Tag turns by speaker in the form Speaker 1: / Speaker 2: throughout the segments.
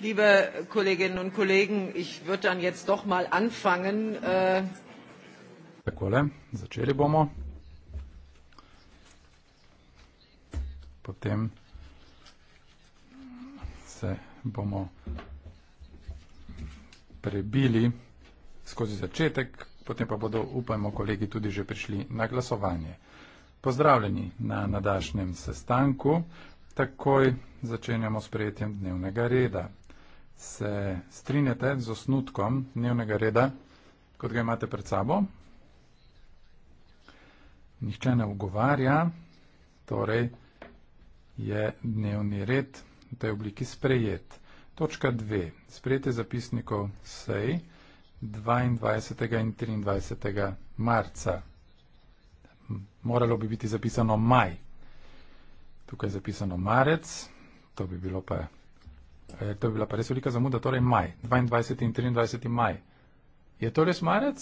Speaker 1: liebe Kolleginnen und Kollegen, ich würde dann jetzt doch mal anfangen. Äh,
Speaker 2: Takole, začeli bomo. Potem se bomo prebili skozi začetek, potem pa bodo, upajmo, kolegi tudi že prišli na glasovanje. Pozdravljeni na nadašnjem sestanku, takoj začenjamo s prejetjem dnevnega reda se strinjate z osnutkom dnevnega reda, kot ga imate pred sabo. Nihče ne ugovarja, torej je dnevni red v tej obliki sprejet. Točka 2. Sprejete zapisnikov sej 22. in 23. marca. Moralo bi biti zapisano maj. Tukaj je zapisano marec, to bi bilo pa E, to je bila pa res velika zamuda, torej maj, 22 in 23 maj. Je to res marec?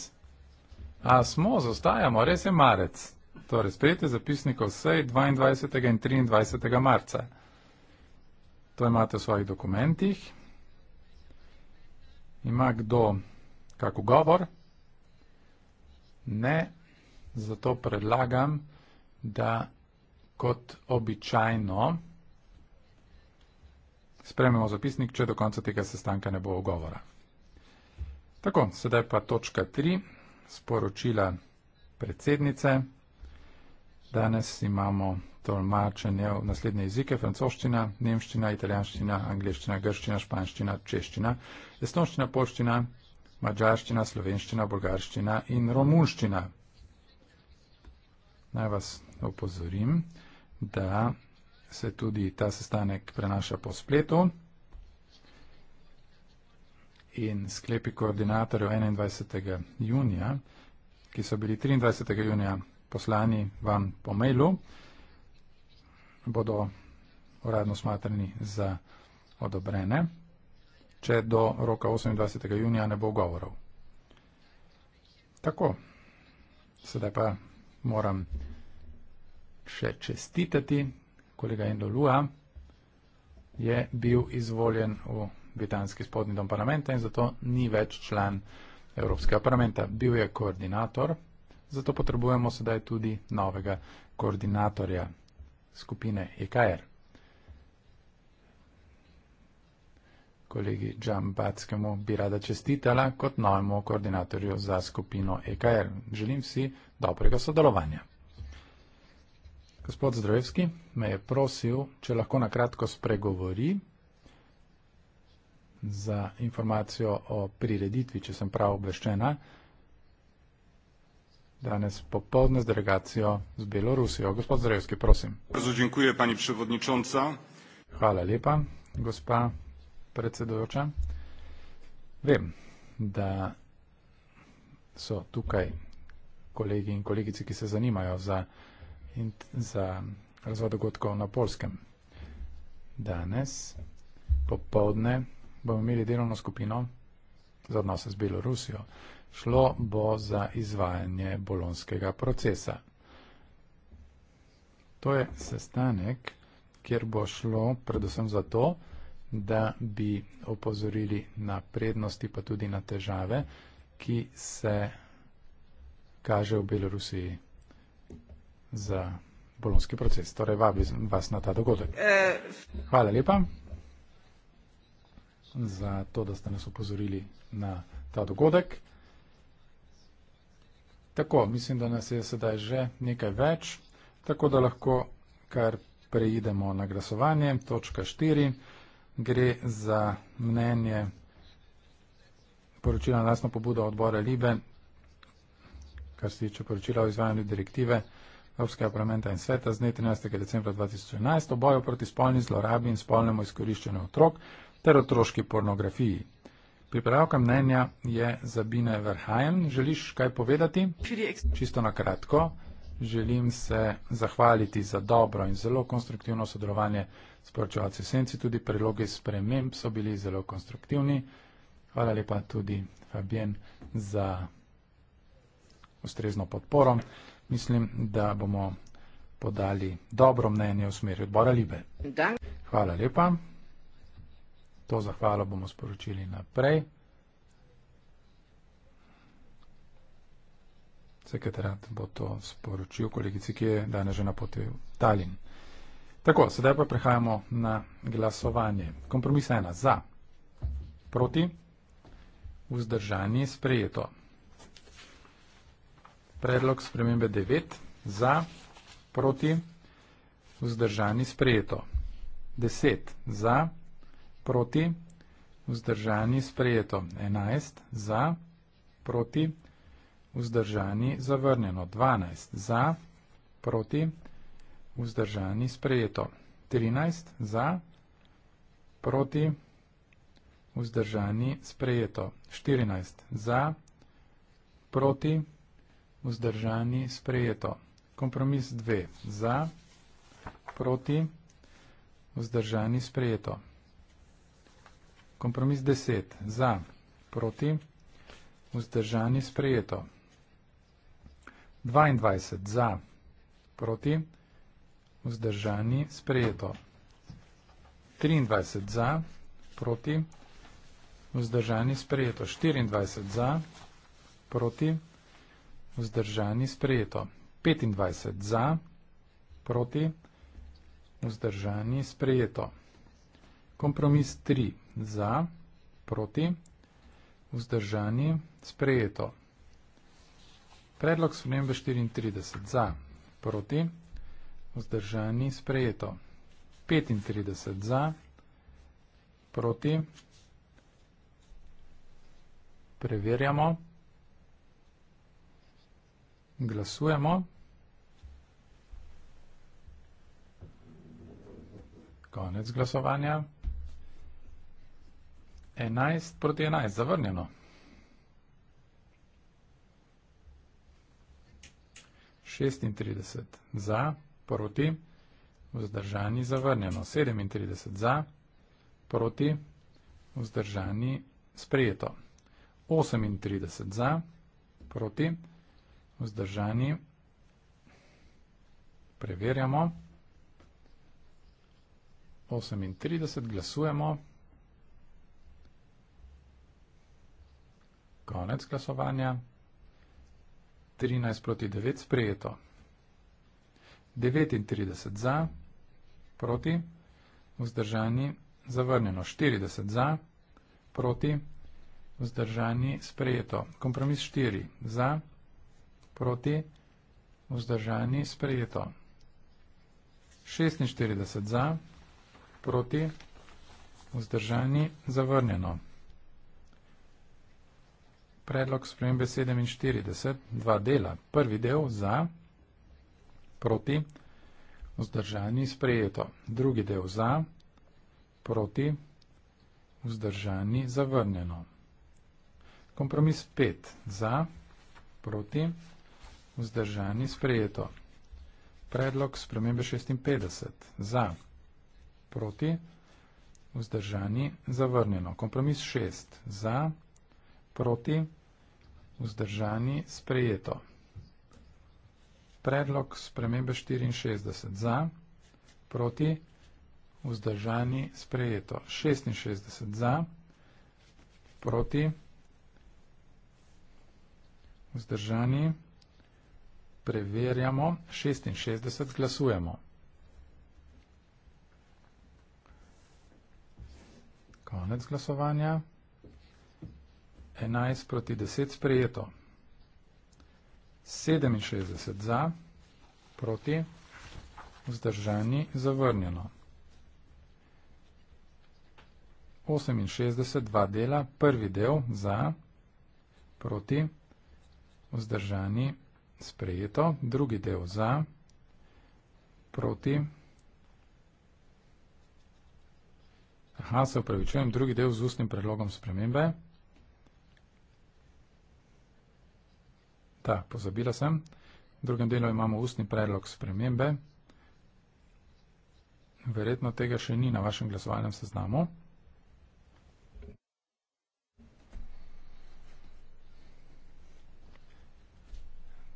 Speaker 2: A smo, zostajamo, res je marec. Torej, sprejete zapisnik vsej 22. in 23. marca. To imate v svojih dokumentih. Ima kdo kako govor? Ne, zato predlagam, da kot običajno. Spremljamo zapisnik, če do konca tega sestanka ne bo ogovora. Tako, sedaj pa točka tri, sporočila predsednice. Danes imamo tolmačenje v naslednje jezike, francoščina, nemščina, italijanščina, angliščina, grščina, španščina, češčina, estonščina, polščina, mađarščina, slovenščina, bolgarščina in romunščina. Naj vas opozorim, da se tudi ta sestanek prenaša po spletu. In sklepi koordinatorjev 21. junija, ki so bili 23. junija poslani vam po mailu, bodo uradno smatrani za odobrene, če do roka 28. junija ne bo govorov. Tako, sedaj pa moram še čestitati kolega Endo Luha je bil izvoljen v britanski spodnji dom parlamenta in zato ni več član Evropskega parlamenta. Bil je koordinator, zato potrebujemo sedaj tudi novega koordinatorja skupine EKR. Kolegi Džam Batskemu bi rada čestitala kot novemu koordinatorju za skupino EKR. Želim si dobrega sodelovanja. Gospod Zdravski me je prosil, če lahko na kratko spregovori za informacijo o prireditvi, če sem prav obveščena, danes popoldne z delegacijo z Belorusijo. Gospod Zdravski, prosim. Bardzo dziękuję, pani przewodnicząca. Hvala lepa, gospa predsedujoča. Vem, da so tukaj kolegi in kolegici, ki se zanimajo za informacijo, in za razvoj dogodkov na Polskem. Danes popovdne bomo imeli delovno skupino za odnose z Belorusijo. Šlo bo za izvajanje bolonskega procesa. To je sestanek, kjer bo šlo predvsem za to, da bi opozorili na prednosti, pa tudi na težave, ki se kaže v Belorusiji za bolonski proces. Torej, vabim vas na ta dogodek. Eh, Hvala lepa za to, da ste nas upozorili na ta dogodek. Tako, mislim, da nas je sedaj že nekaj več, tako da lahko kar preidemo na glasovanje. Točka 4 gre za mnenje poročila na lasno pobudo odbora Libe, kar se tiče poročila o izvajanju direktive Evropskega parlamenta in sveta z dne 13. decembra 2011 o boju proti spolni zlorabi in spolnemu izkoriščanju otrok ter otroški pornografiji. Pripravka mnenja je za Bine Verhajen. Želiš kaj povedati? Čisto na kratko. Želim se zahvaliti za dobro in zelo konstruktivno sodelovanje s poročevalci Senci. Tudi prilogi sprememb so bili zelo konstruktivni. Hvala lepa tudi Fabien za ustrezno podporo mislim, da bomo podali dobro mnenje v smeri odbora Libe. Da. Hvala lepa. To zahvalo bomo sporočili naprej. Sekretarat bo to sporočil kolegici, ki je danes že na poti v Talin. Tako, sedaj pa prehajamo na glasovanje. Kompromis ena za, proti, vzdržanje sprejeto. Predlog spremembe 9 za, proti, vzdržani sprejeto. 10 za, proti, vzdržani sprejeto. 11 za, proti, vzdržani zavrnjeno. 12 za, proti, vzdržani sprejeto. 13 za, proti, vzdržani sprejeto. 14 za, proti, vzdržani sprejeto vzdržani sprejeto. Kompromis 2. Za, proti, vzdržani sprejeto. Kompromis 10. Za, proti, vzdržani sprejeto. 22. Za, proti, vzdržani sprejeto. 23. Za, proti, vzdržani sprejeto. 24. Za, proti, vzdržani sprejeto vzdržani sprejeto. 25 za, proti, vzdržani sprejeto. Kompromis 3 za, proti, vzdržani sprejeto. Predlog spremembe 34 za, proti, vzdržani sprejeto. 35 za, proti, preverjamo. 35 za, proti glasujemo. Konec glasovanja. 11 proti 11, zavrnjeno. Šestintrideset za, proti, vzdržani, zavrnjeno. Sedemintrideset za, proti, vzdržani, sprejeto. Osemintrideset za, proti, vzdržani, sprejeto vzdržani. Preverjamo. 38 glasujemo. Konec glasovanja. 13 proti 9 sprejeto. 39 za, proti, vzdržani, zavrnjeno. 40 za, proti, vzdržani, sprejeto. Kompromis 4 za, proti, vzdržani, sprejeto. 46 za, proti, vzdržani, zavrnjeno. Predlog spremembe 47, dva dela. Prvi del za, proti, vzdržani, sprejeto. Drugi del za, proti, vzdržani, zavrnjeno. Kompromis 5 za, proti, vzdržani, sprejeto. Vzdržani sprejeto. Predlog spremembe 56. Za. Proti. Vzdržani zavrnjeno. Kompromis 6. Za. Proti. Vzdržani sprejeto. Predlog spremembe 64. Za. Proti. Vzdržani sprejeto. 66. Za. Proti. Vzdržani sprejeto preverjamo, 66 glasujemo. Konec glasovanja. 11 proti 10 sprejeto. 67 za, proti, vzdržani, zavrnjeno. 68 dva dela, prvi del za, proti, vzdržani, zavrnjeno sprejeto, drugi del za, proti. Aha, se upravičujem, drugi del z ustnim predlogom spremembe. Da, pozabila sem. V drugem delu imamo ustni predlog spremembe. Verjetno tega še ni na vašem glasovalnem seznamu.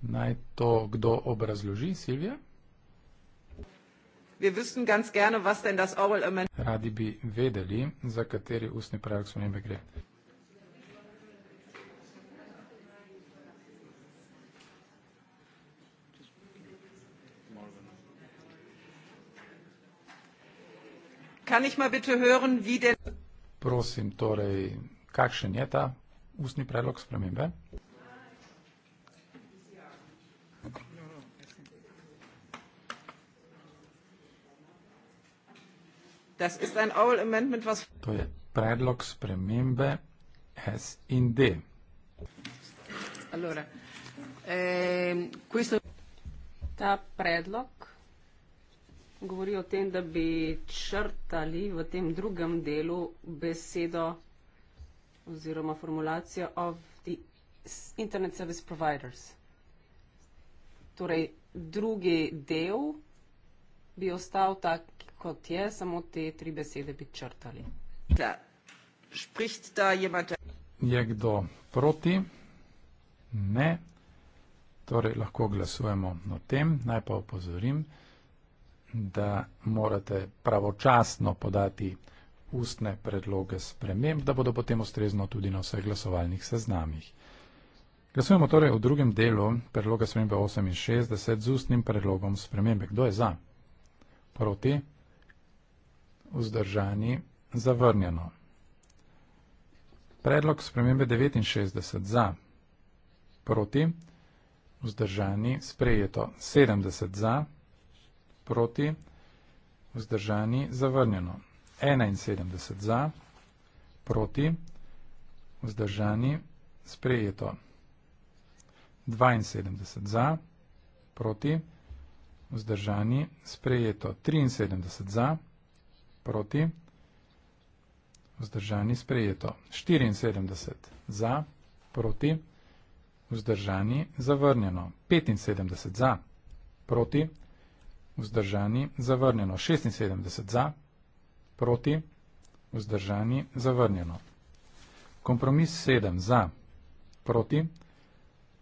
Speaker 2: Naj to kdo obrazloži, Silvija? Radi bi vedeli, za kateri ustni prajak spremembe gre. Prosim, torej, kakšen je ta ustni predlog spremembe?
Speaker 1: To je
Speaker 2: predlog spremembe S in D.
Speaker 1: Allora, eh, questo... Ta predlog govori o tem, da bi črtali v tem drugem delu besedo oziroma formulacijo of the internet service providers. Torej, drugi del bi ostal tak, kot je, samo te tri besede bi črtali.
Speaker 2: Je kdo proti? Ne. Torej lahko glasujemo o tem. Naj pa opozorim, da morate pravočasno podati ustne predloge sprememb, da bodo potem ustrezno tudi na vseh glasovalnih seznamih. Glasujemo torej v drugem delu predloga spremembe 68 z ustnim predlogom spremembe. Kdo je za? Proti? vzdržani zavrnjeno. Predlog spremembe 69 za, proti, vzdržani sprejeto 70 za, proti, vzdržani zavrnjeno 71 za, proti, vzdržani sprejeto 72 za, proti, vzdržani sprejeto 73 za, proti, proti, vzdržani sprejeto. 74 za, proti, vzdržani zavrnjeno. 75 za, proti, vzdržani zavrnjeno. 76 za, proti, vzdržani zavrnjeno. Kompromis 7 za, proti,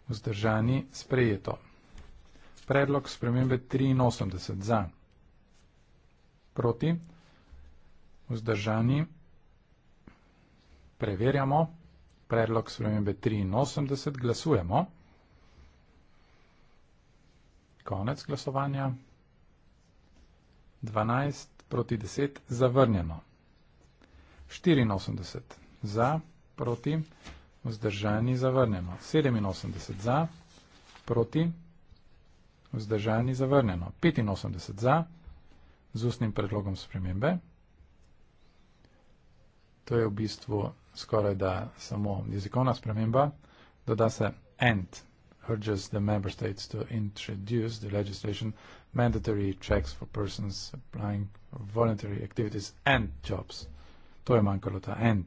Speaker 2: vzdržani sprejeto. Predlog spremembe 83 za, proti, vzdržani sprejeto vzdržani. Preverjamo. Predlog spremembe 83. Glasujemo. Konec glasovanja. 12 proti 10. Zavrnjeno. 84. Za, proti, vzdržani, zavrnjeno. 87. Za, proti, vzdržani, zavrnjeno. 85. Za, z ustnim predlogom spremembe to je v bistvu skoraj da samo jezikovna sprememba, doda se end. Urges the member states to introduce the legislation mandatory checks for persons applying voluntary activities and jobs. To je manjkalo ta end.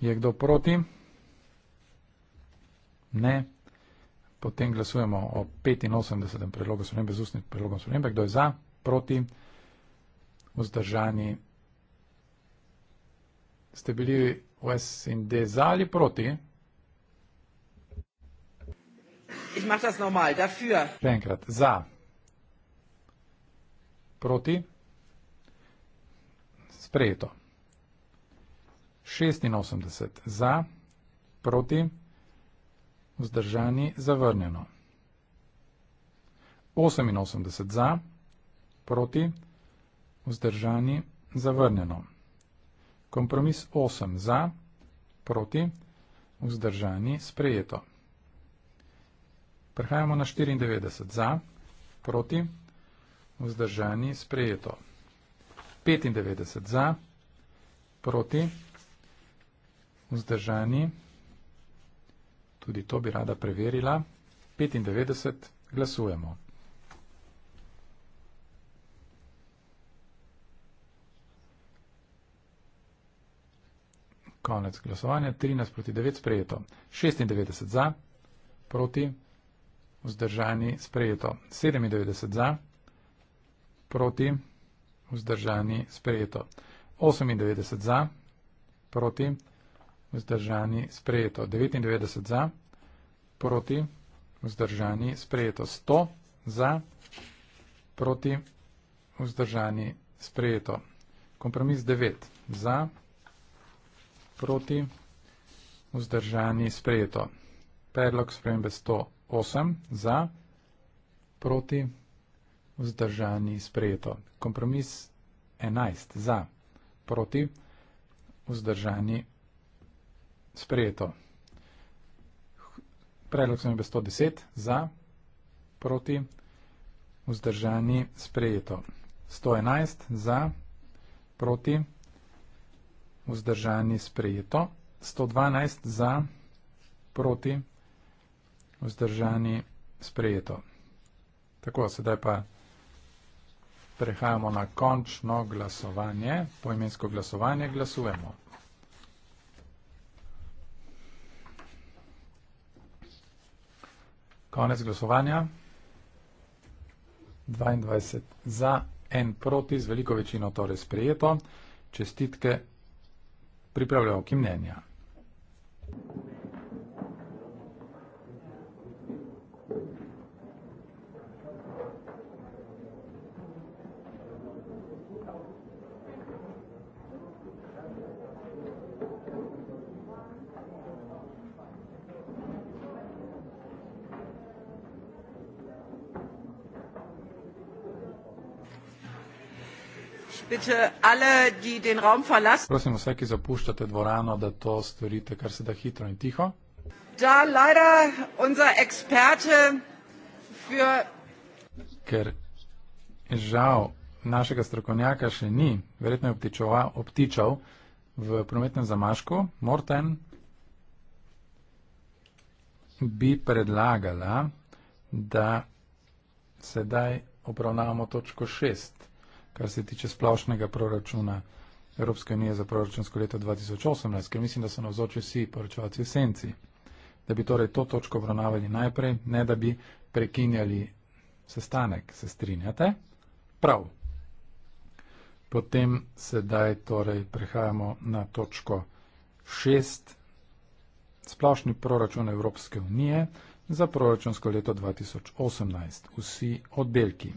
Speaker 2: Je kdo proti? Ne. Potem glasujemo o 85. predlogu spremembe z ustnim predlogom spremembe. Kdo je za? Proti. Vzdržani ste bili v SND za ali proti? Še enkrat, za. Proti. Sprejeto. 86 za, proti, vzdržani, zavrnjeno. 88 za, proti, vzdržani, zavrnjeno. Kompromis 8 za, proti, vzdržani, sprejeto. Prehajamo na 94 za, proti, vzdržani, sprejeto. 95 za, proti, vzdržani, tudi to bi rada preverila, 95 glasujemo. 95. Konec glasovanja. 13 proti 9 sprejeto. 96 za, proti vzdržani sprejeto. 97 za, proti vzdržani sprejeto. 98 za, proti vzdržani sprejeto. 99 za, proti vzdržani sprejeto. 100 za, proti vzdržani sprejeto. Kompromis 9 za, proti vzdržani sprejeto proti, vzdržani sprejeto. Predlog spremembe 108 za, proti, vzdržani sprejeto. Kompromis 11 za, proti, vzdržani sprejeto. Predlog spremembe 110 za, proti, vzdržani sprejeto. 111 za, proti, vzdržani sprejeto vzdržani sprejeto, 112 za, proti, vzdržani sprejeto. Tako, sedaj pa prehajamo na končno glasovanje, poimensko glasovanje, glasujemo. Konec glasovanja, 22 za, en proti, z veliko večino torej sprejeto, čestitke vzdržani pripravljalki mnenja. Prosim vse, ki zapuščate dvorano, da to storite kar se da hitro in tiho.
Speaker 1: Da, leider, unser Experte für.
Speaker 2: Ker žal našega strokovnjaka še ni, verjetno je obtičova, obtičal v prometnem zamašku, Morten, bi predlagala, da sedaj obravnavamo točko šest kar se tiče splošnega proračuna Evropske unije za proračunsko leto 2018, ker mislim, da so navzoči vsi poročevalci v senci, da bi torej to točko obravnavali najprej, ne da bi prekinjali sestanek, se strinjate? Prav. Potem sedaj torej prehajamo na točko 6, splošni proračun Evropske unije za proračunsko leto 2018. Vsi oddelki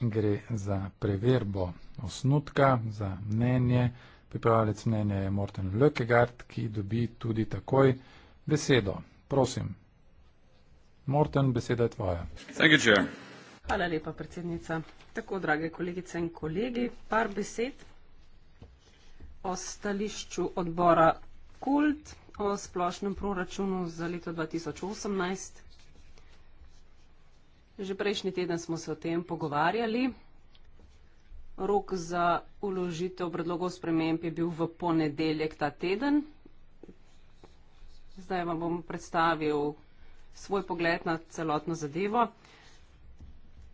Speaker 2: gre za preverbo osnutka, za mnenje. Pripravljalec mnenja je Morten Lökegard, ki dobi tudi takoj besedo. Prosim. Morten, beseda je tvoja.
Speaker 1: Hvala lepa, predsednica. Tako, drage kolegice in kolegi, par besed o stališču odbora Kult o splošnem proračunu za leto 2018. Že prejšnji teden smo se o tem pogovarjali. Rok za uložitev predlogov sprememb je bil v ponedeljek ta teden. Zdaj vam bom predstavil svoj pogled na celotno zadevo.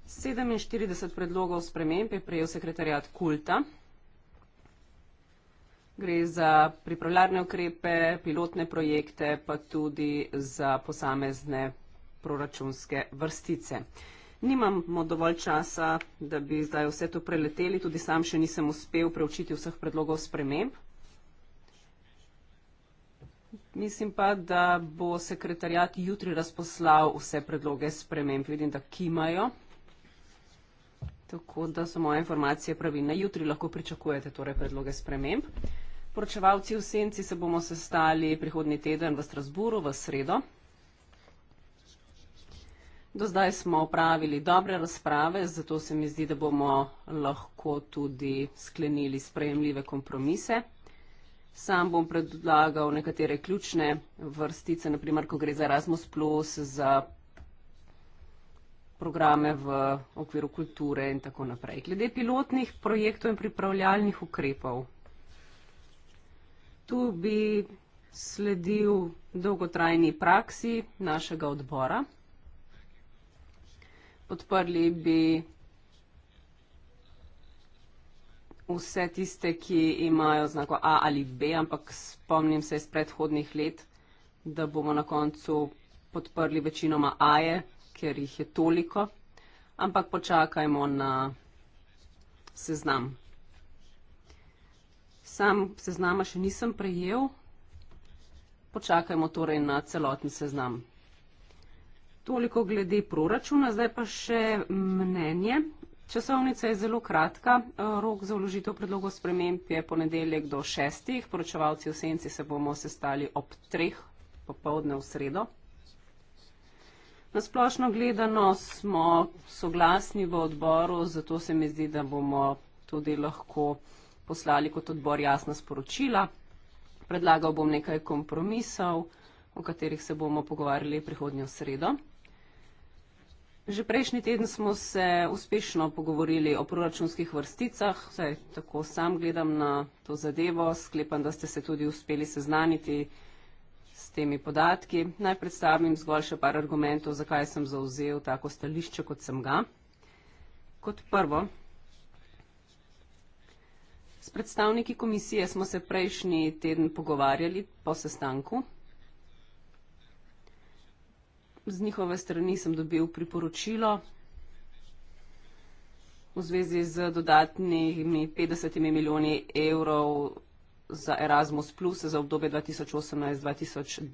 Speaker 1: 47 predlogov sprememb je prejel sekretarjat Kulta. Gre za pripravljarne ukrepe, pilotne projekte, pa tudi za posamezne projekte proračunske vrstice. Nimamo dovolj časa, da bi zdaj vse to preleteli, tudi sam še nisem uspel preučiti vseh predlogov sprememb. Mislim pa, da bo sekretarjat jutri razposlal vse predloge sprememb. Vidim, da kimajo. Tako da so moje informacije pravilne. Jutri lahko pričakujete torej predloge sprememb. Poročevalci v Senci se bomo sestali prihodni teden v Strasburu v sredo. Do zdaj smo opravili dobre razprave, zato se mi zdi, da bomo lahko tudi sklenili sprejemljive kompromise. Sam bom predlagal nekatere ključne vrstice, naprimer, ko gre za Erasmus, za programe v okviru kulture in tako naprej. Glede pilotnih projektov in pripravljalnih ukrepov, tu bi sledil dolgotrajni praksi našega odbora podprli bi vse tiste, ki imajo znako A ali B, ampak spomnim se iz predhodnih let, da bomo na koncu podprli večinoma A-je, ker jih je toliko, ampak počakajmo na seznam. Sam seznama še nisem prejel, počakajmo torej na celotni seznam. Toliko glede proračuna, zdaj pa še mnenje. Časovnica je zelo kratka, rok za vložitev predlogov sprememb je ponedeljek do šestih, poročevalci v senci se bomo sestali ob treh popovdne v sredo. Nasplošno gledano smo soglasni v odboru, zato se mi zdi, da bomo tudi lahko poslali kot odbor jasna sporočila. Predlagal bom nekaj kompromisov, o katerih se bomo pogovarjali prihodnjo sredo. Že prejšnji teden smo se uspešno pogovorili o proračunskih vrsticah, vsaj tako sam gledam na to zadevo, sklepam, da ste se tudi uspeli seznaniti s temi podatki. Naj predstavim zgolj še par argumentov, zakaj sem zauzel tako stališče, kot sem ga. Kot prvo, s predstavniki komisije smo se prejšnji teden pogovarjali po sestanku z njihove strani sem dobil priporočilo v zvezi z dodatnimi 50 milijoni evrov za Erasmus Plus za obdobje 2018-2020.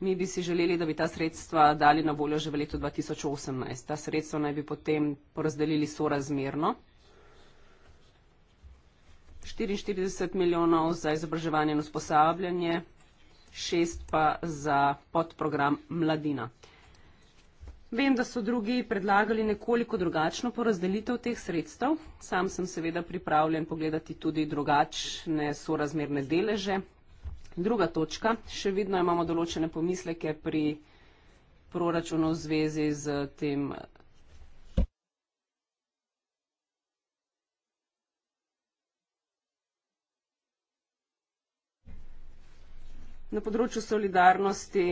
Speaker 1: Mi bi si želeli, da bi ta sredstva dali na voljo že v letu 2018. Ta sredstva naj bi potem porazdelili sorazmerno. 44 milijonov za izobraževanje in usposabljanje, šest pa za podprogram Mladina. Vem, da so drugi predlagali nekoliko drugačno porazdelitev teh sredstev. Sam sem seveda pripravljen pogledati tudi drugačne sorazmerne deleže. Druga točka, še vedno imamo določene pomisleke pri proračunu v zvezi z tem Na področju solidarnosti,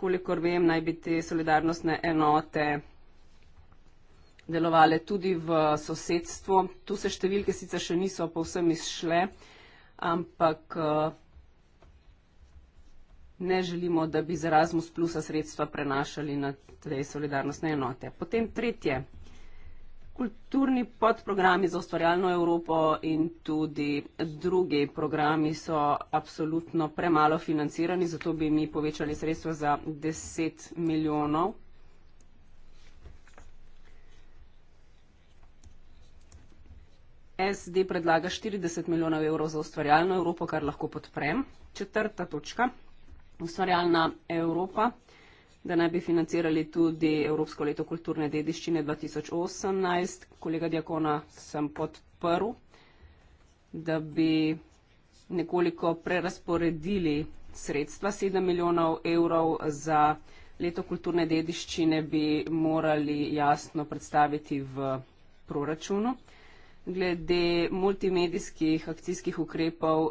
Speaker 1: kolikor vem, naj bi te solidarnostne enote delovale tudi v sosedstvu. Tu se številke sicer še niso povsem izšle, ampak eh, ne želimo, da bi z Erasmus plusa sredstva prenašali na te solidarnostne enote. Potem tretje kulturni podprogrami za ustvarjalno Evropo in tudi drugi programi so apsolutno premalo financirani, zato bi mi povečali sredstvo za 10 milijonov. SD predlaga 40 milijonov evrov za ustvarjalno Evropo, kar lahko podprem. Četrta točka. Ustvarjalna Evropa da naj bi financirali tudi Evropsko leto kulturne dediščine 2018. Kolega Diakona sem podprl, da bi nekoliko prerasporedili sredstva 7 milijonov evrov za leto kulturne dediščine, bi morali jasno predstaviti v proračunu. Glede multimedijskih akcijskih ukrepov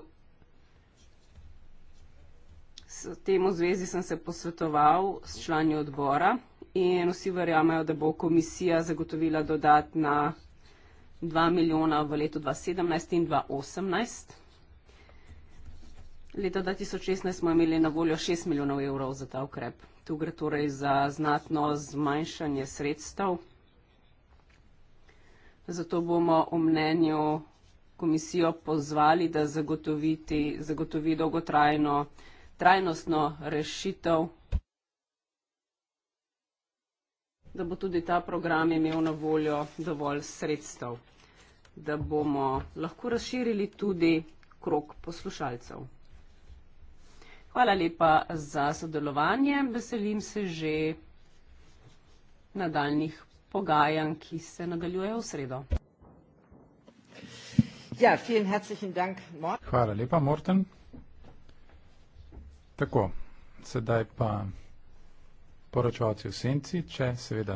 Speaker 1: S tem v zvezi sem se posvetoval s člani odbora in vsi verjamejo, da bo komisija zagotovila dodatna 2 milijona v letu 2017 in 2018. Leta 2016 smo imeli na voljo 6 milijonov evrov za ta ukrep. Tu gre torej za znatno zmanjšanje sredstev. Zato bomo v mnenju komisijo pozvali, da zagotovi dolgotrajno trajnostno rešitev, da bo tudi ta program imel na voljo dovolj sredstev, da bomo lahko razširili tudi krok poslušalcev. Hvala lepa za sodelovanje. Veselim se že nadaljnih pogajanj, ki se nadaljujejo v sredo. Ja, vielen herzlichen Dank, Morten.
Speaker 2: Hvala lepa, Morten. Tako, sedaj pa poročevalci v senci, če seveda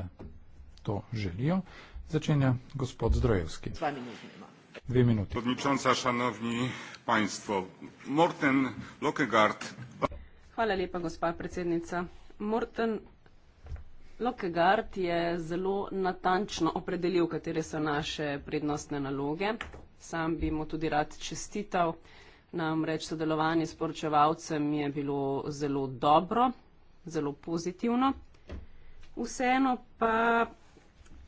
Speaker 2: to želijo, začenja gospod Zdrojevski. Dve minuti.
Speaker 3: Podničanca, šanovni panjstvo. Morten Lokegaard.
Speaker 1: Hvala lepa, gospa predsednica. Morten Lokegaard je zelo natančno opredelil, katere so naše prednostne naloge. Sam bi mu tudi rad čestital. Namreč sodelovanje s poročevalcem je bilo zelo dobro, zelo pozitivno. Vseeno pa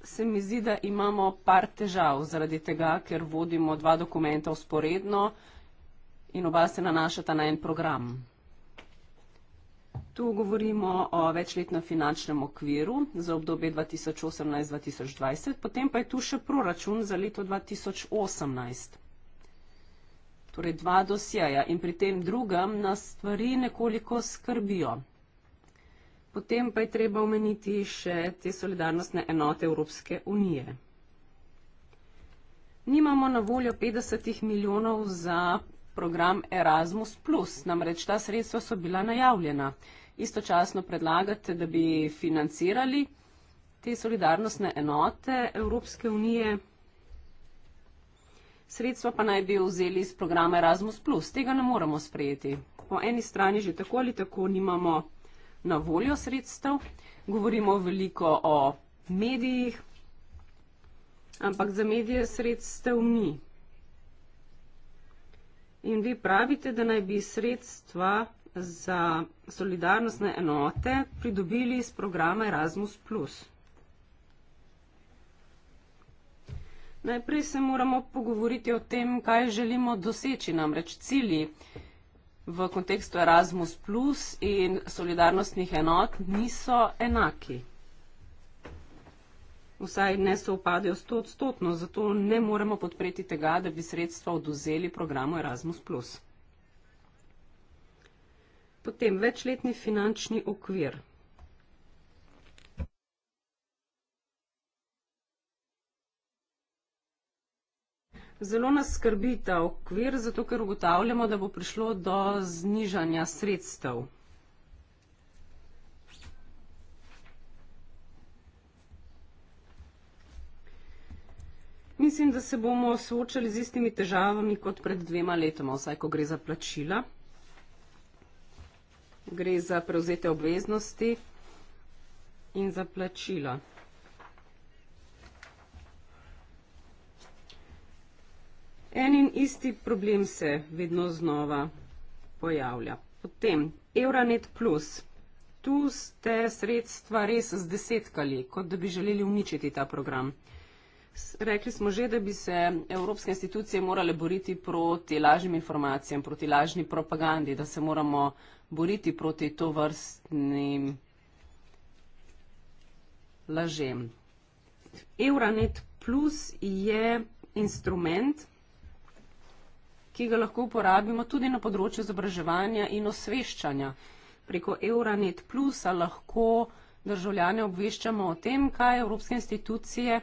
Speaker 1: se mi zdi, da imamo par težav zaradi tega, ker vodimo dva dokumenta usporedno in oba se nanašata na en program. Tu govorimo o večletnem finančnem okviru za obdobje 2018-2020, potem pa je tu še proračun za leto 2018 torej dva dosjeja in pri tem drugem nas stvari nekoliko skrbijo. Potem pa je treba omeniti še te solidarnostne enote Evropske unije. Nimamo na voljo 50 milijonov za program Erasmus, namreč ta sredstva so bila najavljena. Istočasno predlagate, da bi financirali te solidarnostne enote Evropske unije sredstva pa naj bi vzeli iz programa Erasmus+. Tega ne moremo sprejeti. Po eni strani že tako ali tako nimamo na voljo sredstev, govorimo veliko o medijih, ampak za medije sredstev ni. In vi pravite, da naj bi sredstva za solidarnostne enote pridobili iz programa Erasmus+. Najprej se moramo pogovoriti o tem, kaj želimo doseči, namreč cilji v kontekstu Erasmus plus in solidarnostnih enot niso enaki. Vsaj ne se upadejo stotno, zato ne moremo podpreti tega, da bi sredstva oduzeli programu Erasmus plus. Potem večletni finančni okvir. Zelo nas skrbi ta okvir, zato ker ugotavljamo, da bo prišlo do znižanja sredstev. Mislim, da se bomo soočali z istimi težavami kot pred dvema letoma, vsaj ko gre za plačila. Gre za prevzete obveznosti in za plačila. En in isti problem se vedno znova pojavlja. Potem, Euronet Plus. Tu ste sredstva res zdesetkali, kot da bi želeli uničiti ta program. Rekli smo že, da bi se evropske institucije morale boriti proti lažnim informacijam, proti lažni propagandi, da se moramo boriti proti to vrstnim lažem. Euronet Plus je instrument, ki ga lahko uporabimo tudi na področju izobraževanja in osveščanja. Preko Euronet Plusa lahko državljane obveščamo o tem, kaj evropske institucije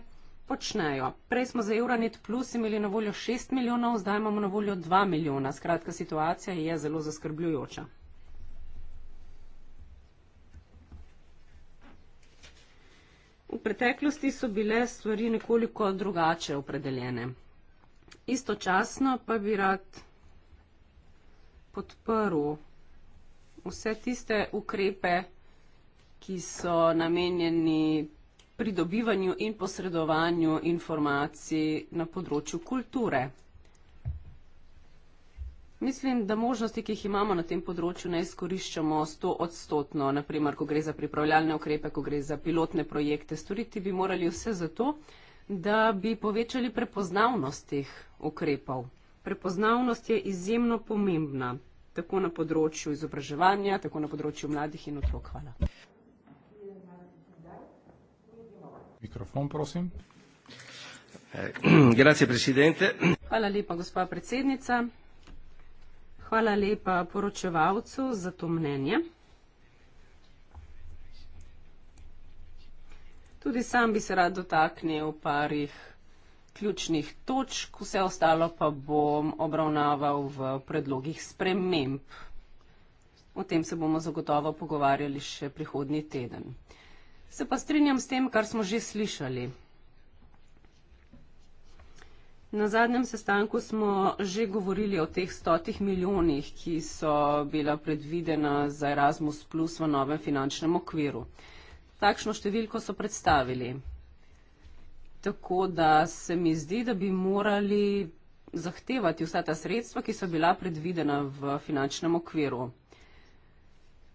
Speaker 1: počnejo. Prej smo za Euronet Plus imeli na voljo 6 milijonov, zdaj imamo na voljo 2 milijona. Skratka, situacija je zelo zaskrbljujoča. V preteklosti so bile stvari nekoliko drugače opredeljene istočasno pa bi rad podprl vse tiste ukrepe, ki so namenjeni pridobivanju in posredovanju informacij na področju kulture. Mislim, da možnosti, ki jih imamo na tem področju, ne izkoriščamo sto odstotno, naprimer, ko gre za pripravljalne ukrepe, ko gre za pilotne projekte. Storiti bi morali vse za to, da bi povečali prepoznavnost teh ukrepov. Prepoznavnost je izjemno pomembna, tako na področju izobraževanja, tako na področju mladih in otrok. Hvala.
Speaker 2: Mikrofon, prosim. Eh,
Speaker 1: Hvala lepa, gospa predsednica. Hvala lepa poročevalcu za to mnenje. Tudi sam bi se rad dotaknil parih ključnih točk, vse ostalo pa bom obravnaval v predlogih sprememb. O tem se bomo zagotovo pogovarjali še prihodnji teden. Se pa strinjam s tem, kar smo že slišali. Na zadnjem sestanku smo že govorili o teh stotih milijonih, ki so bila predvidena za Erasmus Plus v novem finančnem okviru takšno številko so predstavili. Tako da se mi zdi, da bi morali zahtevati vsa ta sredstva, ki so bila predvidena v finančnem okviru.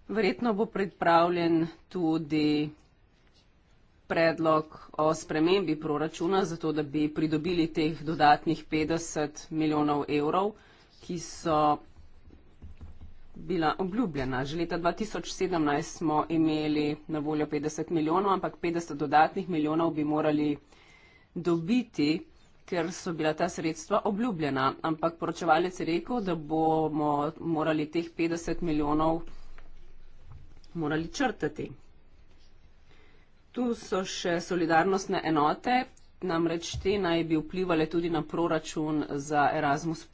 Speaker 1: Verjetno bo pripravljen tudi predlog o spremembi proračuna, zato da bi pridobili teh dodatnih 50 milijonov evrov, ki so bila obljubljena. Že leta 2017 smo imeli na voljo 50 milijonov, ampak 50 dodatnih milijonov bi morali dobiti, ker so bila ta sredstva obljubljena. Ampak poročevalec je rekel, da bomo morali teh 50 milijonov morali črtati. Tu so še solidarnostne enote, namreč te naj bi vplivali tudi na proračun za Erasmus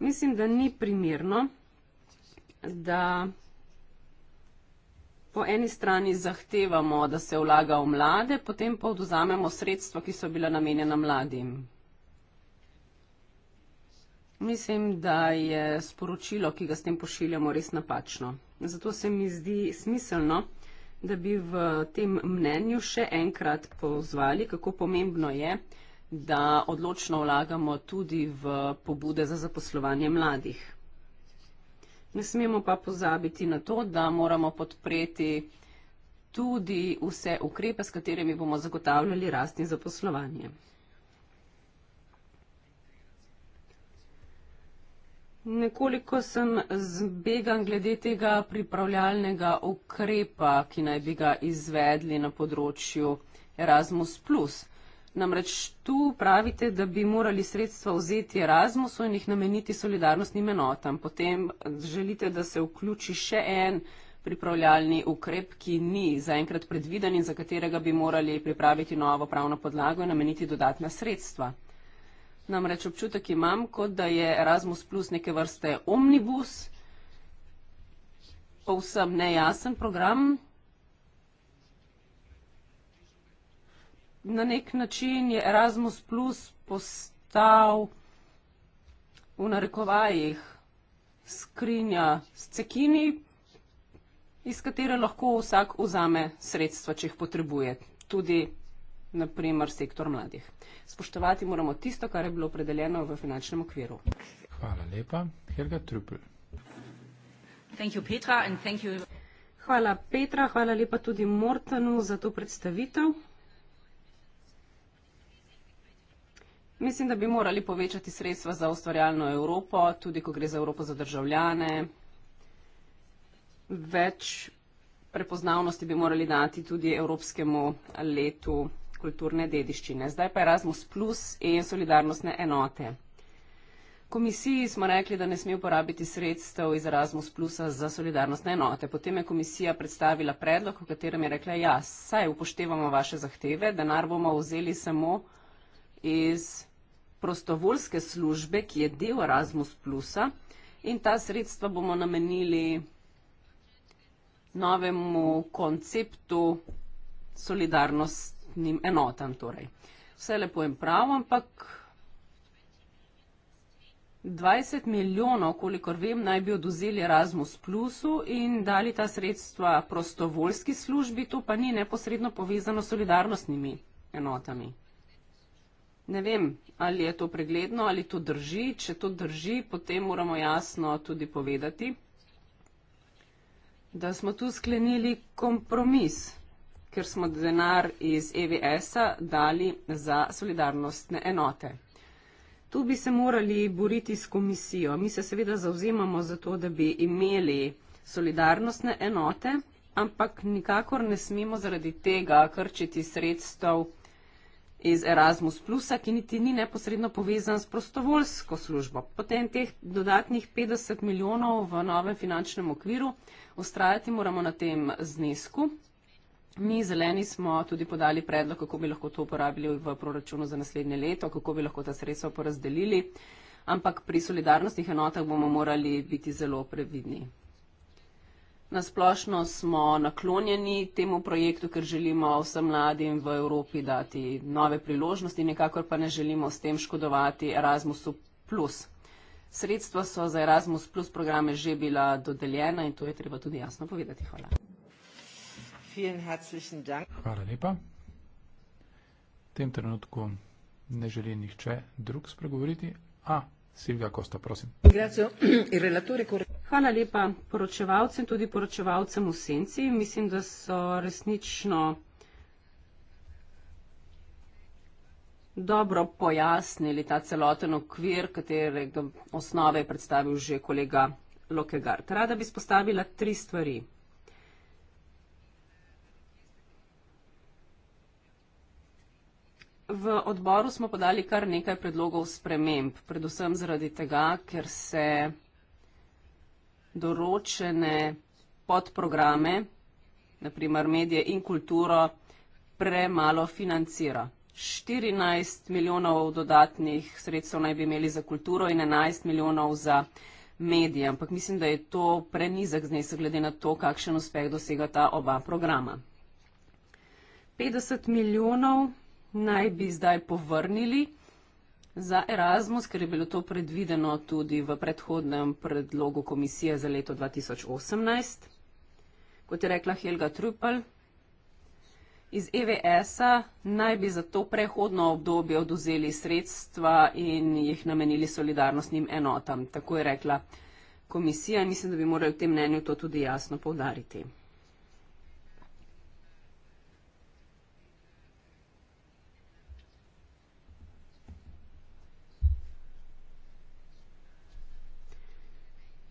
Speaker 1: mislim, da ni primerno, da po eni strani zahtevamo, da se vlaga v mlade, potem pa oduzamemo sredstva, ki so bila namenjena mladim. Mislim, da je sporočilo, ki ga s tem pošiljamo, res napačno. Zato se mi zdi smiselno, da bi v tem mnenju še enkrat pozvali, kako pomembno je, da odločno vlagamo tudi v pobude za zaposlovanje mladih. Ne smemo pa pozabiti na to, da moramo podpreti tudi vse ukrepe, s katerimi bomo zagotavljali rast in zaposlovanje. Nekoliko sem zbegan glede tega pripravljalnega ukrepa, ki naj bi ga izvedli na področju Erasmus. Namreč tu pravite, da bi morali sredstva vzeti Erasmusu in jih nameniti solidarnostnim enotam. Potem želite, da se vključi še en pripravljalni ukrep, ki ni zaenkrat predviden in za katerega bi morali pripraviti novo pravno podlago in nameniti dodatna sredstva. Namreč občutek imam, kot da je Erasmus plus neke vrste omnibus, povsem nejasen program, na nek način je Erasmus Plus postal v narekovajih skrinja s cekini, iz katere lahko vsak vzame sredstva, če jih potrebuje. Tudi, na primer, sektor mladih. Spoštovati moramo tisto, kar je bilo opredeljeno v finančnem okviru.
Speaker 2: Hvala lepa. Helga
Speaker 1: Trupel. Thank you, Petra, and thank you... Hvala Petra, hvala lepa tudi Mortanu za to predstavitev. Mislim, da bi morali povečati sredstva za ustvarjalno Evropo, tudi ko gre za Evropo za državljane. Več prepoznavnosti bi morali dati tudi Evropskemu letu kulturne dediščine. Zdaj pa Erasmus Plus in solidarnostne enote. Komisiji smo rekli, da ne sme uporabiti sredstev iz Erasmus Plusa za solidarnostne enote. Potem je komisija predstavila predlog, v katerem je rekla, ja, saj upoštevamo vaše zahteve, denar bomo vzeli samo iz prostovoljske službe, ki je del Erasmus Plusa in ta sredstva bomo namenili novemu konceptu solidarnostnim enotam. Torej. Vse lepo in prav, ampak 20 milijonov, kolikor vem, naj bi oduzeli Erasmus Plusu in dali ta sredstva prostovoljski službi, to pa ni neposredno povezano s solidarnostnimi enotami. Ne vem, ali je to pregledno, ali to drži. Če to drži, potem moramo jasno tudi povedati, da smo tu sklenili kompromis, ker smo denar iz EVS-a dali za solidarnostne enote. Tu bi se morali boriti s komisijo. Mi se seveda zauzemamo za to, da bi imeli solidarnostne enote, ampak nikakor ne smemo zaradi tega krčiti sredstev iz Erasmus, plusa, ki niti ni neposredno povezan s prostovoljsko službo. Potem teh dodatnih 50 milijonov v novem finančnem okviru, ustrajati moramo na tem znesku. Mi zeleni smo tudi podali predlog, kako bi lahko to uporabili v proračunu za naslednje leto, kako bi lahko ta sredstva porazdelili, ampak pri solidarnostnih enotah bomo morali biti zelo previdni. Na splošno smo naklonjeni temu projektu, ker želimo vsem mladim v Evropi dati nove priložnosti, nekakor pa ne želimo s tem škodovati Erasmusu plus. Sredstva so za Erasmus plus programe že bila dodeljena in to je treba tudi jasno povedati. Hvala.
Speaker 2: Hvala lepa. V tem trenutku ne želi nihče drug spregovoriti. A, Silvija Kosta, prosim.
Speaker 1: Grazie. Hvala lepa poročevalcem, tudi poročevalcem v senci. Mislim, da so resnično dobro pojasnili ta celoten okvir, katerega osnove je predstavil že kolega Lokegard. Rada bi spostavila tri stvari. V odboru smo podali kar nekaj predlogov sprememb, predvsem zaradi tega, ker se določene podprograme, na primer medije in kulturo, premalo financira. 14 milijonov dodatnih sredstev naj bi imeli za kulturo in 11 milijonov za medije, ampak mislim, da je to prenizek znesek glede na to, kakšen uspeh dosega ta oba programa. 50 milijonov naj bi zdaj povrnili. Za Erasmus, ker je bilo to predvideno tudi v predhodnem predlogu komisije za leto 2018, kot je rekla Helga Trupel, iz EVS-a naj bi za to prehodno obdobje oduzeli sredstva in jih namenili solidarnostnim enotam. Tako je rekla komisija in mislim, da bi morali v tem mnenju to tudi jasno povdariti.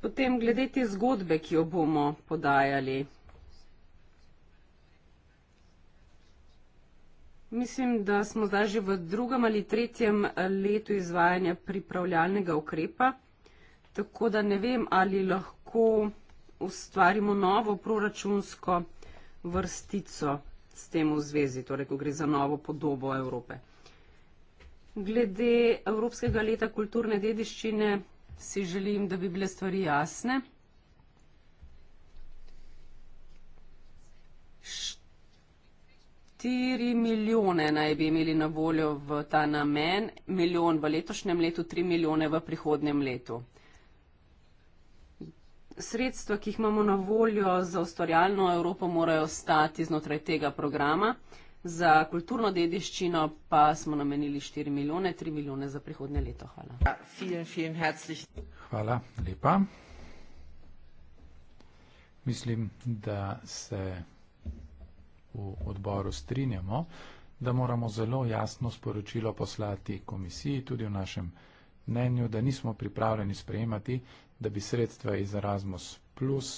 Speaker 1: potem glede te zgodbe, ki jo bomo podajali. Mislim, da smo zdaj že v drugem ali tretjem letu izvajanja pripravljalnega ukrepa, tako da ne vem, ali lahko ustvarimo novo proračunsko vrstico s tem v zvezi, torej ko gre za novo podobo Evrope. Glede Evropskega leta kulturne dediščine si želim, da bi bile stvari jasne. Štiri milijone naj bi imeli na voljo v ta namen, milijon v letošnjem letu, tri milijone v prihodnjem letu. Sredstva, ki jih imamo na voljo za ustvarjalno Evropo, morajo ostati znotraj tega programa. Za kulturno dediščino pa smo namenili 4 milijone, 3 milijone za prihodnje leto. Hvala. Ja,
Speaker 2: Hvala lepa. Mislim, da se v odboru strinjamo, da moramo zelo jasno sporočilo poslati komisiji, tudi v našem mnenju, da nismo pripravljeni sprejemati, da bi sredstva iz Erasmus Plus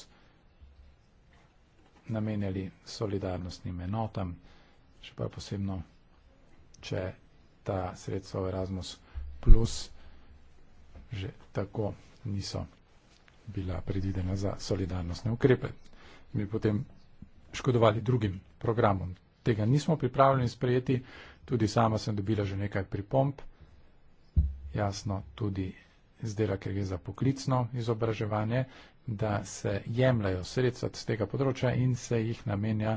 Speaker 2: namenjali solidarnostnim enotam še pa posebno, če ta sredstva v Erasmus plus že tako niso bila predvidena za solidarnostne ukrepe. Mi potem škodovali drugim programom. Tega nismo pripravljeni sprejeti, tudi sama sem dobila že nekaj pripomp, jasno tudi zdela, ker gre za poklicno izobraževanje, da se jemljajo sredstva z tega področja in se jih namenja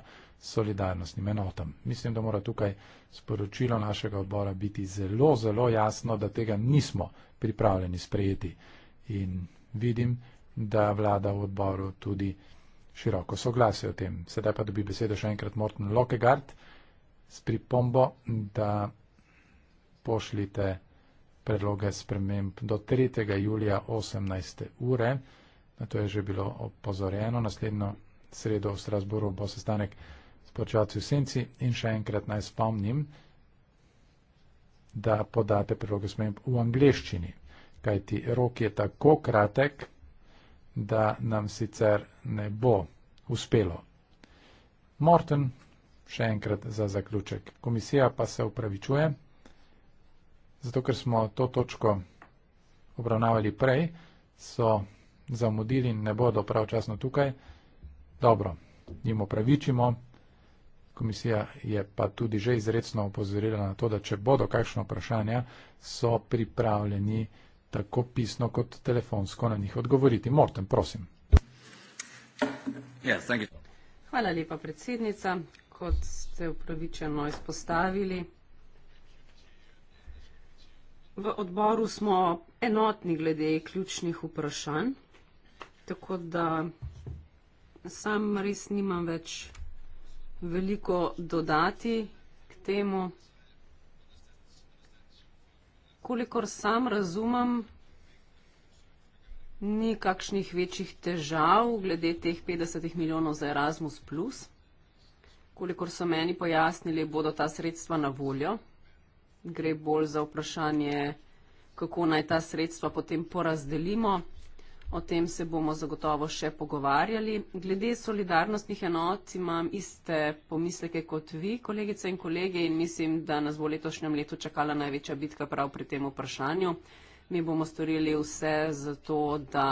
Speaker 2: solidarnostnim enotam. Mislim, da mora tukaj sporočilo našega odbora biti zelo, zelo jasno, da tega nismo pripravljeni sprejeti. In vidim, da vlada v odboru tudi široko soglasi o tem. Sedaj pa dobi besedo še enkrat Morten Lokegard s pripombo, da pošljite predloge sprememb do 3. julija 18. ure na to je že bilo opozorjeno. Naslednjo sredo v Strasburu bo sestanek s počevalci v senci in še enkrat naj spomnim, da podate predloge sprememb v angleščini, kajti rok je tako kratek, da nam sicer ne bo uspelo. Morten, še enkrat za zaključek. Komisija pa se upravičuje, zato ker smo to točko obravnavali prej, so zamudili in ne bodo pravčasno tukaj. Dobro, jim opravičimo. Komisija je pa tudi že izredno opozorila na to, da če bodo kakšno vprašanje, so pripravljeni tako pisno kot telefonsko na njih odgovoriti. Morten, prosim.
Speaker 1: Ja, yes, Hvala lepa, predsednica. Kot ste upravičeno izpostavili, v odboru smo enotni glede ključnih vprašanj Tako da sam res nimam več veliko dodati k temu. Kolikor sam razumem, ni kakšnih večjih težav glede teh 50 milijonov za Erasmus. Kolikor so meni pojasnili, bodo ta sredstva na voljo. Gre bolj za vprašanje, kako naj ta sredstva potem porazdelimo. O tem se bomo zagotovo še pogovarjali. Glede solidarnostnih enot imam iste pomisleke kot vi, kolegice in kolege, in mislim, da nas bo letošnjem letu čakala največja bitka prav pri tem vprašanju. Mi bomo storili vse za to, da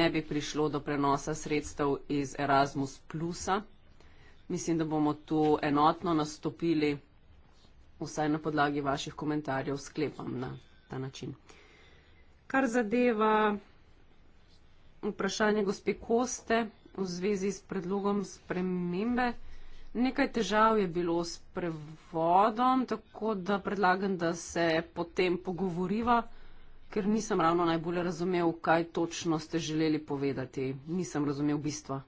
Speaker 1: ne bi prišlo do prenosa sredstev iz Erasmus Plusa. Mislim, da bomo tu enotno nastopili, vsaj na podlagi vaših komentarjev, sklepam na ta način. Kar zadeva vprašanje gospe Koste v zvezi s predlogom spremembe. Nekaj težav je bilo s prevodom, tako da predlagam, da se potem pogovoriva, ker nisem ravno najbolje razumel, kaj točno ste želeli povedati. Nisem razumel bistva.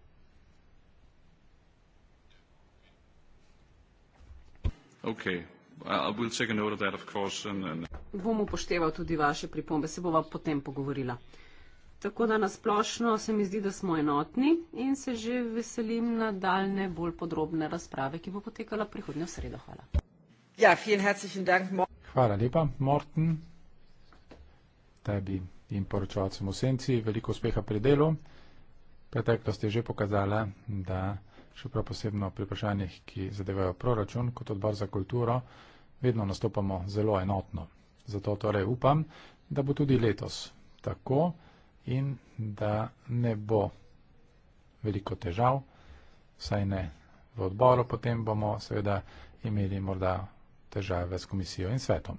Speaker 4: Okay. Uh, we'll
Speaker 1: and... Bom upošteval tudi vaše pripombe, se bova potem pogovorila. Tako da nasplošno se mi zdi, da smo enotni in se že veselim na daljne bolj podrobne razprave, ki bo potekala prihodnjo sredo. Hvala. Ja, dank,
Speaker 2: Hvala lepa, Morten, tebi in poročevalcem v senci. Veliko uspeha pri delu. Preteklost je že pokazala, da še prav posebno pri vprašanjih, ki zadevajo proračun kot odbor za kulturo, vedno nastopamo zelo enotno. Zato torej upam, da bo tudi letos tako in da ne bo veliko težav, saj ne v odboru, potem bomo seveda imeli morda težave s komisijo in svetom.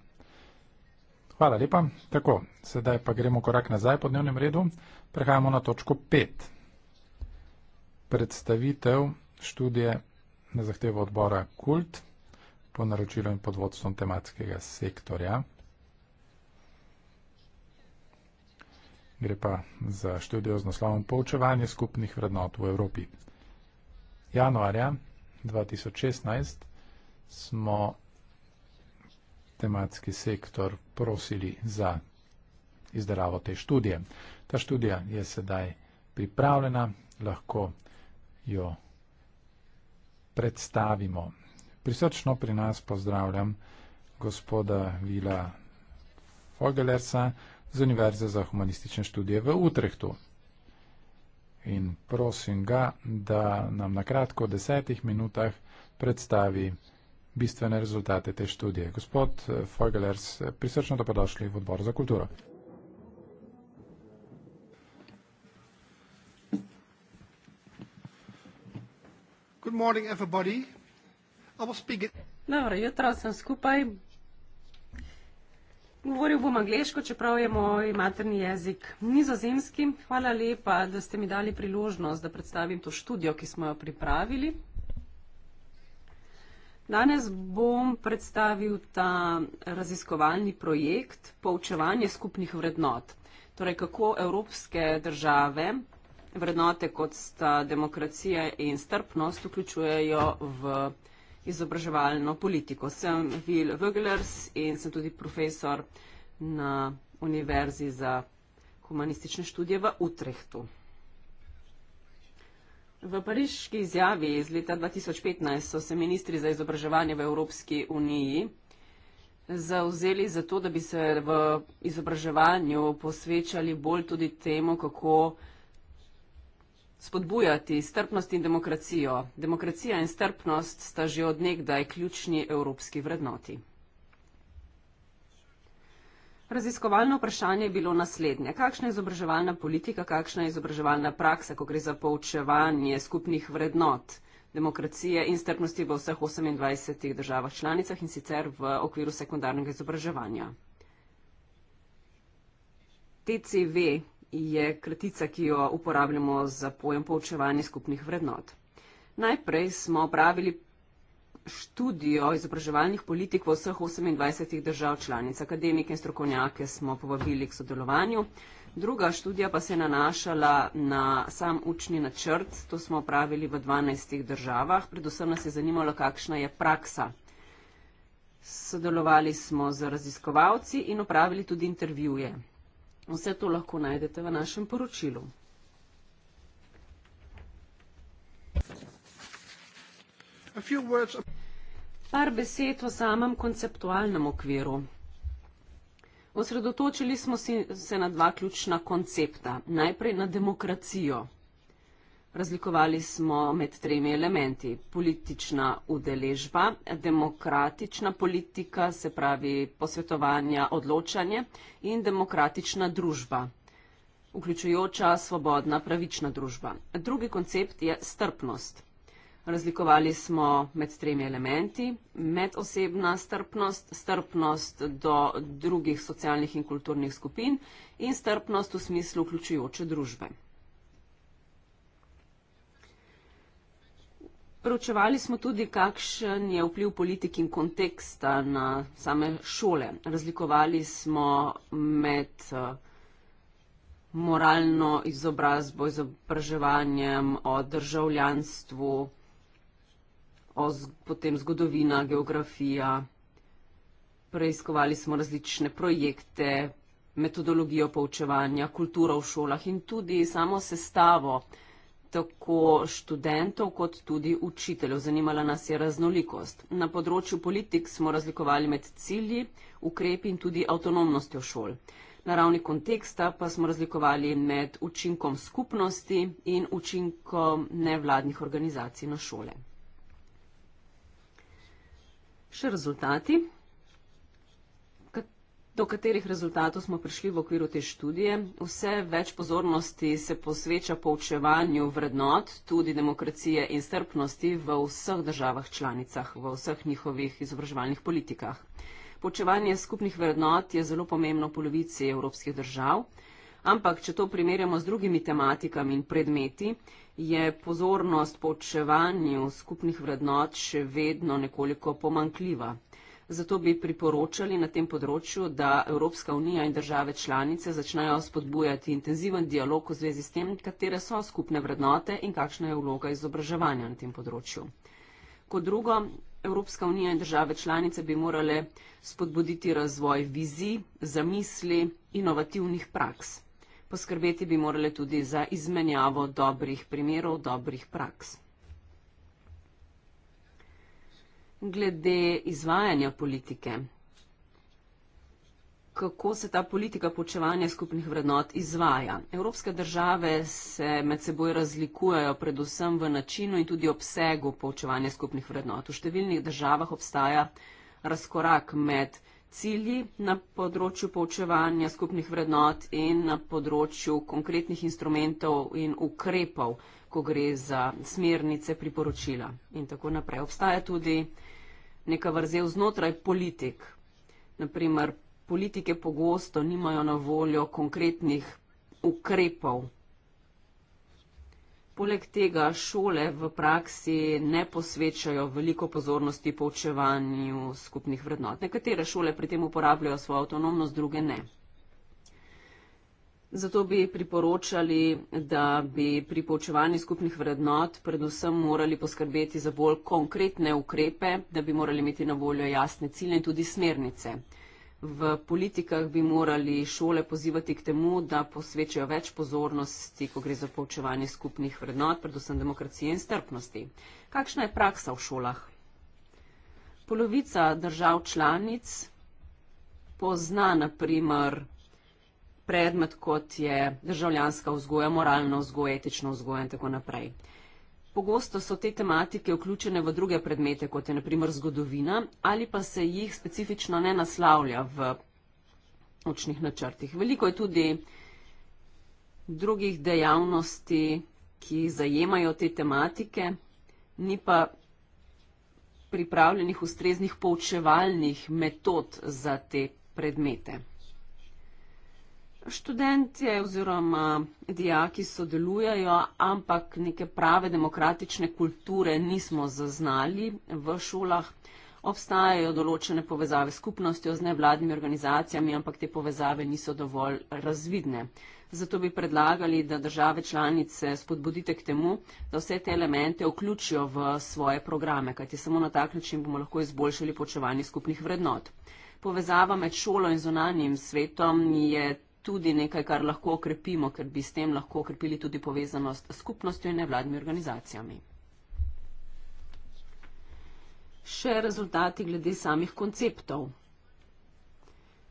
Speaker 2: Hvala lepa. Tako, sedaj pa gremo korak nazaj po dnevnem redu. Prehajamo na točko 5. Predstavitev študije na zahtevo odbora Kult po naročilu in pod vodstvom tematskega sektorja. gre pa za študijo z naslovom Poučevanje skupnih vrednot v Evropi. Januarja 2016 smo tematski sektor prosili za izdelavo te študije. Ta študija je sedaj pripravljena, lahko jo predstavimo. Prisrčno pri nas pozdravljam gospoda Vila Fogelersa, z Univerze za humanistične študije v Utrehtu. In prosim ga, da nam na kratko v desetih minutah predstavi bistvene rezultate te študije. Gospod eh, Fogelers, eh, prisrčno dobrodošli v odbor za kulturo.
Speaker 1: Dobro jutro, sem skupaj. Govoril bom angliško, čeprav je moj materni jezik nizozemski. Hvala lepa, da ste mi dali priložnost, da predstavim to študijo, ki smo jo pripravili. Danes bom predstavil ta raziskovalni projekt Poučevanje skupnih vrednot. Torej, kako evropske države vrednote kot sta demokracija in strpnost vključujejo v vrednost izobraževalno politiko. Sem Vil Vöglers in sem tudi profesor na Univerzi za humanistične študije v Utrehtu. V pariški izjavi iz leta 2015 so se ministri za izobraževanje v Evropski uniji zauzeli za to, da bi se v izobraževanju posvečali bolj tudi temu, kako spodbujati strpnost in demokracijo. Demokracija in strpnost sta že od nekdaj ključni evropski vrednoti. Raziskovalno vprašanje je bilo naslednje. Kakšna je izobraževalna politika, kakšna je izobraževalna praksa, ko gre za poučevanje skupnih vrednot demokracije in strpnosti v vseh 28 državah članicah in sicer v okviru sekundarnega izobraževanja? TCV, je kratica, ki jo uporabljamo za pojem poučevanje skupnih vrednot. Najprej smo opravili študijo izobraževalnih politik v vseh 28 držav članic. Akademike in strokovnjake smo povabili k sodelovanju. Druga študija pa se je nanašala na sam učni načrt. To smo opravili v 12 državah. Predvsem nas je zanimalo, kakšna je praksa. Sodelovali smo z raziskovalci in opravili tudi intervjuje. Vse to lahko najdete v našem poročilu. Par besed o samem konceptualnem okviru. Osredotočili smo se na dva ključna koncepta. Najprej na demokracijo. Razlikovali smo med tremi elementi. Politična udeležba, demokratična politika, se pravi posvetovanja, odločanje in demokratična družba, vključujoča svobodna, pravična družba. Drugi koncept je strpnost. Razlikovali smo med tremi elementi. Medosebna strpnost, strpnost do drugih socialnih in kulturnih skupin in strpnost v smislu vključujoče družbe. Pročevali smo tudi, kakšen je vpliv politik in konteksta na same šole. Razlikovali smo med eh, moralno izobrazbo, izobraževanjem, o državljanstvu, o potem zgodovina, geografija. Preiskovali smo različne projekte, metodologijo poučevanja, kulturo v šolah in tudi samo sestavo tako študentov kot tudi učiteljev. Zanimala nas je raznolikost. Na področju politik smo razlikovali med cilji, ukrepi in tudi avtonomnostjo šol. Na ravni konteksta pa smo razlikovali med učinkom skupnosti in učinkom nevladnih organizacij na šole. Še rezultati do katerih rezultatov smo prišli v okviru te študije. Vse več pozornosti se posveča poučevanju vrednot, tudi demokracije in strpnosti v vseh državah članicah, v vseh njihovih izobraževalnih politikah. Poučevanje skupnih vrednot je zelo pomembno v polovici evropskih držav, ampak če to primerjamo z drugimi tematikami in predmeti, je pozornost poučevanju skupnih vrednot še vedno nekoliko pomankljiva. Zato bi priporočali na tem področju, da Evropska unija in države članice začnejo spodbujati intenziven dialog v zvezi s tem, katere so skupne vrednote in kakšna je vloga izobraževanja na tem področju. Kot drugo, Evropska unija in države članice bi morale spodbuditi razvoj vizij, zamisli, inovativnih praks. Poskrbeti bi morale tudi za izmenjavo dobrih primerov, dobrih praks. glede izvajanja politike. Kako se ta politika počevanja skupnih vrednot izvaja? Evropske države se med seboj razlikujejo predvsem v načinu in tudi obsegu počevanja skupnih vrednot. V številnih državah obstaja razkorak med cilji na področju poučevanja skupnih vrednot in na področju konkretnih instrumentov in ukrepov, ko gre za smernice, priporočila in tako naprej. Obstaja tudi uh, neka vrzel znotraj politik. Naprimer, politike pogosto nimajo na voljo konkretnih ukrepov. Poleg tega šole v praksi ne posvečajo veliko pozornosti poučevanju skupnih vrednot. Nekatere šole pri tem uporabljajo svojo avtonomnost, druge ne. Zato bi priporočali, da bi pri poučevanju skupnih vrednot predvsem morali poskrbeti za bolj konkretne ukrepe, da bi morali imeti na voljo jasne cilje in tudi smernice. V politikah bi morali šole pozivati k temu, da posvečajo več pozornosti, ko gre za poučevanje skupnih vrednot, predvsem demokracije in strpnosti. Kakšna je praksa v šolah? Polovica držav članic pozna naprimer predmet, kot je državljanska vzgoja, moralna vzgoja, etična vzgoja in tako naprej. Pogosto so te tematike vključene v druge predmete, kot je naprimer zgodovina, ali pa se jih specifično ne naslavlja v učnih načrtih. Veliko je tudi drugih dejavnosti, ki zajemajo te tematike, ni pa pripravljenih ustreznih poučevalnih metod za te predmete študentje oziroma dijaki sodelujejo, ampak neke prave demokratične kulture nismo zaznali v šolah. Obstajajo določene povezave s skupnostjo, z nevladnimi organizacijami, ampak te povezave niso dovolj razvidne. Zato bi predlagali, da države članice spodbudite k temu, da vse te elemente vključijo v svoje programe, kajti samo na tak način bomo lahko izboljšali počevanje skupnih vrednot. Povezava med šolo in zunanjim svetom je tudi nekaj, kar lahko okrepimo, ker bi s tem lahko okrepili tudi povezanost s skupnostjo in nevladnimi organizacijami. Še rezultati glede samih konceptov.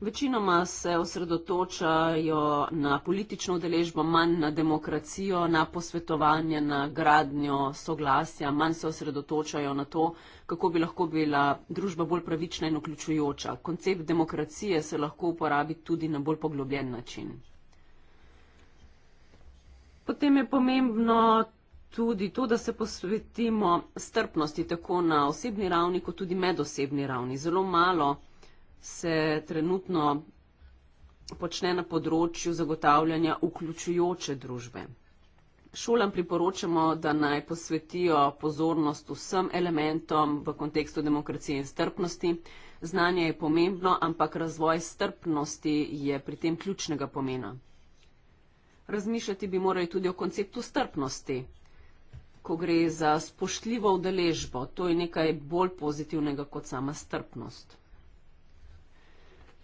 Speaker 1: Večinoma se osredotočajo na politično udeležbo, manj na demokracijo, na posvetovanje, na gradnjo soglasja, manj se osredotočajo na to, kako bi lahko bila družba bolj pravična in vključujoča. Koncept demokracije se lahko uporabi tudi na bolj poglobljen način. Potem je pomembno tudi to, da se posvetimo strpnosti tako na osebni ravni, kot tudi medosebni ravni. Zelo malo se trenutno počne na področju zagotavljanja vključujoče družbe. Šolam priporočamo, da naj posvetijo pozornost vsem elementom v kontekstu demokracije in strpnosti. Znanje je pomembno, ampak razvoj strpnosti je pri tem ključnega pomena. Razmišljati bi morali tudi o konceptu strpnosti, ko gre za spoštljivo udeležbo. To je nekaj bolj pozitivnega kot sama strpnost.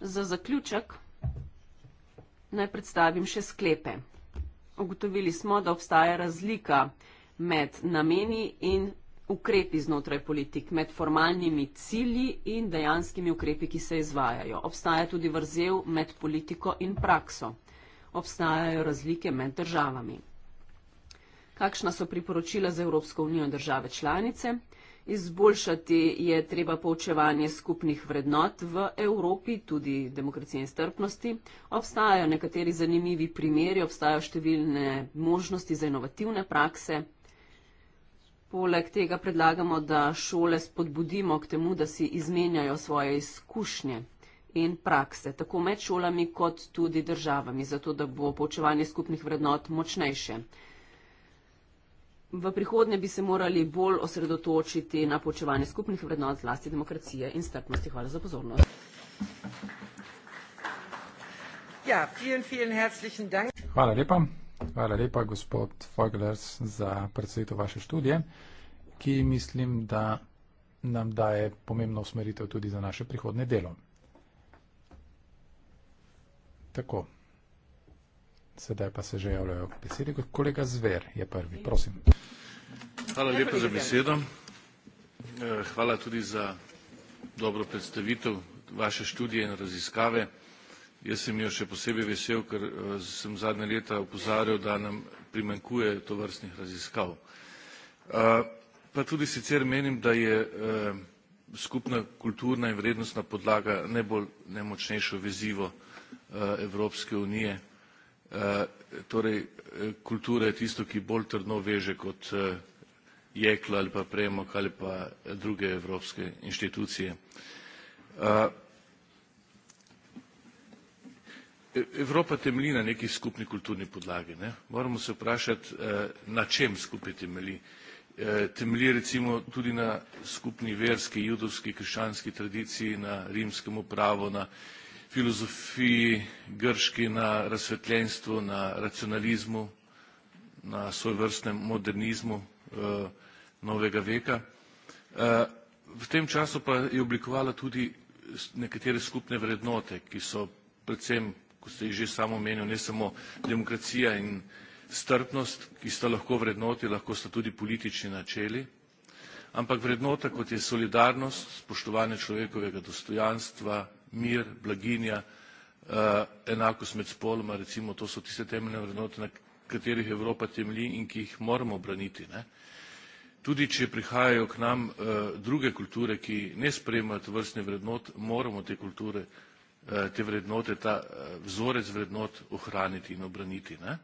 Speaker 1: Za zaključek naj predstavim še sklepe. Ugotovili smo, da obstaja razlika med nameni in ukrepi znotraj politik, med formalnimi cilji in dejanskimi ukrepi, ki se izvajajo. Obstaja tudi vrzel med politiko in prakso. Obstajajo razlike med državami. Kakšna so priporočila za Evropsko unijo in države članice? Izboljšati je treba poučevanje skupnih vrednot v Evropi, tudi demokracije in strpnosti. Obstajajo nekateri zanimivi primeri, obstajajo številne možnosti za inovativne prakse. Poleg tega predlagamo, da šole spodbudimo k temu, da si izmenjajo svoje izkušnje in prakse, tako med šolami kot tudi državami, zato da bo poučevanje skupnih vrednot močnejše v prihodnje bi se morali bolj osredotočiti na počevanje skupnih vrednot zlasti demokracije in strpnosti. Hvala za pozornost. Ja,
Speaker 4: vielen, vielen herzlichen Dank.
Speaker 2: Hvala lepa. Hvala lepa, gospod Foglers, za predstavitev vaše študije, ki mislim, da nam daje pomembno usmeritev tudi za naše prihodne delo. Tako. Sedaj pa se že javljajo k besedi. Kolega Zver je prvi, prosim.
Speaker 4: Hvala lepa za besedo. Eh, hvala tudi za dobro predstavitev vaše študije in raziskave. Jaz sem jo še posebej vesel, ker eh, sem zadnje leta opozarjal, da nam primankuje to vrstnih raziskav. Eh, pa tudi sicer menim, da je skupna kulturna in vrednostna podlaga najbolj nemočnejšo vezivo Evropske unije Eh, torej eh, kultura je tisto, ki bolj trdno veže kot eh, jeklo ali pa premok ali pa druge evropske inštitucije. E, Evropa temelji na neki skupni kulturni podlagi. Ne? Moramo se vprašati, na čem skupaj temelji. Temelji recimo tudi na skupni verski, judovski, krščanski tradiciji, na rimskem pravu, na filozofiji grški na razsvetljenstvu, na racionalizmu, na svojvrstnem modernizmu eh, novega veka. Eh, v tem času pa je oblikovala tudi nekatere skupne vrednote, ki so predvsem, kot ste jih že samo omenil, ne samo demokracija in strpnost, ki sta lahko vrednoti, lahko sta tudi politični načeli, ampak vrednota kot je solidarnost, spoštovanje človekovega dostojanstva, mir, blaginja, eh, enakost med spoloma, recimo to so tiste temeljne vrednote, na katerih Evropa temelji in ki jih moramo braniti. Ne? Tudi če prihajajo k nam uh, druge kulture, ki ne sprejemajo vrstne vrednot, moramo te kulture, uh, te vrednote, ta uh, vzorec vrednot ohraniti in obraniti. Ne?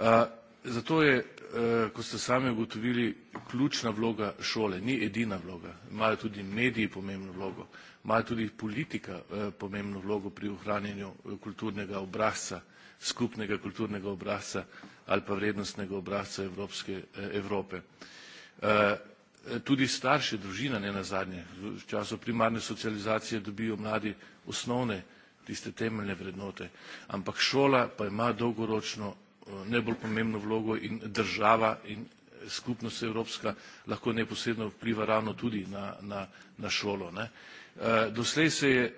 Speaker 4: Uh, zato je, uh, kot ste sami ugotovili, ključna vloga šole, ni edina vloga, imajo tudi mediji pomembno vlogo, ima tudi politika eh, pomembno vlogo pri ohranjanju eh, kulturnega obrazca, skupnega kulturnega obrazca ali pa vrednostnega obrazca Evropske, eh, Evrope. Tudi starši, družina ne nazadnje, v času primarne socializacije dobijo mladi osnovne, tiste temeljne vrednote, ampak šola pa ima dolgoročno najbolj pomembno vlogo in država in skupnost evropska lahko neposredno vpliva ravno tudi na, na, na šolo, ne. Eh, doslej se je eh,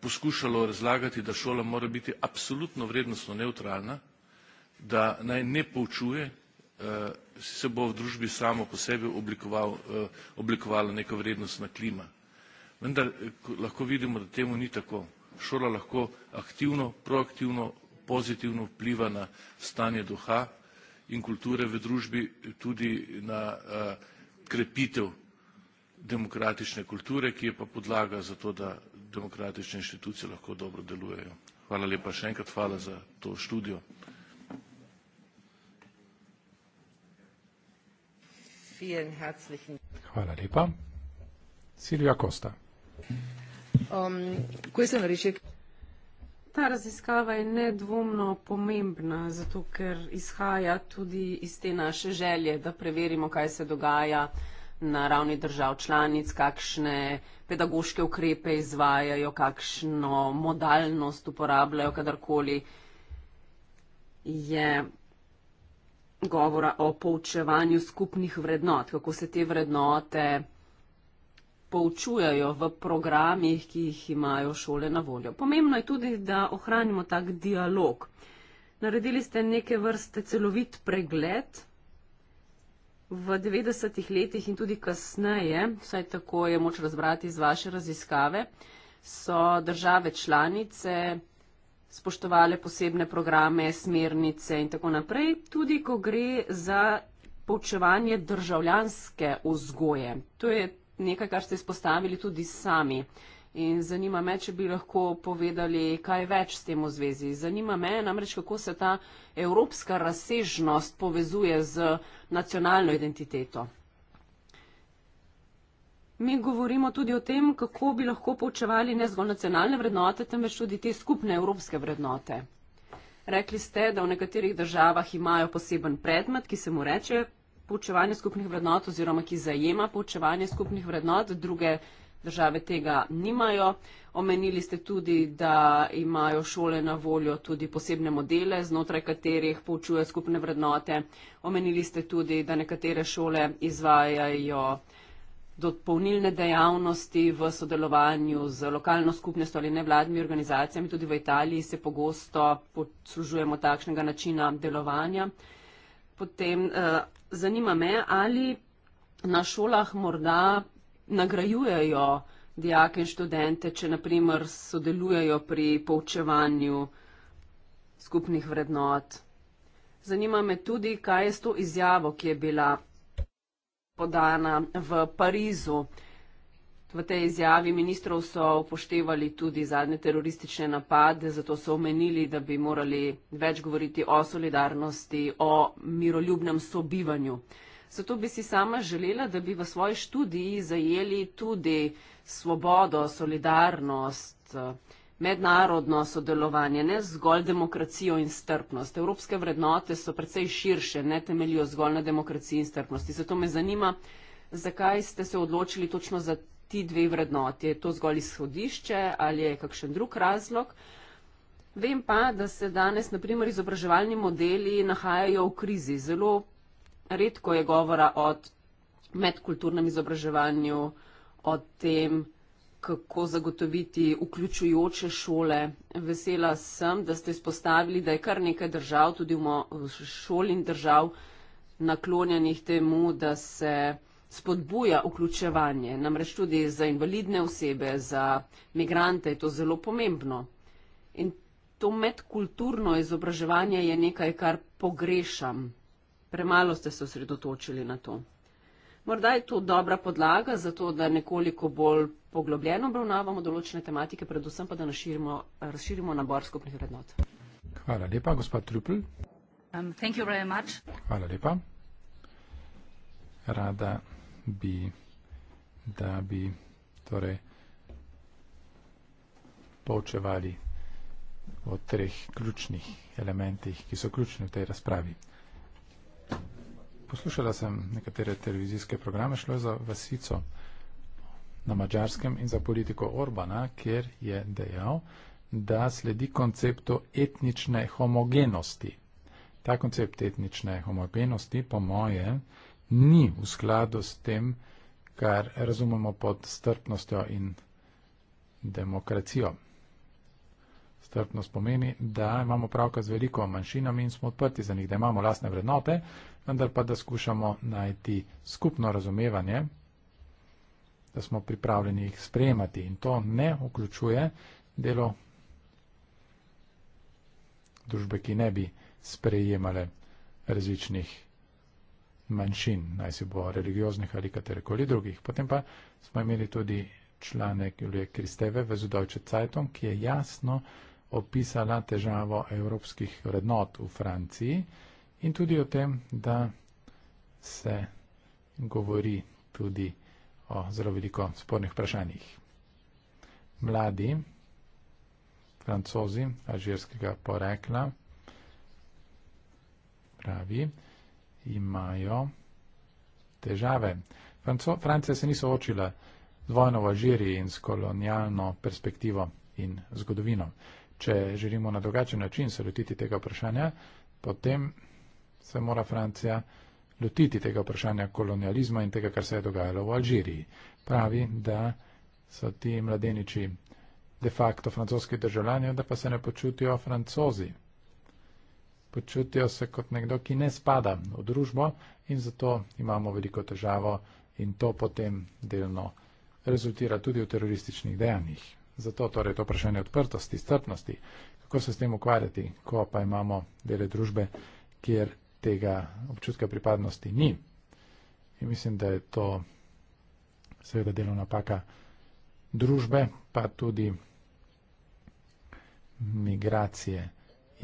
Speaker 4: poskušalo razlagati, da šola mora biti absolutno vrednostno neutralna, da naj ne poučuje, eh, se bo v družbi samo po sebi oblikoval, oblikovala neka vrednostna klima. Vendar lahko vidimo, da temu ni tako. Šola lahko aktivno, proaktivno, pozitivno vpliva na stanje duha in kulture v družbi, tudi na krepitev demokratične kulture, ki je pa podlaga za to, da demokratične inštitucije lahko dobro delujejo. Hvala lepa še enkrat, hvala za to študijo.
Speaker 1: Hvala
Speaker 2: lepa. Silvija Kosta.
Speaker 1: Um, Ta raziskava je nedvomno pomembna, zato ker izhaja tudi iz te naše želje, da preverimo, kaj se dogaja uh, na ravni držav članic, kakšne pedagoške ukrepe izvajajo, kakšno modalnost uporabljajo, kadarkoli je govora o poučevanju skupnih vrednot, kako se te vrednote poučujajo v programih, ki jih imajo šole na voljo. Pomembno je tudi, da ohranimo tak dialog. Naredili ste neke vrste celovit pregled V 90-ih letih in tudi kasneje, vsaj tako je moč razbrati iz vaše raziskave, so države članice spoštovale posebne programe, smernice in tako naprej, tudi ko gre za poučevanje državljanske vzgoje. To je nekaj, kar ste izpostavili tudi sami. Uh, In zanima me, če bi lahko povedali kaj več s tem v zvezi. Zanima me namreč, kako se ta evropska razsežnost povezuje z nacionalno identiteto. Mi govorimo tudi o tem, kako bi lahko poučevali ne zgolj nacionalne vrednote, temveč tudi te skupne evropske vrednote. Rekli ste, da v nekaterih državah imajo poseben predmet, ki se mu reče poučevanje skupnih vrednot oziroma ki zajema poučevanje skupnih vrednot, druge države tega nimajo. Omenili ste tudi, da imajo šole na voljo tudi posebne modele, znotraj katerih poučuje skupne vrednote. Omenili ste tudi, da nekatere šole izvajajo dopolnilne dejavnosti v sodelovanju z lokalno skupnostjo ali nevladnimi organizacijami. Tudi v Italiji se pogosto poslužujemo takšnega načina delovanja. Potem eh, zanima me, ali na šolah morda nagrajujejo dijake in študente, če naprimer sodelujejo pri poučevanju skupnih vrednot. Zanima me tudi, kaj je s to izjavo, ki je bila podana v Parizu. V tej izjavi ministrov so upoštevali tudi zadnje teroristične napade, zato so omenili, da bi morali več govoriti o solidarnosti, o miroljubnem sobivanju. Zato bi si sama želela, da bi v svoji študiji zajeli tudi svobodo, solidarnost, mednarodno sodelovanje, ne zgolj demokracijo in strpnost. Evropske vrednote so precej širše, ne temeljijo zgolj na demokraciji in strpnosti. Zato me zanima, zakaj ste se odločili točno za ti dve vrednoti. Je to zgolj izhodišče ali je kakšen drug razlog? Vem pa, da se danes, naprimer, izobraževalni modeli nahajajo v krizi. Zelo redko je govora o medkulturnem izobraževanju, o tem, kako zagotoviti vključujoče šole. Vesela sem, da ste spostavili, da je kar nekaj držav, tudi šol in držav, naklonjenih temu, da se spodbuja vključevanje. Namreč tudi za invalidne osebe, za migrante je to zelo pomembno. In to medkulturno izobraževanje je nekaj, kar pogrešam premalo ste se osredotočili na to. Morda je to dobra podlaga za to, da nekoliko bolj poglobljeno obravnavamo določene tematike, predvsem pa da naširimo, razširimo nabor skupnih vrednot.
Speaker 2: Hvala lepa, gospod Trupl. Um, Hvala lepa. Rada bi, da bi torej poučevali o treh ključnih elementih, ki so ključni v tej razpravi poslušala sem nekatere televizijske programe, šlo je za vasico na mačarskem in za politiko Orbana, kjer je dejal, da sledi konceptu etnične homogenosti. Ta koncept etnične homogenosti, po moje, ni v skladu s tem, kar razumemo pod strpnostjo in demokracijo. Strpnost pomeni, da imamo pravka z veliko manjšinami in smo odprti za njih, da imamo lasne vrednote, vendar pa da skušamo najti skupno razumevanje, da smo pripravljeni jih sprejemati. In to ne vključuje delo družbe, ki ne bi sprejemale različnih manjšin, naj si bo religioznih ali katerekoli drugih. Potem pa smo imeli tudi članek Julije Kristeve v Zudovče Cajton, ki je jasno opisala težavo evropskih vrednot v Franciji in tudi o tem, da se govori tudi o zelo veliko spornih vprašanjih. Mladi francozi alžirskega porekla pravi, imajo težave. Franco Francija se ni soočila z vojno v Alžiriji in s kolonialno perspektivo in zgodovino če želimo na drugačen način se lotiti tega vprašanja, potem se mora Francija lotiti tega vprašanja kolonializma in tega, kar se je dogajalo v Alžiriji. Pravi, da so ti mladeniči de facto francoski državljani, da pa se ne počutijo francozi. Počutijo se kot nekdo, ki ne spada v družbo in zato imamo veliko težavo in to potem delno rezultira tudi v terorističnih dejanjih. Zato torej to vprašanje odprtosti, strpnosti, kako se s tem ukvarjati, ko pa imamo dele družbe, kjer tega občutka pripadnosti ni. In mislim, da je to seveda delovna paka družbe, pa tudi migracije.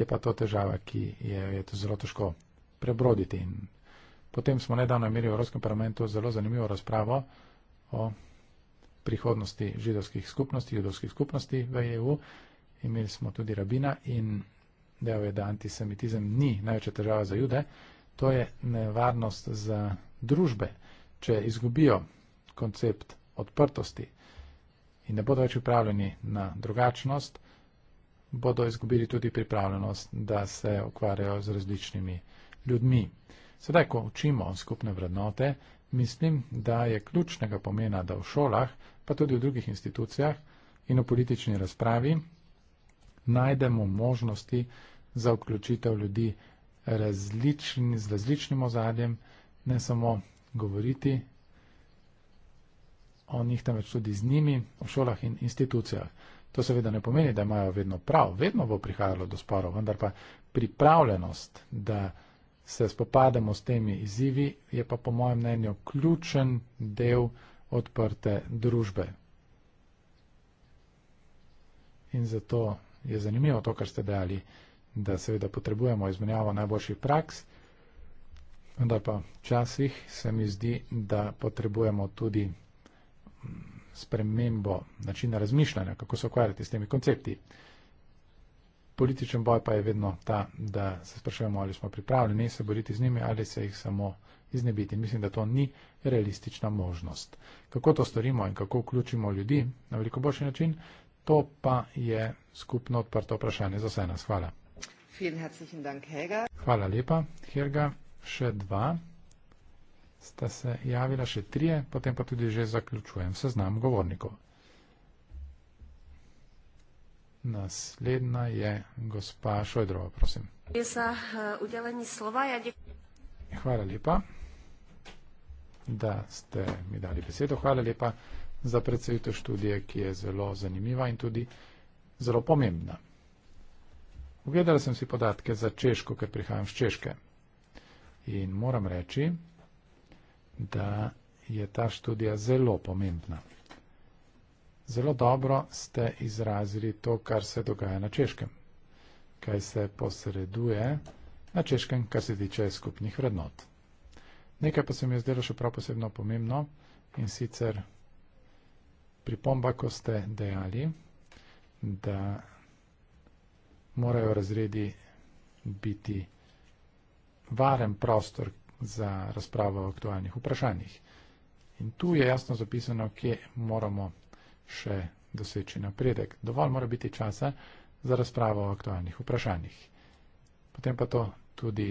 Speaker 2: Je pa to težava, ki je, je to zelo težko prebroditi. In potem smo nedavno imeli v Evropskem parlamentu zelo zanimivo razpravo o prihodnosti židovskih skupnosti, judovskih skupnosti v EU. Imeli smo tudi rabina in del je, da antisemitizem ni največja težava za jude. To je nevarnost za družbe, če izgubijo koncept odprtosti in ne bodo več upravljeni na drugačnost, bodo izgubili tudi pripravljenost, da se ukvarjajo z različnimi ljudmi. Sedaj, ko učimo skupne vrednote, mislim, da je ključnega pomena, da v šolah pa tudi v drugih institucijah in v politični razpravi, najdemo možnosti za vključitev ljudi različni, z različnim ozadjem, ne samo govoriti o njih, temveč tudi z njimi v šolah in institucijah. To seveda ne pomeni, da imajo vedno prav, vedno bo prihajalo do sporov, vendar pa pripravljenost, da se spopademo s temi izzivi, je pa po mojem mnenju ključen del odprte družbe. In zato je zanimivo to, kar ste dejali, da seveda potrebujemo izmenjavo najboljših praks, vendar pa včasih se mi zdi, da potrebujemo tudi mm, spremembo načina razmišljanja, kako se ukvarjati s temi koncepti. Političen boj pa je vedno ta, da se sprašujemo, ali smo pripravljeni se boriti z njimi ali se jih samo iznebiti. Mislim, da to ni realistična možnost. Kako to storimo in kako vključimo ljudi na veliko boljši način, to pa je skupno odprto vprašanje za vse nas. Hvala. Hvala lepa, Herga. Še dva sta se javila, še trije, potem pa tudi že zaključujem seznam govornikov. Naslednja je gospa Šojdrova, prosim. Eh, ja, Hvala lepa da ste mi dali besedo. Hvala lepa za predsedujoč študije, ki je zelo zanimiva in tudi zelo pomembna. Ugledala sem si podatke za Češko, ker prihajam z Češke. In moram reči, da je ta študija zelo pomembna. Zelo dobro ste izrazili to, kar se dogaja na Češkem, kaj se posreduje na Češkem, kar se tiče skupnih vrednot. Nekaj pa se mi je zdelo še prav posebno pomembno in sicer pripomba, ko ste dejali, da morajo razredi biti varen prostor za razpravo o aktualnih vprašanjih. In tu je jasno zapisano, kje moramo še doseči napredek. Dovolj mora biti časa za razpravo o aktualnih vprašanjih. Potem pa to tudi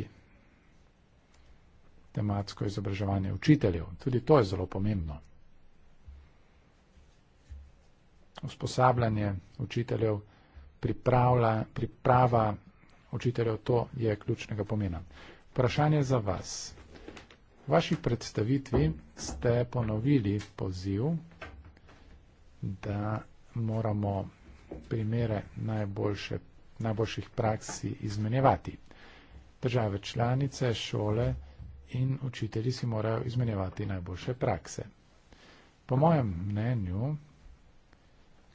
Speaker 2: tematsko izobraževanje učiteljev. Tudi to je zelo pomembno. Usposabljanje učiteljev, priprava učiteljev, to je ključnega pomena. Vprašanje za vas. V vaši predstavitvi ste ponovili poziv, da moramo primere najboljše, najboljših praksi izmenjevati. Države članice, šole, in učitelji si morajo izmenjevati najboljše prakse. Po mojem mnenju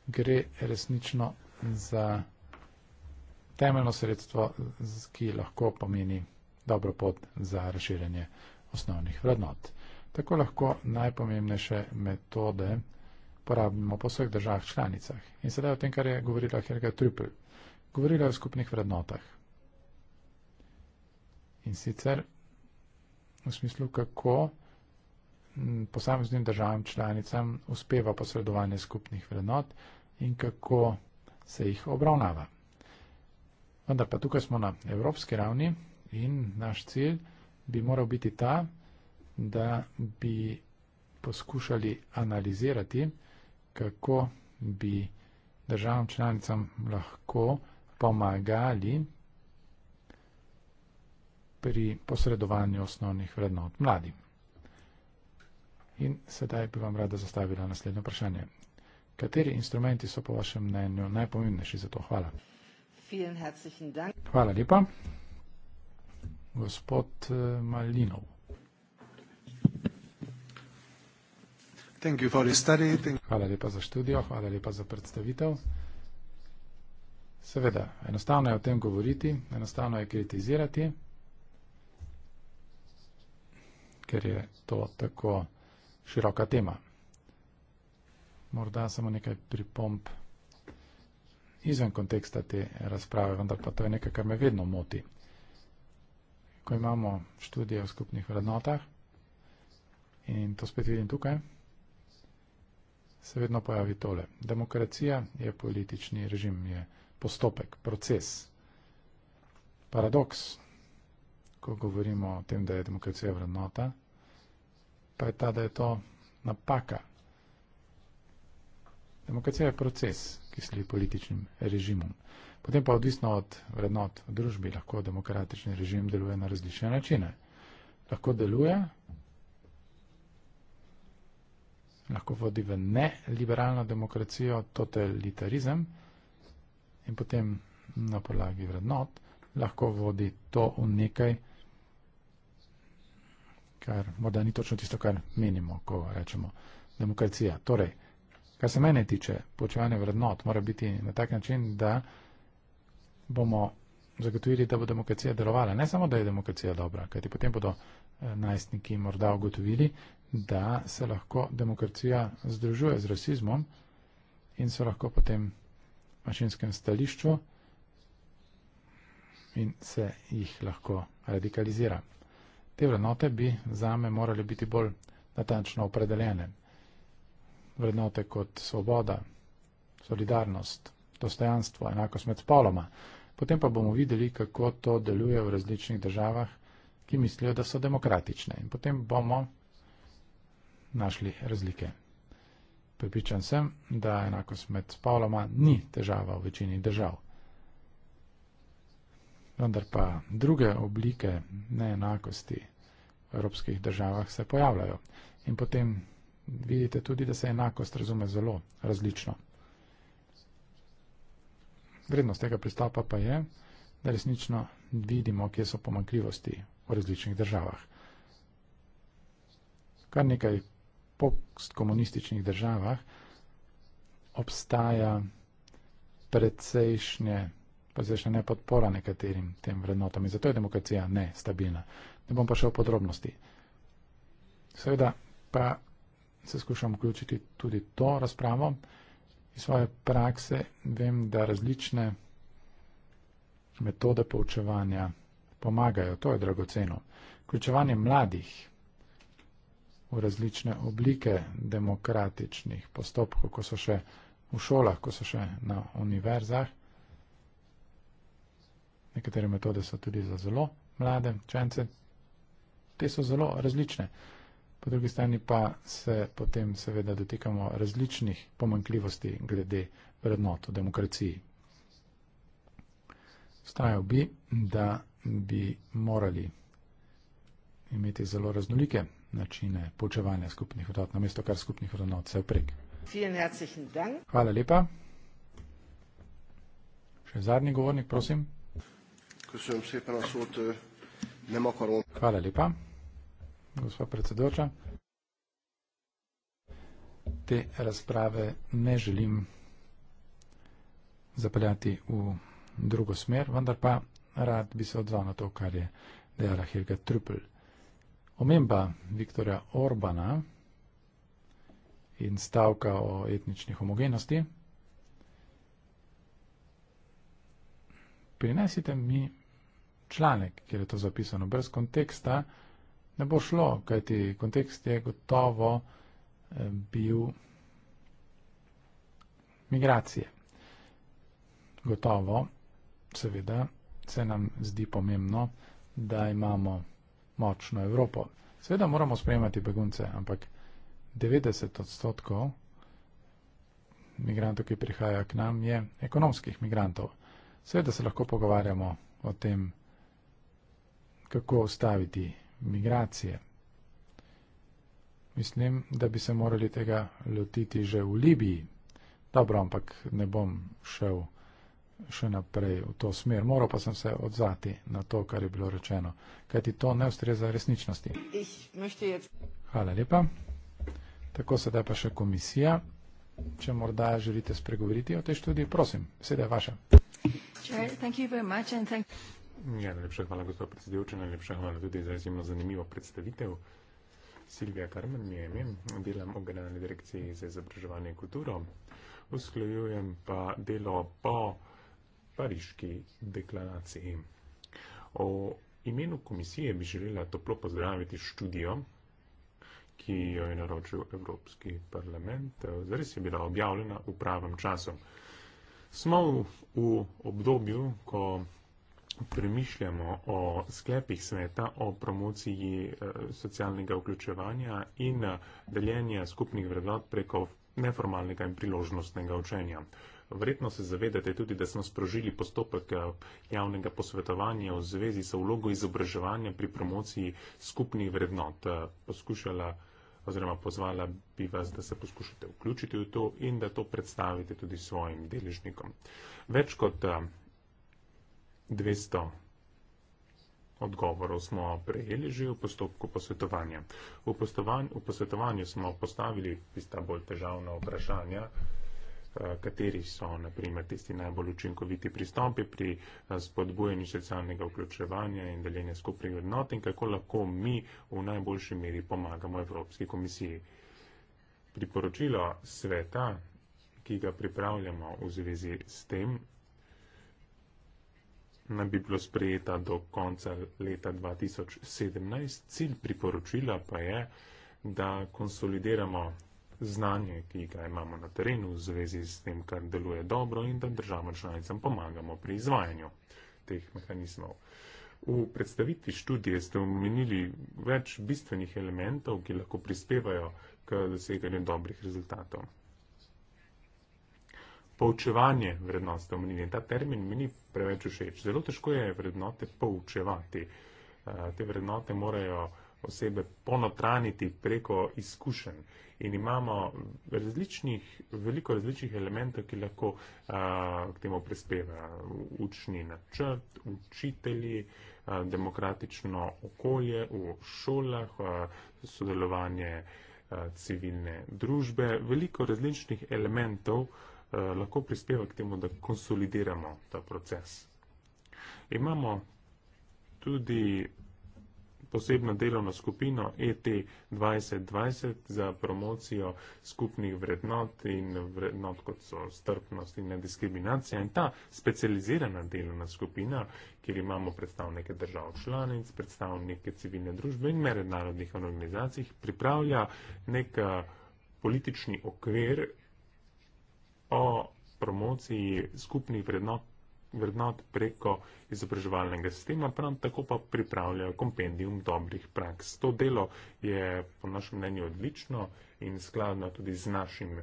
Speaker 2: gre resnično za temeljno sredstvo, ki lahko pomeni dobro pot za razširjanje osnovnih vrednot. Tako lahko najpomembnejše metode porabimo po vseh državah članicah. In sedaj o tem, kar je govorila Helga Trüppel. Govorila je o skupnih vrednotah. In sicer v smislu, kako posameznim državam članicam uspeva posredovanje skupnih vrednot in kako se jih obravnava. Vendar pa tukaj smo na evropski ravni in naš cilj bi moral biti ta, da bi poskušali analizirati, kako bi državam članicam lahko pomagali pri posredovanju osnovnih vrednot mladim. In sedaj bi vam rada zastavila naslednje vprašanje. Kateri instrumenti so po vašem mnenju najpomembnejši za to? Hvala. Hvala lepa. Gospod eh, Malinov. Hvala lepa za študijo, hvala lepa za predstavitev. Seveda, enostavno je o tem govoriti, enostavno je kritizirati ker je to tako široka tema. Morda samo nekaj pripomp izven konteksta te razprave, vendar pa to je nekaj, kar me vedno moti. Ko imamo študije o skupnih vrednotah in to spet vidim tukaj, se vedno pojavi tole. Demokracija je politični režim, je postopek, proces, paradoks ko govorimo o tem, da je demokracija vrednota, pa je ta, da je to napaka. Demokracija je proces, ki sledi političnim režimom. Potem pa odvisno od vrednot v družbi, lahko demokratični režim deluje na različne načine. Lahko deluje, lahko vodi v neliberalno demokracijo, totalitarizem in potem na podlagi vrednot lahko vodi to v nekaj, kar morda ni točno tisto, kar menimo, ko rečemo demokracija. Torej, kar se mene tiče, počevanje vrednot mora biti na tak način, da bomo zagotovili, da bo demokracija delovala. Ne samo, da je demokracija dobra, kajti potem bodo eh, najstniki morda ugotovili, da se lahko demokracija združuje z rasizmom in so lahko potem v mašinskem stališču in se jih lahko radikalizira. Te vrednote bi za me morale biti bolj natančno opredeljene. Vrednote kot svoboda, solidarnost, dostojanstvo, enakost med spoloma. Potem pa bomo videli, kako to deluje v različnih državah, ki mislijo, da so demokratične. In potem bomo našli razlike. Pripričan sem, da enakost med spoloma ni težava v večini držav vendar pa druge oblike neenakosti v evropskih državah se pojavljajo. In potem vidite tudi, da se enakost razume zelo različno. Vrednost tega pristopa pa je, da resnično vidimo, kje so pomankljivosti v različnih državah. Kar nekaj postkomunističnih državah obstaja precejšnje pa se še ne podpora nekaterim tem vrednotam. In zato je demokracija ne stabilna. Ne bom pa šel v podrobnosti. Seveda pa se skušam vključiti tudi to razpravo. Iz svoje prakse vem, da različne metode poučevanja pomagajo. To je dragoceno. Vključevanje mladih v različne oblike demokratičnih postopkov, ko so še v šolah, ko so še na univerzah. Nekatere metode so tudi za zelo mlade čence. Te so zelo različne. Po drugi strani pa se potem seveda dotikamo različnih pomankljivosti glede vrednot v demokraciji. Stajal bi, da bi morali imeti zelo raznolike načine poučevanja skupnih vrednot, namesto kar skupnih vrednot vse vprek. Hvala lepa. Še zadnji govornik, prosim.
Speaker 4: Köszönöm szépen a szót, nem akarom.
Speaker 2: Hvala lepa, gospa predsedoča. Te razprave ne želim zapeljati v drugo smer, vendar pa rad bi se odzval na to, kar je dejala Helga Trüppel. Omemba Viktorja Orbana in stavka o etnični homogenosti prinesite mi članek, kjer je to zapisano, brez konteksta, ne bo šlo, kajti kontekst je gotovo eh, bil migracije. Gotovo, seveda, se nam zdi pomembno, da imamo močno Evropo. Seveda moramo sprejemati begunce, ampak 90 odstotkov migrantov, ki prihajajo k nam, je ekonomskih migrantov. Seveda se lahko pogovarjamo o tem, kako ustaviti migracije. Mislim, da bi se morali tega lotiti že v Libiji. Dobro, ampak ne bom šel še naprej v to smer. Moral pa sem se odzati na to, kar je bilo rečeno, kajti to ne ustreza resničnosti. Hvala lepa. Tako sedaj pa še komisija. Če morda želite spregovoriti o tej študiji, prosim, sedaj vaša.
Speaker 4: Sure, thank you very much and thank you.
Speaker 3: Ja, najlepša hvala, gospod predsedujoči. Najlepša hvala tudi za izjemno zanimivo predstavitev. Silvija Karmen mi je ime, delam v Generalni direkciji za izobraževanje in kulturo. Usklajujem pa delo po pariški deklaraciji. O imenu komisije bi želela toplo pozdraviti študijo, ki jo je naročil Evropski parlament. Zares je bila objavljena v pravem času. Smo v obdobju, ko premišljamo o sklepih sveta, o promociji eh, socialnega vključevanja in eh, deljenja skupnih vrednot preko neformalnega in priložnostnega učenja. Verjetno se zavedate tudi, da smo sprožili postopek eh, javnega posvetovanja v zvezi sa vlogo izobraževanja pri promociji skupnih vrednot. Poskušala oziroma pozvala bi vas, da se poskušate vključiti v to in da to predstavite tudi svojim deležnikom. Več kot 200 odgovorov smo prejeli že v postopku posvetovanja. V, postovanj, v posvetovanju smo postavili tista bolj težavna vprašanja, eh, kateri so naprimer tisti najbolj učinkoviti pristopi pri eh, spodbujanju socialnega vključevanja in deljenja skupnih vrednot in kako lahko mi v najboljši meri pomagamo Evropski komisiji. Priporočilo sveta, ki ga pripravljamo v zvezi s tem, naj bi bilo sprejeta do konca leta 2017. Cilj priporočila pa je, da konsolidiramo znanje, ki ga imamo na terenu v zvezi s tem, kar deluje dobro in da državam članicam pomagamo pri izvajanju teh mehanizmov. V predstavitvi študije ste omenili več bistvenih elementov, ki lahko prispevajo k doseganju dobrih rezultatov poučevanje vrednot ste omenili in ta termin mi ni preveč všeč. Zelo težko je vrednote poučevati. Eh, te vrednote morajo osebe ponotraniti preko izkušenj in imamo različnih, veliko različnih elementov, ki lahko eh, k temu prispevajo. Učni načrt, učitelji, eh, demokratično okolje v šolah, sodelovanje civilne družbe, veliko različnih elementov, Eh, lahko prispeva k temu, da konsolidiramo ta proces. Imamo tudi posebno delovno skupino e ET2020 za promocijo skupnih vrednot in vrednot kot so strpnost in nediskriminacija. In ta specializirana delovna skupina, kjer imamo predstavnike držav članic, predstavnike civilne družbe in mednarodnih organizacij, pripravlja nek eh, politični okvir, o promociji skupnih vrednot, vrednot preko izobraževalnega sistema, prav tako pa pripravljajo kompendium dobrih praks. To delo je po našem mnenju odlično in skladno tudi z našim a,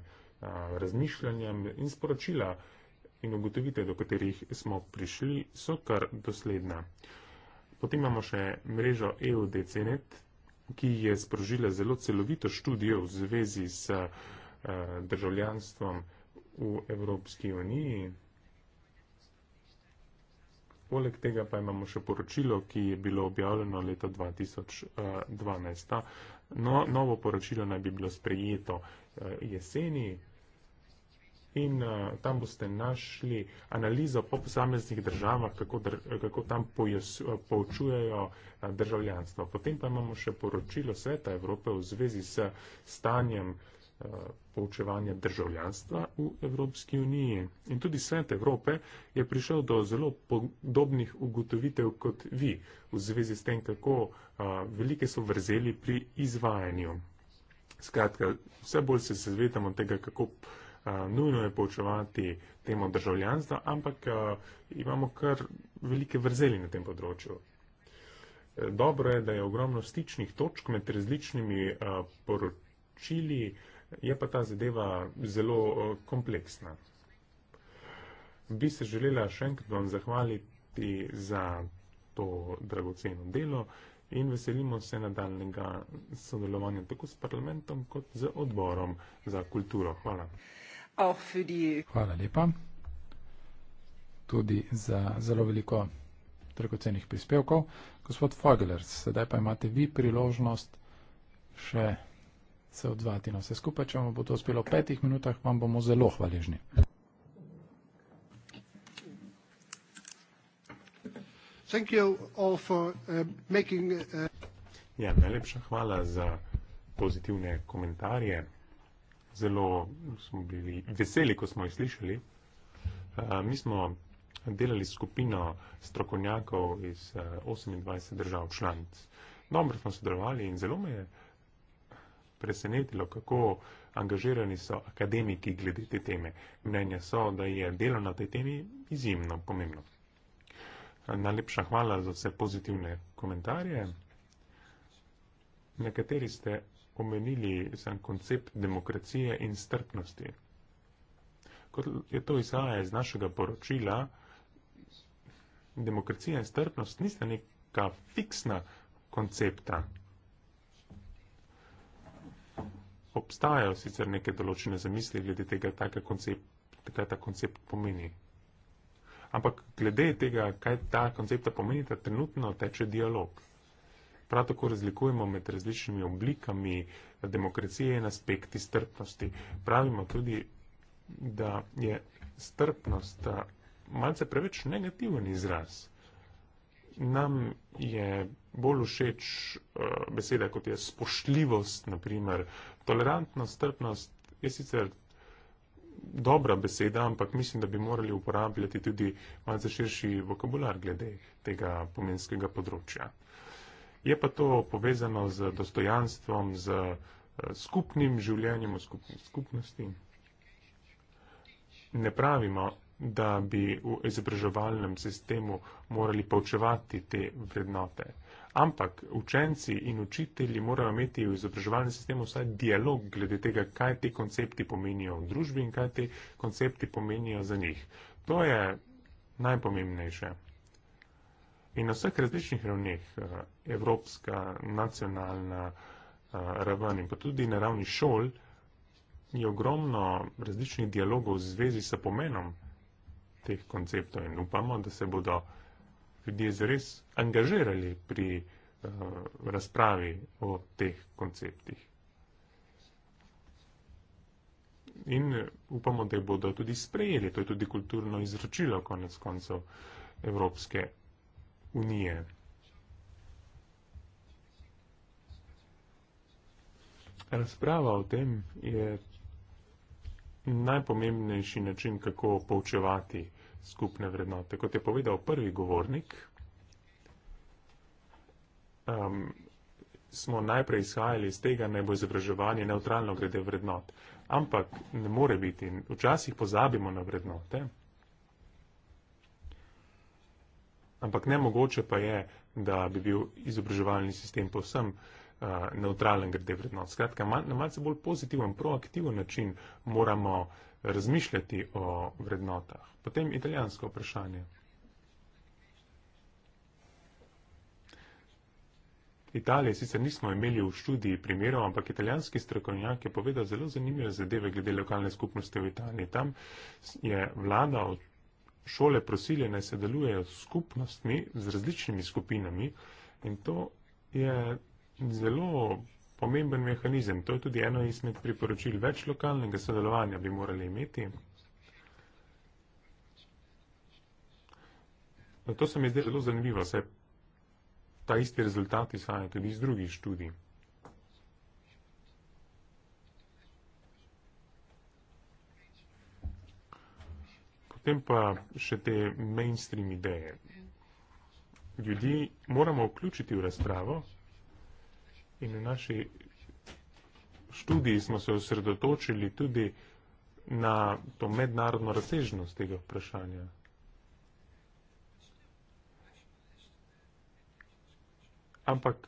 Speaker 3: razmišljanjem in sporočila in ugotovite, do katerih smo prišli, so kar dosledna. Potem imamo še mrežo EUDCNET, ki je sprožila zelo celovito študijo v zvezi s a, državljanstvom v Evropski uniji. Poleg tega pa imamo še poročilo, ki je bilo objavljeno leta 2012. Eh, no, novo poročilo naj bi bilo sprejeto eh, jeseni in eh, tam boste našli analizo po posameznih državah, kako, dr, kako tam pojus, poučujejo državljanstvo. Potem pa imamo še poročilo Sveta Evrope v zvezi s stanjem Eh, poučevanja državljanstva v Evropski uniji. In tudi Svet Evrope je prišel do zelo podobnih ugotovitev kot vi v zvezi s tem, kako eh, velike so vrzeli pri izvajanju. Skratka, vse bolj se zavedamo tega, kako eh, nujno je poučevati temo državljanstva, ampak imamo kar velike vrzeli na tem področju. Dobro je, da je ogromno stičnih točk med različnimi poročili, Je pa ta zadeva zelo eh, kompleksna. Bi se želela še enkrat vam zahvaliti za to dragoceno delo in veselimo se nadaljnega sodelovanja tako s parlamentom kot z odborom za kulturo. Hvala. Hvala lepa.
Speaker 2: Tudi za zelo veliko dragocenih prispevkov. Gospod Fogler, sedaj pa imate vi priložnost še se odzvati na vse skupaj. Če vam bo to uspelo v petih minutah, vam bomo zelo hvaležni.
Speaker 4: Uh, uh,
Speaker 3: ja, najlepša hvala za pozitivne komentarje. Zelo smo bili veseli, ko smo jih slišali. Uh, mi smo delali skupino strokovnjakov iz 28 držav članic. Dobro smo sodelovali in zelo me je presenetilo, kako angažirani so akademiki glede te teme. Mnenje so, da je delo na tej temi izjemno pomembno. Najlepša hvala za vse pozitivne komentarje. Nekateri ste omenili sam koncept demokracije in strpnosti. Kot je to izhaja iz našega poročila, demokracija in strpnost nista neka fiksna koncepta, obstajajo sicer neke določene zamisli glede tega, koncept, kaj ta koncept pomeni. Ampak glede tega, kaj ta koncepta pomeni, ta trenutno teče dialog. Prav tako razlikujemo med različnimi oblikami demokracije in aspekti strpnosti. Pravimo tudi, da je strpnost malce preveč negativen izraz nam je bolj všeč eh, beseda, kot je spoštljivost, naprimer tolerantnost, strpnost, je sicer dobra beseda, ampak mislim, da bi morali uporabljati tudi malce širši vokabular glede tega pomenskega področja. Je pa to povezano z dostojanstvom, z eh, skupnim življenjem v skupnosti. Ne pravimo, da bi v izobraževalnem sistemu morali poučevati te vrednote. Ampak učenci in učitelji morajo imeti v izobraževalnem sistemu vsaj dialog glede tega, kaj ti koncepti pomenijo v družbi in kaj ti koncepti pomenijo za njih. To je najpomembnejše. In na vseh različnih ravneh, eh, evropska, nacionalna eh, raven in pa tudi na ravni šol, je ogromno različnih dialogov v zvezi s pomenom teh konceptov in upamo, da se bodo ljudje zares angažirali pri uh, razpravi o teh konceptih. In eh, upamo, da jih bodo tudi sprejeli. To je tudi kulturno izročilo konec koncev Evropske unije. Razprava o tem je najpomembnejši način, kako poučevati skupne vrednote. Kot je povedal prvi govornik, um, smo najprej izhajali iz tega, da bo izobraževanje neutralno glede vrednot. Ampak ne more biti. Včasih pozabimo na vrednote. Ampak ne mogoče pa je, da bi bil izobraževalni sistem povsem uh, neutralen glede vrednot. Skratka, mal, na malce bolj pozitiven, proaktiven način moramo uh, razmišljati o vrednotah. Potem italijansko vprašanje. Italije sicer nismo imeli v študiji primerov, ampak italijanski strokovnjak je povedal zelo zanimive zadeve glede lokalne skupnosti v Italiji. Tam je vlada od šole prosila, naj se delujejo s skupnostmi, z različnimi skupinami in to je zelo pomemben mehanizem. To je tudi eno izmed priporočil. Več lokalnega sodelovanja bi morali imeti. No, to se mi zdi zelo zanimivo, saj ta isti rezultat izhaja tudi iz drugih študij. Potem pa še te mainstream ideje. Ljudi moramo vključiti v razpravo, In v naši študiji smo se osredotočili tudi na to mednarodno razsežnost tega vprašanja. Ampak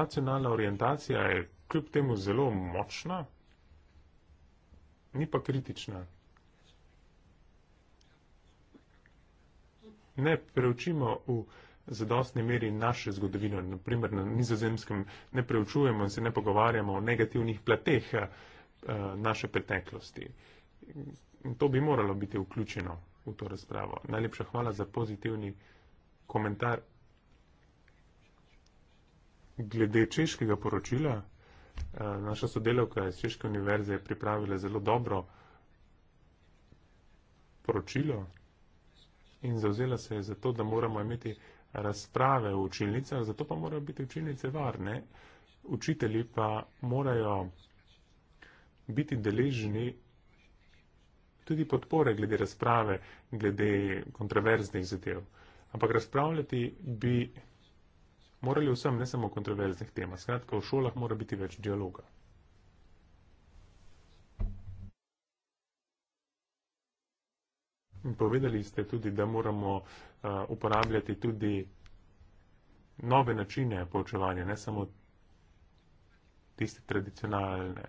Speaker 3: nacionalna orientacija je kljub temu zelo močna, ni pa kritična. Ne preučimo v zadostni meri naše zgodovino. Naprimer, na nizozemskem ne preučujemo in se ne pogovarjamo o negativnih plateh eh, naše preteklosti. In to bi moralo biti vključeno v to razpravo. Najlepša hvala za pozitivni komentar. Glede češkega poročila, eh, naša sodelovka iz Češke univerze je pripravila zelo dobro poročilo in zauzela se je za to, da moramo imeti razprave v učilnicah, zato pa morajo biti učilnice varne, učitelji pa morajo biti deležni tudi podpore glede razprave, glede kontroverznih zadev. Ampak razpravljati bi morali vsem, ne samo o kontroverznih temah. Skratka, v šolah mora biti več dialoga. Povedali ste tudi, da moramo eh, uporabljati tudi nove načine poučevanja, ne samo tiste tradicionalne.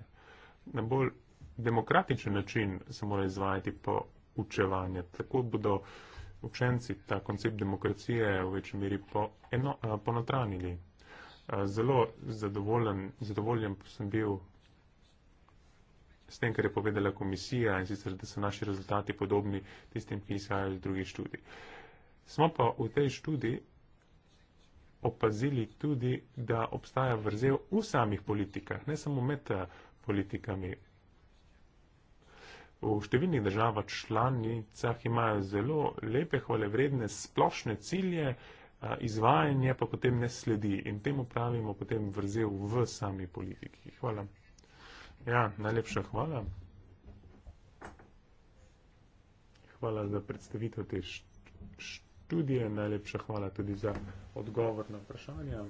Speaker 3: Na bolj demokratičen način se mora izvajati poučevanje. Tako bodo učenci ta koncept demokracije v večji meri eh, ponotranili. Eh, zelo zadovoljen sem bil s tem, kar je povedala komisija in sicer, da so naši rezultati podobni tistim, ki izhajajo iz drugih študij. Smo pa v tej študiji opazili tudi, da obstaja vrzel v samih politikah, ne samo med eh, politikami. V številnih državah članicah imajo zelo lepe, hvale vredne, splošne cilje, eh, izvajanje pa potem ne sledi in temu pravimo potem vrzel v sami politiki. Hvala. Ja, najlepša hvala. Hvala za predstavitev te študije, najlepša hvala tudi za odgovor na vprašanja.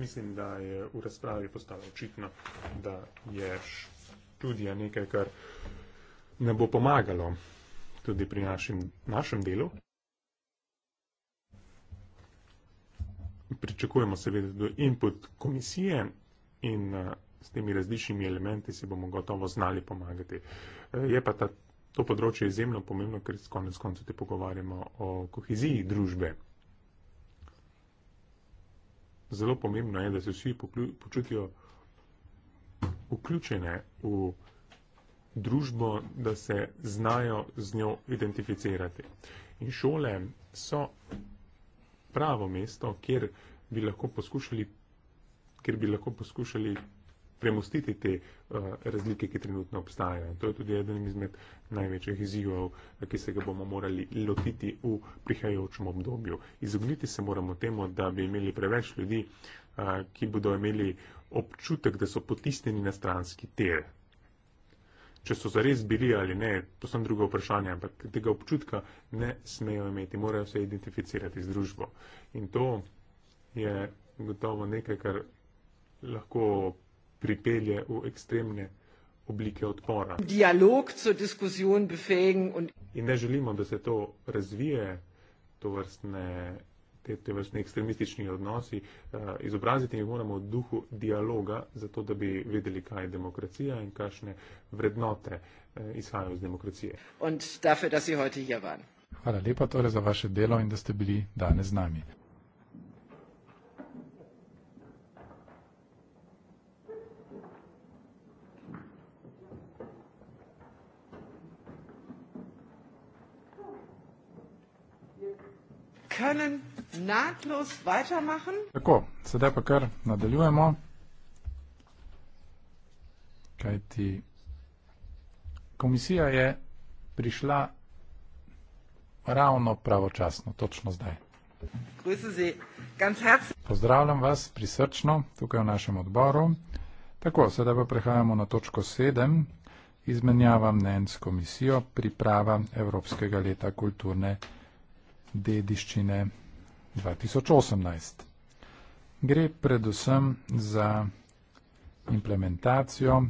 Speaker 3: Mislim, da je v razpravi postalo očitno, da je študija nekaj, kar ne bo pomagalo tudi pri našim, našem delu. Pričakujemo seveda do input komisije in uh, s temi različnimi elementi si bomo gotovo znali pomagati. Eh, je pa ta, to področje izjemno pomembno, ker s konec koncu te pogovarjamo o koheziji družbe. Zelo pomembno je, da se vsi počutijo vključene v družbo, da se znajo z njo identificirati. In šole so pravo mesto, kjer bi lahko poskušali, kjer bi lahko poskušali premustiti te uh, razlike, ki trenutno obstajajo. To je tudi eden izmed največjih izzivov, ki se ga bomo morali lotiti v prihajajočem obdobju. Izogniti se moramo temu, da bi imeli preveč ljudi, uh, ki bodo imeli občutek, da so potisnjeni na stranski tir. Če so zares bili ali ne, to so druga vprašanja, ampak tega občutka ne smejo imeti, morajo se identificirati z družbo. In to je gotovo nekaj, kar lahko pripelje v ekstremne oblike odpora. Dialog so diskusijon befegen. Und... In ne želimo, da se to razvije, to vrstne, te, te vrstne ekstremistični odnosi. Eh, izobraziti jih moramo v duhu dialoga, zato da bi vedeli, kaj je demokracija in kakšne vrednote eh, izhajajo iz demokracije. Und dafür, dass Sie
Speaker 1: heute hier waren.
Speaker 2: Hvala lepa torej za vaše delo in da ste bili danes z nami.
Speaker 4: können nahtlos weitermachen.
Speaker 2: Tako, sedaj pa kar nadaljujemo. Kaj ti? Komisija je prišla ravno pravočasno, točno zdaj. Pozdravljam vas prisrčno tukaj v našem odboru. Tako, sedaj pa prehajamo na točko 7. Izmenjava mnen s komisijo priprava Evropskega leta kulturne dediščine 2018. Gre predvsem za implementacijo.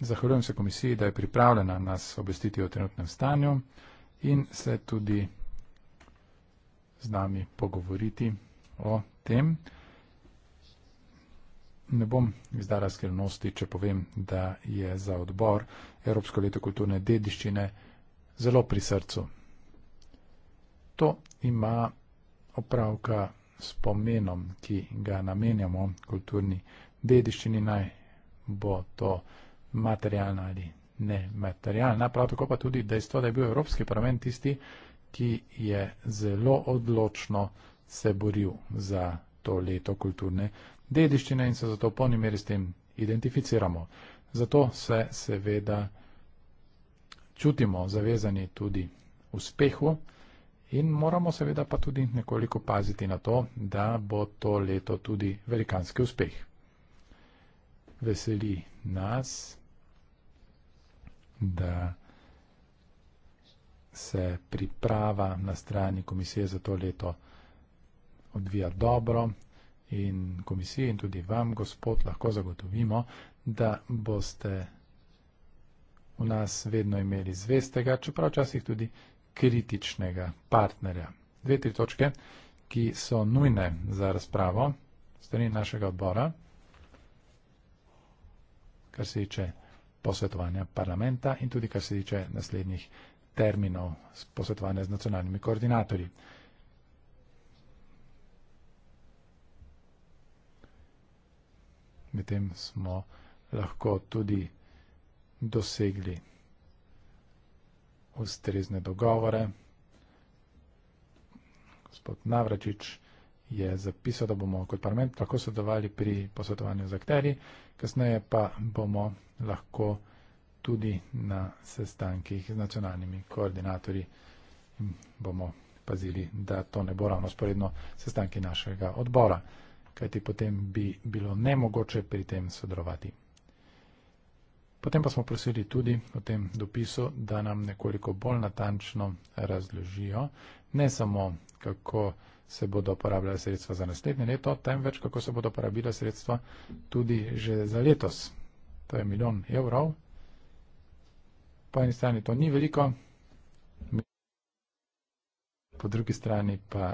Speaker 2: Zahvaljujem se komisiji, da je pripravljena nas obvestiti o trenutnem stanju in se tudi z nami pogovoriti o tem. Ne bom izdala skrivnosti, če povem, da je za odbor Evropsko leto kulturne dediščine 2018 zelo pri srcu. To ima opravka s pomenom, ki ga namenjamo kulturni dediščini, naj bo to materialna ali ne materialna. Prav tako pa tudi dejstvo, da je bil Evropski parlament tisti, ki je zelo odločno se boril za to leto kulturne dediščine in se zato v polni meri s tem identificiramo. Zato se seveda čutimo zavezani tudi uspehu in moramo seveda pa tudi nekoliko paziti na to, da bo to leto tudi velikanski uspeh. Veseli nas, da se priprava na strani komisije za to leto odvija dobro in komisiji in tudi vam, gospod, lahko zagotovimo, da boste v nas vedno imeli zvestega, čeprav včasih tudi kritičnega partnerja. Dve, tri točke, ki so nujne za razpravo strani našega odbora, kar se tiče posvetovanja parlamenta in tudi kar se tiče naslednjih terminov posvetovanja z nacionalnimi koordinatorji. Medtem smo lahko tudi dosegli ustrezne dogovore. Gospod Navračič je zapisal, da bomo kot parlament lahko sodelovali pri posvetovanju z akteri, kasneje pa bomo lahko tudi na sestankih z nacionalnimi koordinatorji in bomo pazili, da to ne bo ravno sporedno sestanki našega odbora, kajti potem bi bilo nemogoče pri tem sodelovati. Potem pa smo prosili tudi v tem dopisu, da nam nekoliko bolj natančno razložijo, ne samo kako se bodo uporabljala sredstva za naslednje leto, temveč kako se bodo uporabila sredstva tudi že za letos. To je milijon evrov. Po eni strani to ni veliko, po drugi strani pa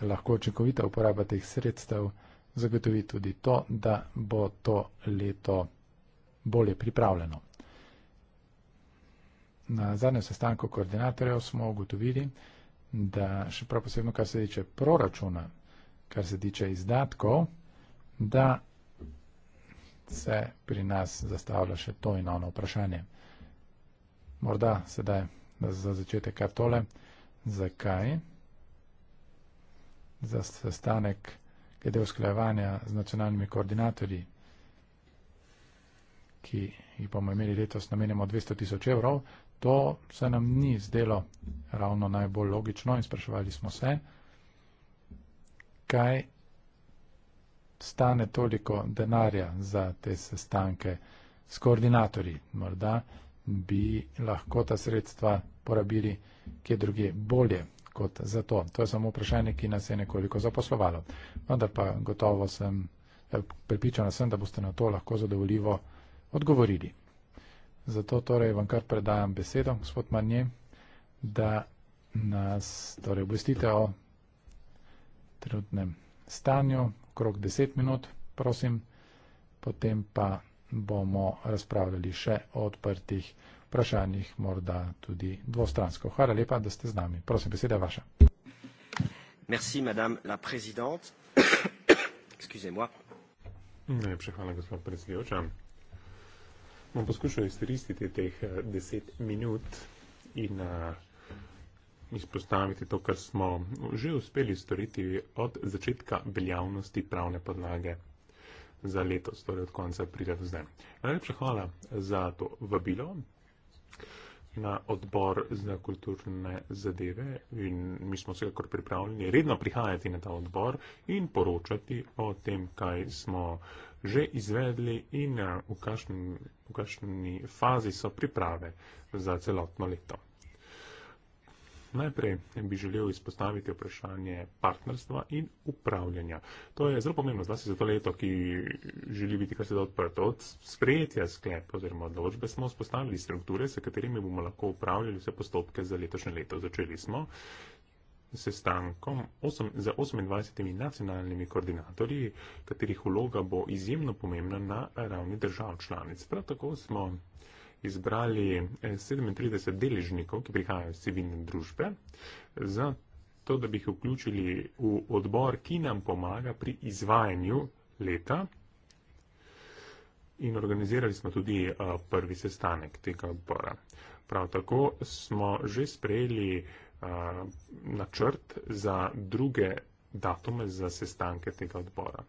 Speaker 2: lahko očinkovita uporaba teh sredstev zagotovi tudi to, da bo to leto bolje pripravljeno. Na zadnjem sestanku koordinatorjev smo ugotovili, da še prav posebno, kar se tiče proračuna, kar se tiče izdatkov, da se pri nas zastavlja še to in ono vprašanje. Morda sedaj za začetek kar tole, zakaj za sestanek glede usklajevanja z nacionalnimi koordinatorji ki jih bomo imeli letos, namenjamo 200 tisoč evrov, to se nam ni zdelo ravno najbolj logično in spraševali smo se, kaj stane toliko denarja za te sestanke s koordinatorji. Morda bi lahko ta sredstva porabili kje druge bolje kot za to. To je samo vprašanje, ki nas je nekoliko zaposlovalo. Vendar pa gotovo sem, eh, prepričana sem, da boste na to lahko zadovoljivo odgovorili odgovorili. Zato torej vam kar predajam besedo, gospod Manje, da nas torej obvestite o trenutnem stanju, krok 10 minut, prosim, potem pa bomo razpravljali še o odprtih vprašanjih, morda tudi dvostransko. Hvala lepa, da ste z nami. Prosim, beseda je vaša.
Speaker 1: Merci, madame la présidente. Excusez-moi.
Speaker 3: Najlepša hvala, gospod predsedujoča bom poskušal izkoristiti teh eh, deset minut in eh, izpostaviti to, kar smo že uspeli storiti od začetka veljavnosti pravne podlage za letos, torej od konca aprila do zdaj. Najlepša hvala za to vabilo na odbor za kulturne zadeve in mi smo vsekakor pripravljeni redno prihajati na ta odbor in poročati o tem, kaj smo uh, že izvedli in eh, v kakšni, v kakšni fazi so priprave za celotno leto. Najprej bi želel izpostaviti vprašanje partnerstva in upravljanja. To je zelo pomembno, zlasti za to leto, ki želi biti kar se da odprto. Od sprejetja sklepa oziroma odločbe smo spostavili strukture, s katerimi bomo lahko upravljali vse postopke za letošnje leto. Začeli smo sestankom osem, z 28 nacionalnimi koordinatorji, katerih vloga bo izjemno pomembna na ravni držav članic. Prav tako smo izbrali 37 eh, deležnikov, ki prihajajo iz civilne družbe, za to, da bi jih vključili v odbor, ki nam pomaga pri izvajanju leta. In organizirali smo tudi eh, prvi sestanek tega odbora. Prav tako smo že sprejeli načrt za druge datume za sestanke tega odbora.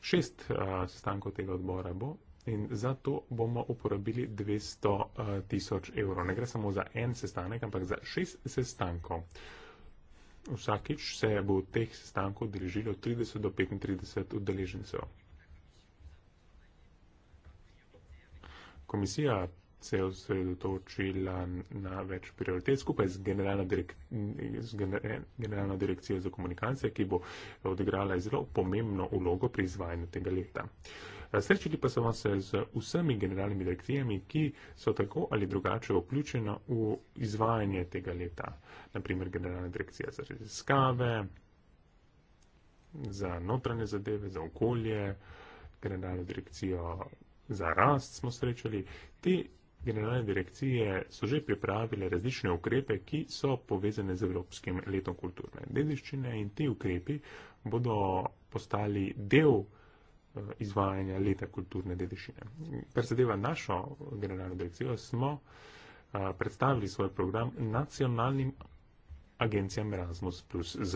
Speaker 3: Šest sestankov tega odbora bo in za to bomo uporabili 200 tisoč evrov. Ne gre samo za en sestanek, ampak za šest sestankov. Vsakič se bo v teh sestankov deležilo 30 do 35 udeležencev. Komisija se je osredotočila na več prioritet skupaj z generalno, direk, z eh, generalno direkcijo za komunikacije, ki bo odigrala zelo pomembno ulogo pri izvajanju tega leta. Srečili pa smo se z vsemi generalnimi direkcijami, ki so tako ali drugače vključena v izvajanje tega leta. Naprimer, generalna direkcija za raziskave, za notranje zadeve, za okolje, generalno direkcijo za rast smo srečali. Te generalne direkcije so že pripravile različne ukrepe, ki so povezane z Evropskim letom kulturne dediščine in ti ukrepi bodo postali del eh, izvajanja leta kulturne dediščine. Kar zadeva našo generalno direkcijo, smo eh, predstavili svoj program nacionalnim agencijam Erasmus,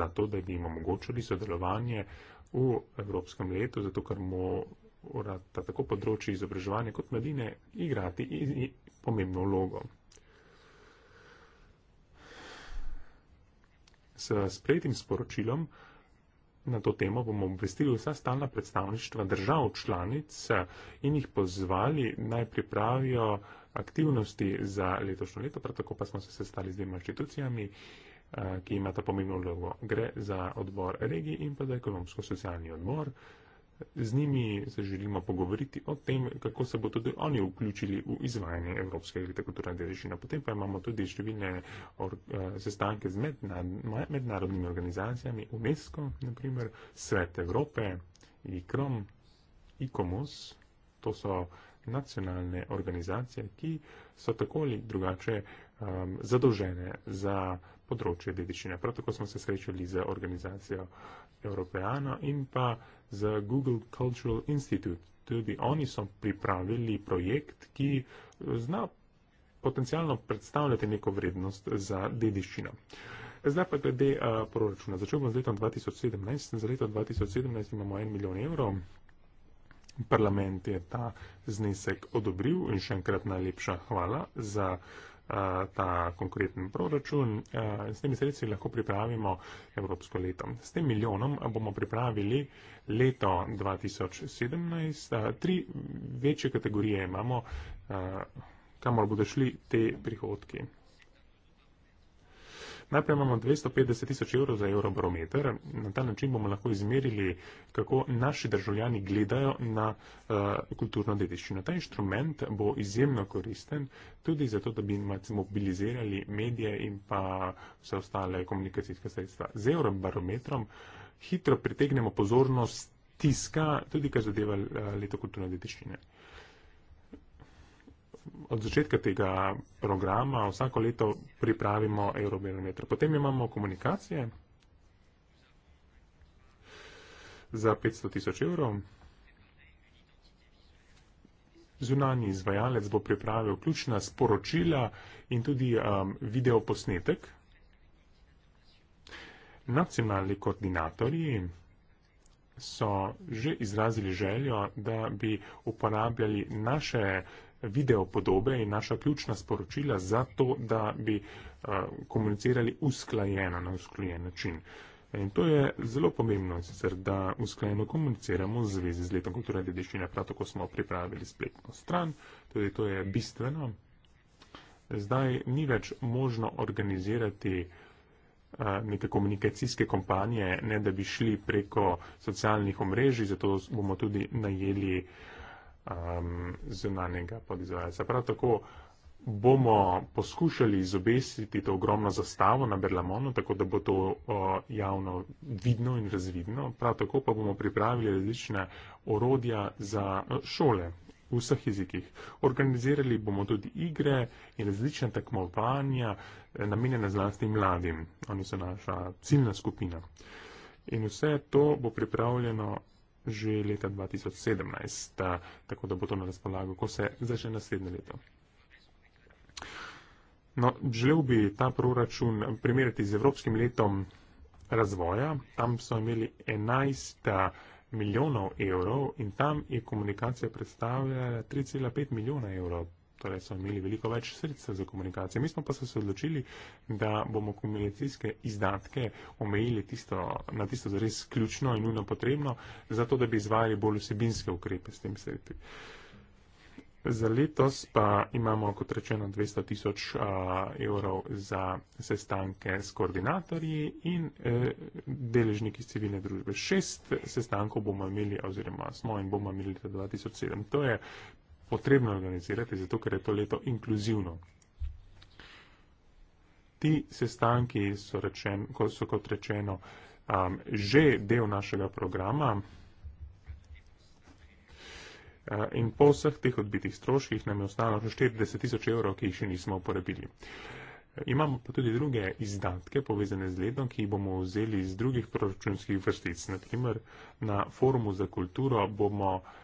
Speaker 3: zato da bi jim omogočili sodelovanje v Evropskem letu, zato ker mu morata tako področji izobraževanja kot mladine igrati in, in pomembno vlogo. S sprejetim sporočilom na to temo bomo obvestili vsa stalna predstavništva držav članic in jih pozvali naj pripravijo aktivnosti za letošnjo leto, prav tako pa smo se sestali z dvema inštitucijami, eh, ki imata pomembno vlogo. Gre za odbor regij in pa za ekonomsko-socialni odbor z njimi se želimo pogovoriti o tem, kako se bodo tudi oni vključili v izvajanje Evropske elite kulturne dediščine. Potem pa imamo tudi številne eh, sestanke z mednarodnimi organizacijami, UNESCO, naprimer, Svet Evrope, IKROM, IKOMOS, to so nacionalne organizacije, ki so tako ali drugače um, zadolžene za področje dediščine. Prav tako smo se srečali z organizacijo Evropejano in pa z Google Cultural Institute. Tudi oni so pripravili projekt, ki eh, zna potencialno predstavljati neko vrednost za dediščino. Zdaj pa glede uh, proračuna. Začel bom z letom 2017. Za leto 2017 imamo en milijon evrov. Parlament je ta znesek odobril in še enkrat najlepša hvala za uh, Eh, ta konkreten proračun. Eh, s temi sredstvi lahko pripravimo Evropsko leto. S tem milijonom bomo pripravili leto 2017. Eh, tri večje kategorije imamo, kamor bodo šli te prihodki. Najprej imamo 250 tisoč evrov za eurobarometer. Na ta način bomo lahko izmerili, kako naši državljani gledajo na uh, kulturno dediščino. Ta inštrument bo izjemno koristen tudi zato, da bi mobilizirali medije in pa vse ostale komunikacijske sredstva. Z eurobarometrom hitro pritegnemo pozornost tiska, tudi kar zadeva eh, leto kulturne dediščine od začetka tega programa vsako leto pripravimo eurobarometer. Potem imamo komunikacije za 500 tisoč evrov. Zunani izvajalec bo pripravil ključna sporočila in tudi um, videoposnetek. Nacionalni koordinatorji so že izrazili željo, da bi uporabljali naše uh, video podobe in naša ključna sporočila za to, da bi uh, komunicirali usklajeno na usklajen način. In to je zelo pomembno, sicer da usklajeno komuniciramo v zvezi z letom kulturne dediščine, prav tako smo pripravili spletno stran, tudi to je bistveno. Zdaj ni več možno organizirati eh, neke komunikacijske kompanije, ne da bi šli preko socialnih omrežij, zato bomo tudi najeli uh, um, zunanjega podizvajalca. Prav tako bomo poskušali izobesiti to ogromno zastavo na Berlamonu, tako da bo to o, uh, javno vidno in razvidno. Prav tako pa bomo pripravili različne orodja za uh, šole v vseh jezikih. Organizirali bomo tudi igre in različne tekmovanja, eh, namenjene zlasti mladim. Oni so naša ciljna skupina. In vse to bo pripravljeno že leta 2017, tako da bo to na razpolago, ko se začne naslednje leto. No, želel bi ta proračun primerjati z Evropskim letom razvoja. Tam so imeli 11 milijonov evrov in tam je komunikacija predstavljala 3,5 milijona evrov torej so imeli veliko več sredstev za komunikacijo. Mi smo pa se odločili, da bomo komunikacijske izdatke omejili tisto, na tisto zares ključno in nujno potrebno, zato da bi izvajali bolj vsebinske ukrepe s tem sredstvi. Za letos pa imamo, kot rečeno, 200 tisoč evrov za sestanke s koordinatorji in e, deležniki civilne družbe. Šest sestankov bomo imeli, oziroma smo in bomo imeli za 2007. To je potrebno organizirati, zato ker je to leto inkluzivno. Ti sestanki so, rečen, ko so kot rečeno um, že del našega programa uh, in po vseh teh odbitih stroških nam je ostalo še 40 tisoč evrov, ki jih še nismo uporabili. Imamo pa tudi druge izdatke povezane z letom, ki jih bomo vzeli iz drugih proračunskih vrstic. Naprimer, na forumu za kulturo bomo uh,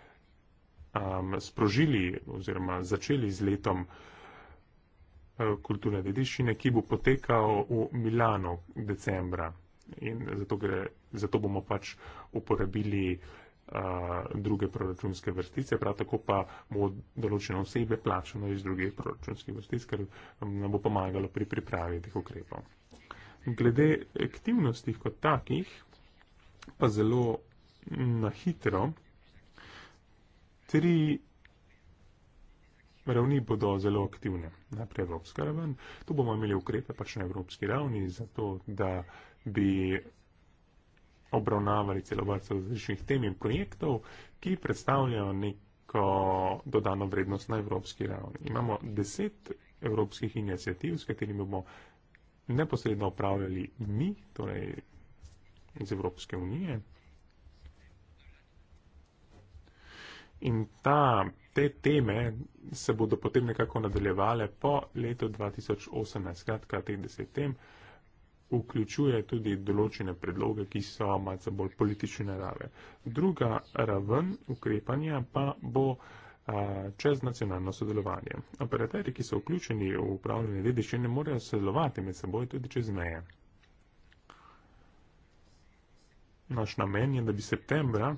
Speaker 3: um, sprožili oziroma začeli z letom eh, kulturne dediščine, ki bo potekal v Milano decembra. In zato, gre, zato bomo pač uporabili uh, druge proračunske vrstice, prav tako pa bo določeno osebe plačano iz drugih proračunskih vrstic, kar nam bo pomagalo pri pripravi teh ukrepov. Glede aktivnosti kot takih, pa zelo na hitro tri ravni bodo zelo aktivne. Najprej evropska raven, tu bomo imeli ukrepe pač na evropski ravni, zato da bi obravnavali celo vrsto različnih tem in projektov, ki predstavljajo neko dodano vrednost na evropski ravni. Imamo deset evropskih inicijativ, s katerimi bomo neposredno upravljali mi, torej iz Evropske unije. In ta, te teme se bodo potem nekako nadaljevale po letu 2018. Skratka, teh deset tem vključuje tudi določene predloge, ki so malce bolj politične narave. Druga raven ukrepanja pa bo čez nacionalno sodelovanje. Operaterji, ki so vključeni v upravljanje dediščine, morajo sodelovati med seboj tudi čez meje. Naš namen je, da bi septembra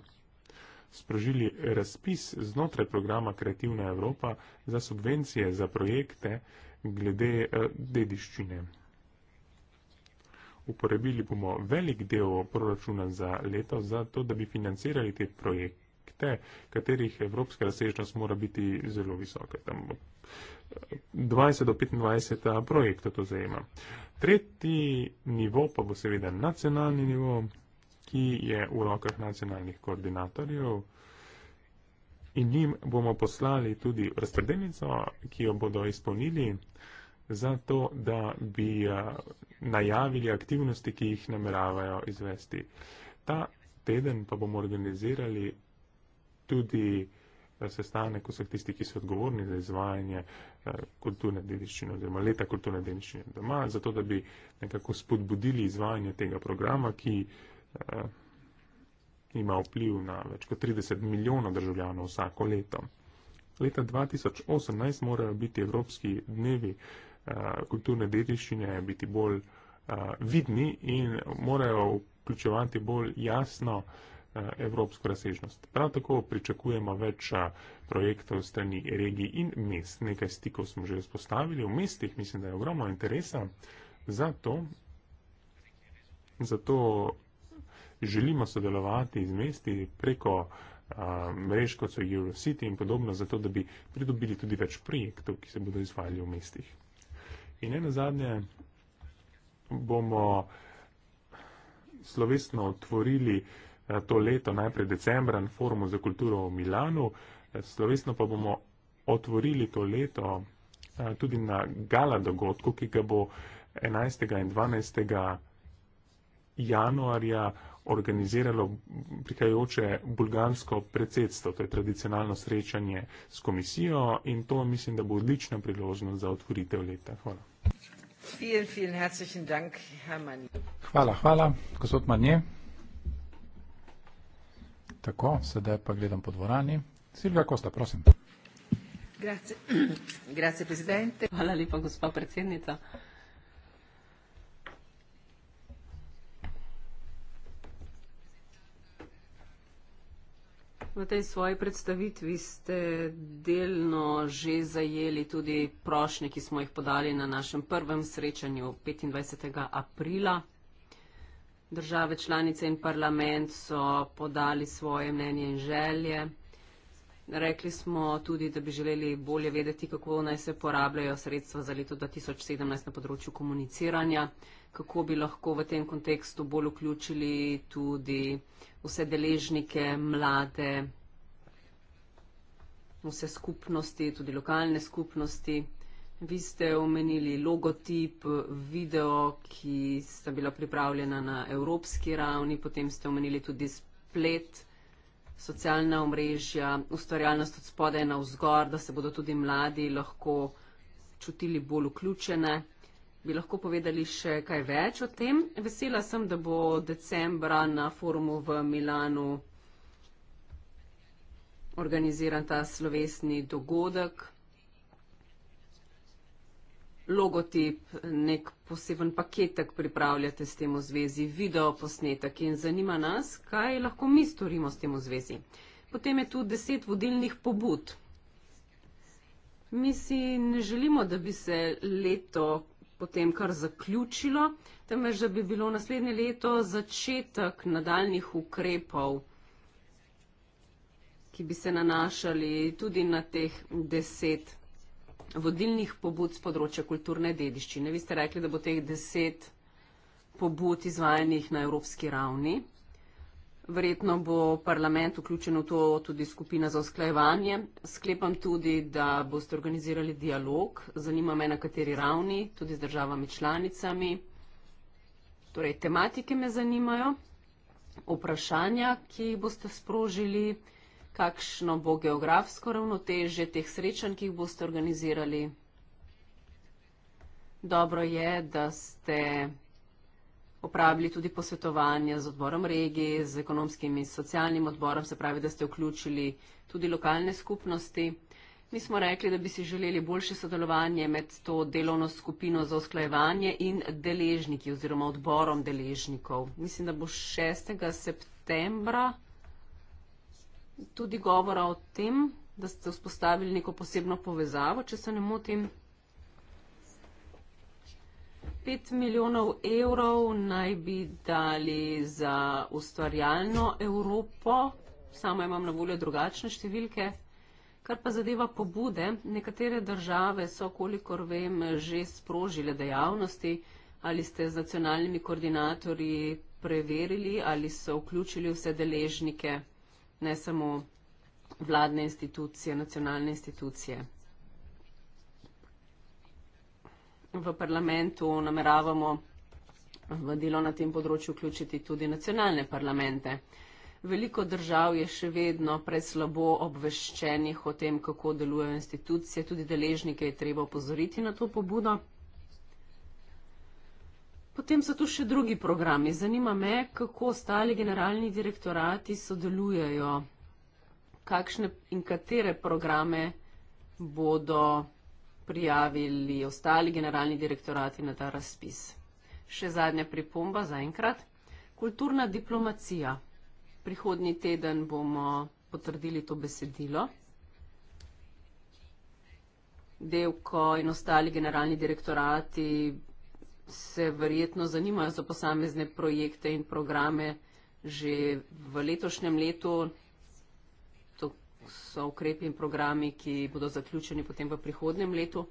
Speaker 3: sprožili razpis znotraj programa Kreativna Evropa za subvencije za projekte glede eh, dediščine. Uporabili bomo velik del proračuna za leto za to, da bi financirali te projekte, katerih evropska razsežnost mora biti zelo visoka. Tam 20 eh, do 25 projektov to zajema. Tretji nivo pa bo seveda nacionalni nivo, ki je v rokah nacionalnih koordinatorjev. In njim bomo poslali tudi razpredeljnico, ki jo bodo izpolnili, zato da bi eh, najavili aktivnosti, ki jih nameravajo izvesti. Ta teden pa bomo organizirali tudi eh, sestanek vseh tistih, ki so odgovorni za izvajanje eh, kulturne dediščine oziroma leta kulturne dediščine doma, zato da bi nekako spodbudili izvajanje tega programa, ki Eh, ima vpliv na več kot 30 milijonov državljanov vsako leto. Leta 2018 morajo biti Evropski dnevi eh, kulturne dediščine biti bolj eh, vidni in morajo vključevati bolj jasno evropsko razsežnost. Prav tako pričakujemo več projektov strani regij in mest. Nekaj stikov smo že vzpostavili v mestih, mislim, da je ogromno interesa. Zato, zato želimo sodelovati z mesti preko mrež, kot so EuroCity in podobno, zato da bi pridobili tudi več projektov, ki se bodo izvajali v mestih. In ena zadnje bomo slovesno otvorili to leto, najprej decembra, na forumu za kulturo v Milanu, slovesno pa bomo otvorili to leto tudi na gala dogodku, ki ga bo 11. in 12. januarja organiziralo prihajajoče bulgansko predsedstvo, to je tradicionalno srečanje s komisijo in to mislim, da bo odlična priložnost za otvoritev leta. Hvala.
Speaker 1: Vielen, vielen herzlichen Dank, Herr Manje.
Speaker 3: Hvala, hvala,
Speaker 2: gospod Manje. Tako, sedaj pa gledam po dvorani. Silvija Kosta, prosim.
Speaker 1: Grazie, grazie, predsednica. Hvala lepa, gospa predsednica. V tej svoji predstavitvi ste delno že zajeli tudi prošnje, ki smo jih podali na našem prvem srečanju 25. aprila. Države članice in parlament so podali svoje mnenje in želje. Rekli smo tudi, da bi želeli bolje vedeti, kako naj se porabljajo sredstva za leto 2017 na področju komuniciranja kako bi lahko v tem kontekstu bolj vključili tudi vse deležnike, mlade, vse skupnosti, tudi lokalne skupnosti. Vi ste omenili logotip, video, ki sta bila pripravljena na evropski ravni, potem ste omenili tudi splet, socialna omrežja, ustvarjalnost od spodaj na vzgor, da se bodo tudi mladi lahko čutili bolj vključene. Bi lahko povedali še kaj več o tem? Vesela sem, da bo decembra na forumu v Milanu organiziran ta slovesni dogodek. Logotip, nek poseben paketek pripravljate s tem v zvezi, video posnetek in zanima nas, kaj lahko mi storimo s tem v zvezi. Potem je tu deset vodilnih pobud. Mi si ne želimo, da bi se leto potem kar zaključilo, temveč da bi bilo naslednje leto začetek nadaljnih ukrepov, ki bi se nanašali tudi na teh deset vodilnih pobud z področja kulturne dediščine. Vi ste rekli, da bo teh deset pobud izvajanih na evropski ravni. Verjetno bo parlament vključen v to tudi skupina za usklajevanje. Sklepam tudi, da boste organizirali dialog. Zanima me, na kateri ravni, tudi z državami članicami. Torej, tematike me zanimajo, vprašanja, ki jih boste sprožili, kakšno bo geografsko ravnotežje teh srečanj, ki jih boste organizirali. Dobro je, da ste opravili tudi posvetovanje z odborom regije, z ekonomskim in socialnim odborom, se pravi, da ste vključili tudi lokalne skupnosti. Mi smo rekli, da bi si želeli boljše sodelovanje med to delovno skupino za usklajevanje in deležniki oziroma odborom deležnikov. Mislim, da bo 6. septembra tudi govora o tem, da ste vzpostavili neko posebno povezavo, če se ne motim pet milijonov evrov naj bi dali za ustvarjalno Evropo, sama imam na voljo drugačne številke. Kar pa zadeva pobude, nekatere države so, kolikor vem, že sprožile dejavnosti. Ali ste z nacionalnimi koordinatorji preverili, ali so vključili vse deležnike, ne samo vladne institucije, nacionalne institucije? v parlamentu nameravamo v delo na tem področju vključiti tudi nacionalne parlamente. Veliko držav je še vedno preslabo obveščenih o tem, kako delujejo institucije, tudi deležnike je treba opozoriti na to pobudo. Potem so tu še drugi programi. Zanima me, kako ostali generalni direktorati sodelujejo, kakšne in katere programe bodo prijavili ostali generalni direktorati na ta razpis. Še zadnja pripomba za enkrat. Kulturna diplomacija. Prihodnji teden bomo potrdili to besedilo. Delko in ostali generalni direktorati se verjetno zanimajo za posamezne projekte in programe že v letošnjem letu so ukrepi in programi, ki bodo zaključeni potem v prihodnem letu.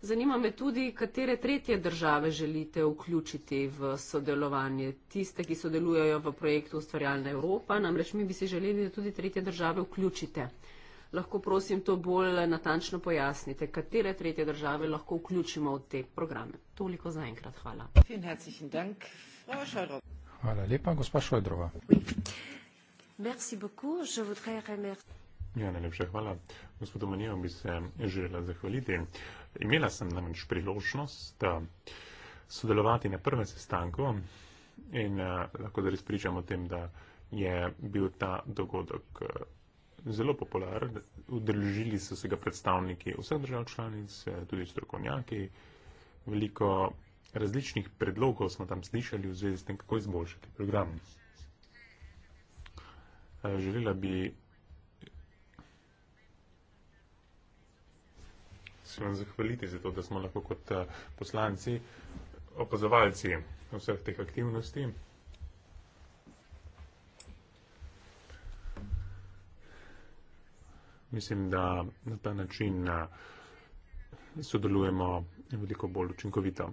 Speaker 1: Zanima me tudi, katere tretje države želite vključiti v sodelovanje. Tiste, ki sodelujejo v projektu Ustvarjalna Evropa, namreč mi bi si želeli, da tudi tretje države vključite. Lahko prosim to bolj natančno pojasnite, katere tretje države lahko vključimo v te programe. Toliko zaenkrat. Hvala.
Speaker 2: Hvala lepa, gospa
Speaker 3: Šojdrova. Ja, najlepša hvala. Gospodu Manijo bi se želela zahvaliti. Imela sem namreč priložnost eh, sodelovati na prvem sestanku in eh, lahko da res pričam o tem, da je bil ta dogodek eh, zelo popularen. Udeležili so se ga predstavniki vseh držav članic, tudi strokovnjaki. Veliko različnih predlogov smo tam slišali v zvezi s tem, kako izboljšati program. Želela bi se vam zahvaliti za to, da smo lahko kot eh, poslanci opazovalci vseh teh aktivnosti. Mislim, da na ta način eh, sodelujemo veliko bolj učinkovito.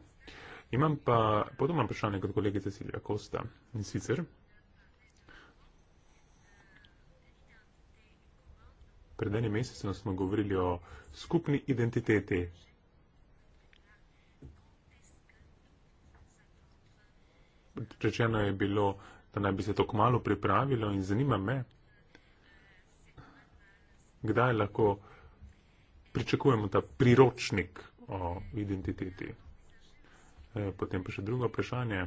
Speaker 3: Imam pa podoben vprašanje kot kolegica Silvija Kosta in sicer. Pred enim mesecem smo govorili o skupni identiteti. Rečeno je bilo, da naj bi se to kmalo pripravilo in zanima me, kdaj lahko pričakujemo ta priročnik o identiteti. E, potem pa še drugo vprašanje.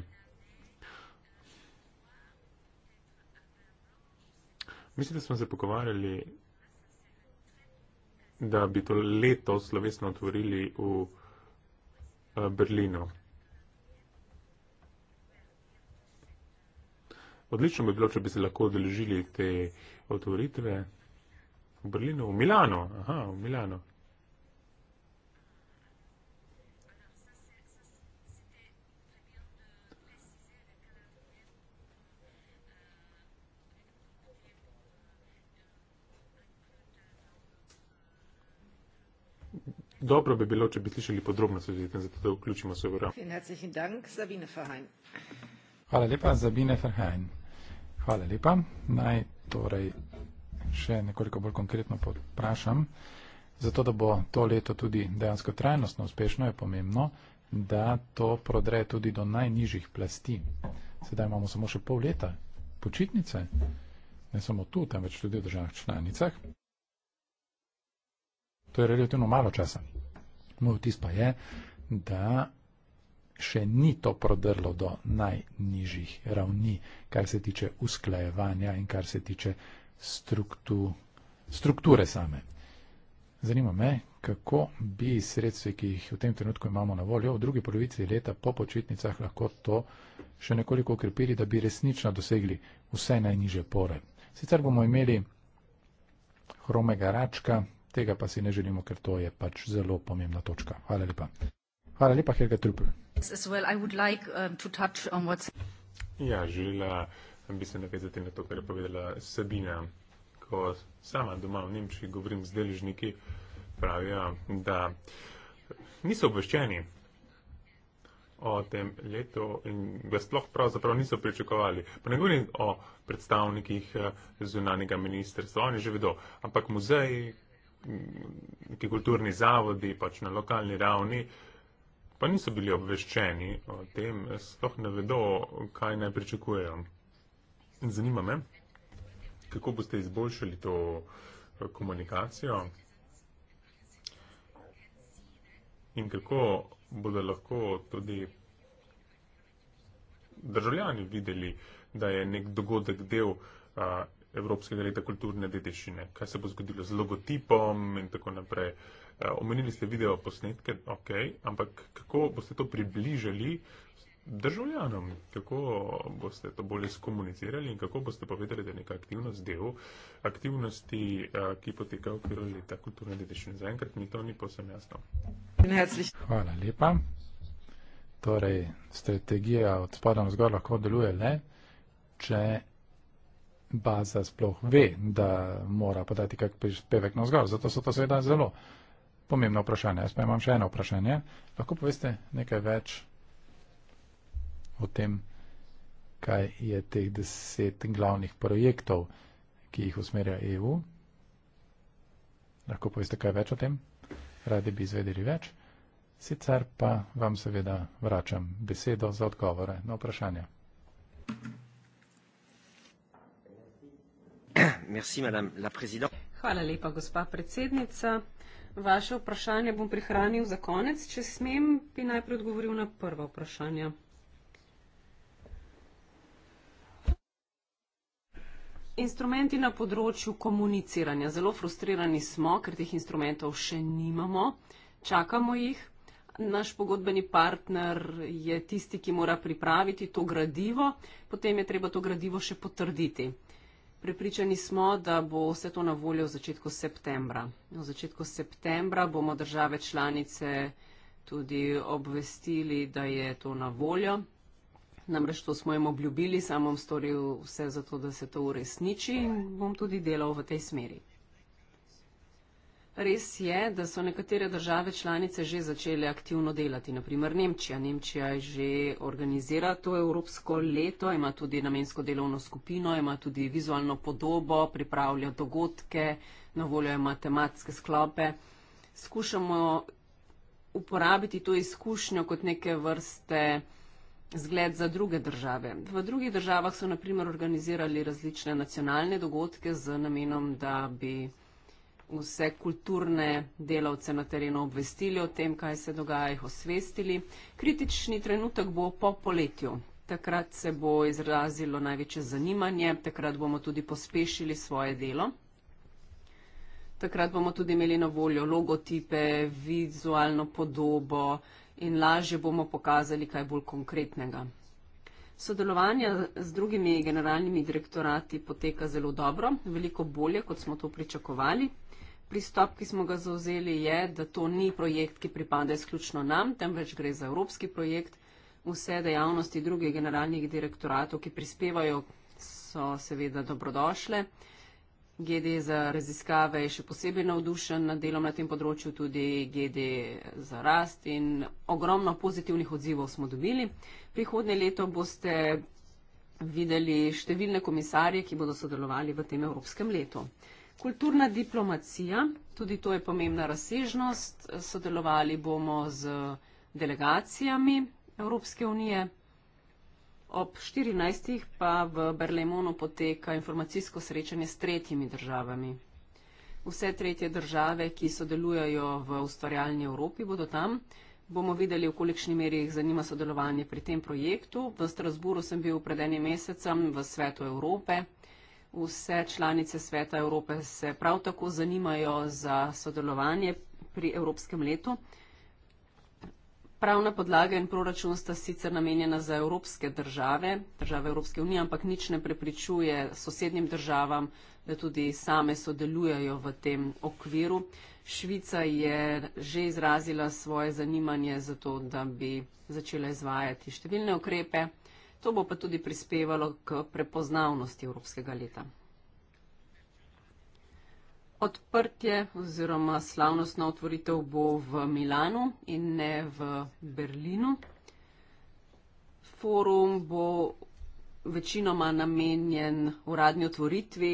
Speaker 3: Mislim, da smo se pogovarjali da bi to leto slovesno otvorili v eh, Berlino. Odlično bi bilo, če bi se lahko odeležili te otvoritve v Berlinu, v Milano. Aha, v Milano. Dobro bi bilo, če bi slišali podrobnosti, zato da vključimo se v
Speaker 2: Hvala lepa, Zabine Ferhajn. Hvala lepa. Naj torej še nekoliko bolj konkretno poprašam. Zato, da bo to leto tudi dejansko trajnostno uspešno, je pomembno, da to prodre tudi do najnižjih plasti. Sedaj imamo samo še pol leta počitnice, ne samo tu, temveč tudi v državah članicah to je relativno malo časa. Moj vtis pa je, da še ni to prodrlo do najnižjih ravni, kar se tiče usklajevanja in kar se tiče struktu, strukture same. Zanima me, kako bi sredstve, ki jih v tem trenutku imamo na voljo, v drugi polovici leta po počitnicah lahko to še nekoliko ukrepili, da bi resnično dosegli vse najniže pore. Sicer bomo imeli hromega račka, Tega pa si ne želimo, ker to je pač zelo pomembna točka. Hvala lepa. Hvala lepa, Helga
Speaker 3: Trupel.
Speaker 1: Well. Like, um,
Speaker 3: ja, želela bi se navezati na to, kar je povedala Sabina. Ko sama doma v Nemčiji govorim z deležniki, pravijo, da niso obveščeni o tem letu in ga sploh pravzaprav niso pričakovali. Pa ne govorim o predstavnikih eh, zunanjega ministrstva, oni že vedo, ampak muzeji, neki kulturni zavodi, pač na lokalni ravni, pa niso bili obveščeni o tem, sploh ne vedo, kaj naj pričakujejo. Zanima me, kako boste izboljšali to eh, komunikacijo in kako bodo lahko tudi državljani videli, da je nek dogodek del eh, Evropskega leta kulturne dediščine, kaj se bo zgodilo z logotipom in tako naprej. Eh, omenili ste video posnetke, ok, ampak kako boste to približali državljanom, kako boste to bolje skomunicirali in kako boste povedali, da je neka aktivnost del aktivnosti, eh, ki poteka v okviru leta kulturne dediščine. Zaenkrat mi to ni posem jasno.
Speaker 2: Hvala lepa. Torej, strategija od spodom zgor lahko deluje le, če baza sploh ve, da mora podati kak prispevek na vzgor. Zato so to seveda zelo pomembna vprašanja. Jaz pa imam še eno vprašanje. Lahko poveste nekaj več o tem, kaj je teh deset glavnih projektov, ki jih usmerja EU? Lahko poveste kaj več o tem? Radi bi izvedeli več. Sicer pa vam seveda vračam besedo za odgovore na vprašanje. Thank you.
Speaker 1: Merci, Hvala lepa, gospa predsednica. Vaše vprašanje bom prihranil za konec. Če smem, bi najprej odgovoril na prva vprašanja. Instrumenti na področju komuniciranja. Zelo frustrirani smo, ker teh instrumentov še nimamo. Čakamo jih. Naš pogodbeni partner je tisti, ki mora pripraviti to gradivo, potem je treba to gradivo še potrditi. Prepričani smo, da bo vse to na voljo v začetku septembra. V začetku septembra bomo države članice tudi obvestili, da je to na voljo. Namreč to smo jim obljubili, sam bom storil vse za to, da se to uresniči in bom tudi delal v tej smeri. Res je, da so nekatere države članice že začele aktivno delati, naprimer Nemčija. Nemčija je že organizira to evropsko leto, ima tudi namensko delovno skupino, ima tudi vizualno podobo, pripravlja dogodke, na voljo ima tematske sklope. Skušamo uporabiti to izkušnjo kot neke vrste zgled za druge države. V drugih državah so naprimer organizirali različne nacionalne dogodke z namenom, da bi vse kulturne delavce na terenu obvestili o tem, kaj se dogaja, jih osvestili. Kritični trenutek bo po poletju. Takrat se bo izrazilo največje zanimanje, takrat bomo tudi pospešili svoje delo. Takrat bomo tudi imeli na voljo logotipe, vizualno podobo in lažje bomo pokazali kaj bolj konkretnega. Sodelovanje z drugimi generalnimi direktorati poteka zelo dobro, veliko bolje, kot smo to pričakovali pristop, ki smo ga zauzeli, je, da to ni projekt, ki pripada izključno nam, temveč gre za evropski projekt. Vse dejavnosti drugih generalnih direktoratov, ki prispevajo, so seveda dobrodošle. GD za raziskave je še posebej navdušen nad delom na tem področju, tudi GD za rast in ogromno pozitivnih odzivov smo dobili. Prihodnje leto boste videli številne komisarje, ki bodo sodelovali v tem evropskem letu. Kulturna diplomacija, tudi to je pomembna razsežnost. Sodelovali bomo z delegacijami Evropske unije. Ob 14. pa v Berlemonu poteka informacijsko srečanje s tretjimi državami. Vse tretje države, ki sodelujajo v ustvarjalni Evropi, bodo tam. Bomo videli, v kolikšni meri jih zanima sodelovanje pri tem projektu. V Strasburu sem bil pred enim mesecem v svetu Evrope. Vse članice Sveta Evrope se prav tako zanimajo za sodelovanje pri Evropskem letu. Pravna podlaga in proračun sta sicer namenjena za evropske države, države Evropske unije, ampak nič ne prepričuje sosednjim državam, da tudi same sodelujajo v tem okviru. Švica je že izrazila svoje zanimanje za to, da bi začela izvajati številne okrepe. To bo pa tudi prispevalo k prepoznavnosti Evropskega leta. Odprtje oziroma slavnostna otvoritev bo v Milanu in ne v Berlinu. Forum bo večinoma namenjen uradni otvoritvi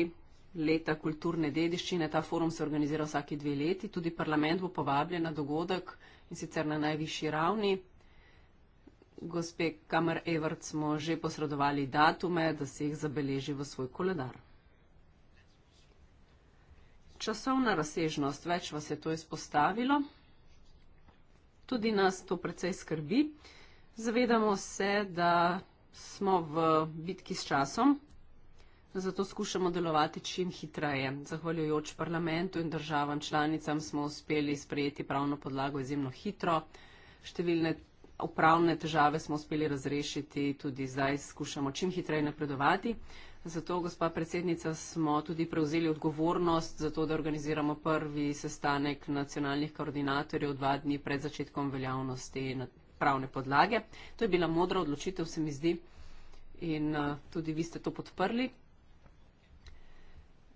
Speaker 1: leta kulturne dediščine. Ta forum se organizira vsaki dve leti. Tudi parlament bo povabljen na dogodek in sicer na najvišji ravni gospe Kamer Evert smo že posredovali datume, da si jih zabeleži v svoj koledar. Časovna razsežnost, več vas je to izpostavilo. Tudi nas to precej skrbi. Zavedamo se, da smo v bitki s časom, zato skušamo delovati čim hitreje. Zahvaljujoč parlamentu in državam članicam smo uspeli sprejeti pravno podlago izjemno hitro. Številne upravne težave smo uspeli razrešiti, tudi zdaj skušamo čim hitreje napredovati. Zato, gospa predsednica, smo tudi prevzeli odgovornost za to, da organiziramo prvi sestanek nacionalnih koordinatorjev dva dni pred začetkom veljavnosti pravne podlage. To je bila modra odločitev, se mi zdi, in eh, tudi vi ste to podprli.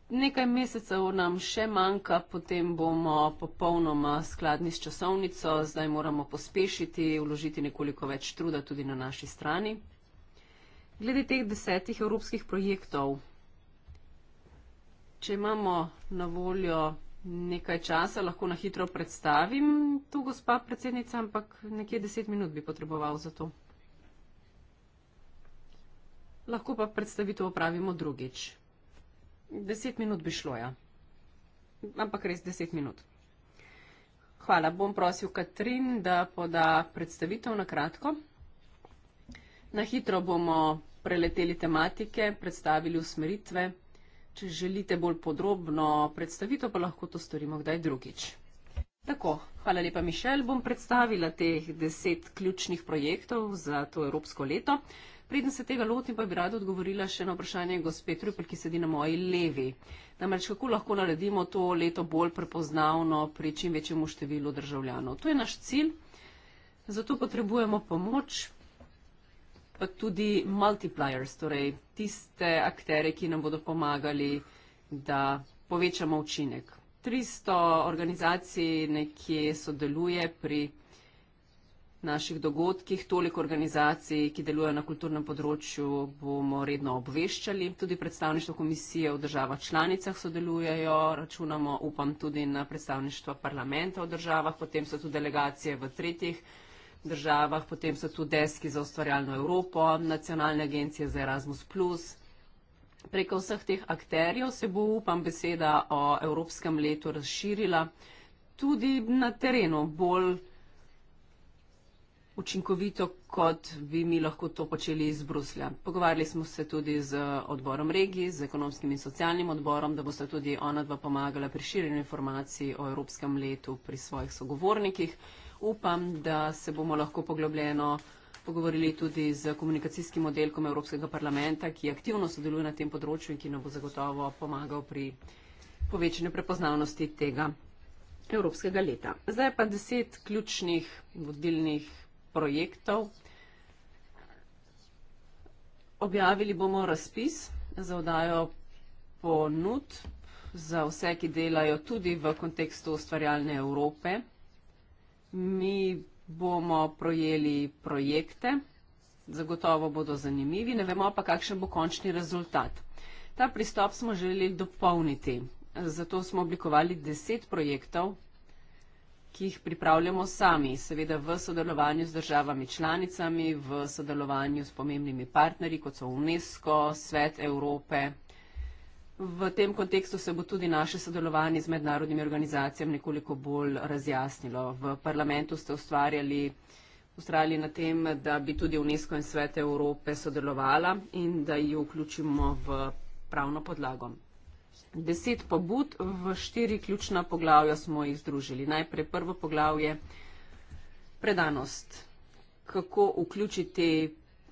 Speaker 1: Nekaj mesecev nam še manjka, potem bomo popolnoma skladni s časovnico, zdaj moramo pospešiti, vložiti nekoliko več truda tudi na naši strani. Glede teh desetih evropskih projektov, če imamo na voljo nekaj časa, lahko na hitro predstavim tu gospa predsednica, ampak nekje deset minut bi potreboval za to. Lahko pa predstavitev opravimo drugič. Deset minut bi šlo, ja. Ampak res deset minut. Hvala. Bom prosil Katrin, da poda predstavitev na kratko. Na hitro bomo preleteli tematike, predstavili usmeritve. Če želite bolj podrobno predstavitev, pa lahko to storimo kdaj drugič. Tako, hvala lepa, Mišel. Bom predstavila teh deset ključnih projektov za to evropsko leto. Preden se tega lotim, pa bi rada odgovorila še na vprašanje gospe Trupel, ki sedi na moji levi. Namreč, kako lahko naredimo to leto bolj prepoznavno pri čim večjemu številu državljanov? To je naš cilj, zato potrebujemo pomoč, pa tudi multipliers, torej tiste akterje, ki nam bodo pomagali, da povečamo učinek. 300 organizacij nekje sodeluje pri naših dogodkih, toliko organizacij, ki delujejo na kulturnem področju, bomo redno obveščali. Tudi predstavništvo komisije v državah članicah sodelujejo, računamo, upam, tudi na predstavništvo parlamenta v državah, potem so tu delegacije v tretjih državah, potem so tu deski za ustvarjalno Evropo, nacionalne agencije za Erasmus. Preko vseh teh akterjev se bo, upam, beseda o evropskem letu razširila tudi na terenu, bolj učinkovito, kot bi mi lahko to počeli iz Bruslja. Pogovarjali smo se tudi z odborom regij, z ekonomskim in socialnim odborom, da boste tudi ona dva pomagala pri širjenju informacij o evropskem letu pri svojih sogovornikih. Upam, da se bomo lahko poglobljeno pogovorili tudi z komunikacijskim oddelkom Evropskega parlamenta, ki aktivno sodeluje na tem področju in ki nam bo zagotovo pomagal pri povečanju prepoznavnosti tega Evropskega leta. Zdaj pa deset ključnih vodilnih projektov. Objavili bomo razpis za odajo ponud za vse, ki delajo tudi v kontekstu ustvarjalne Evrope. Mi bomo projeli projekte, zagotovo bodo zanimivi, ne vemo pa, kakšen bo končni rezultat. Ta pristop smo želeli dopolniti, zato smo oblikovali deset projektov, ki jih pripravljamo sami, seveda v sodelovanju z državami članicami, v sodelovanju s pomembnimi partnerji, kot so UNESCO, Svet Evrope, V tem kontekstu se bo tudi naše sodelovanje z mednarodnimi organizacijami nekoliko bolj razjasnilo. V parlamentu ste ustvarjali, ustvarjali na tem, da bi tudi UNESCO in Svet Evrope sodelovala in da jo vključimo v pravno podlago. Deset pobud v štiri ključna poglavja smo jih združili. Najprej prvo poglavje predanost. Kako vključiti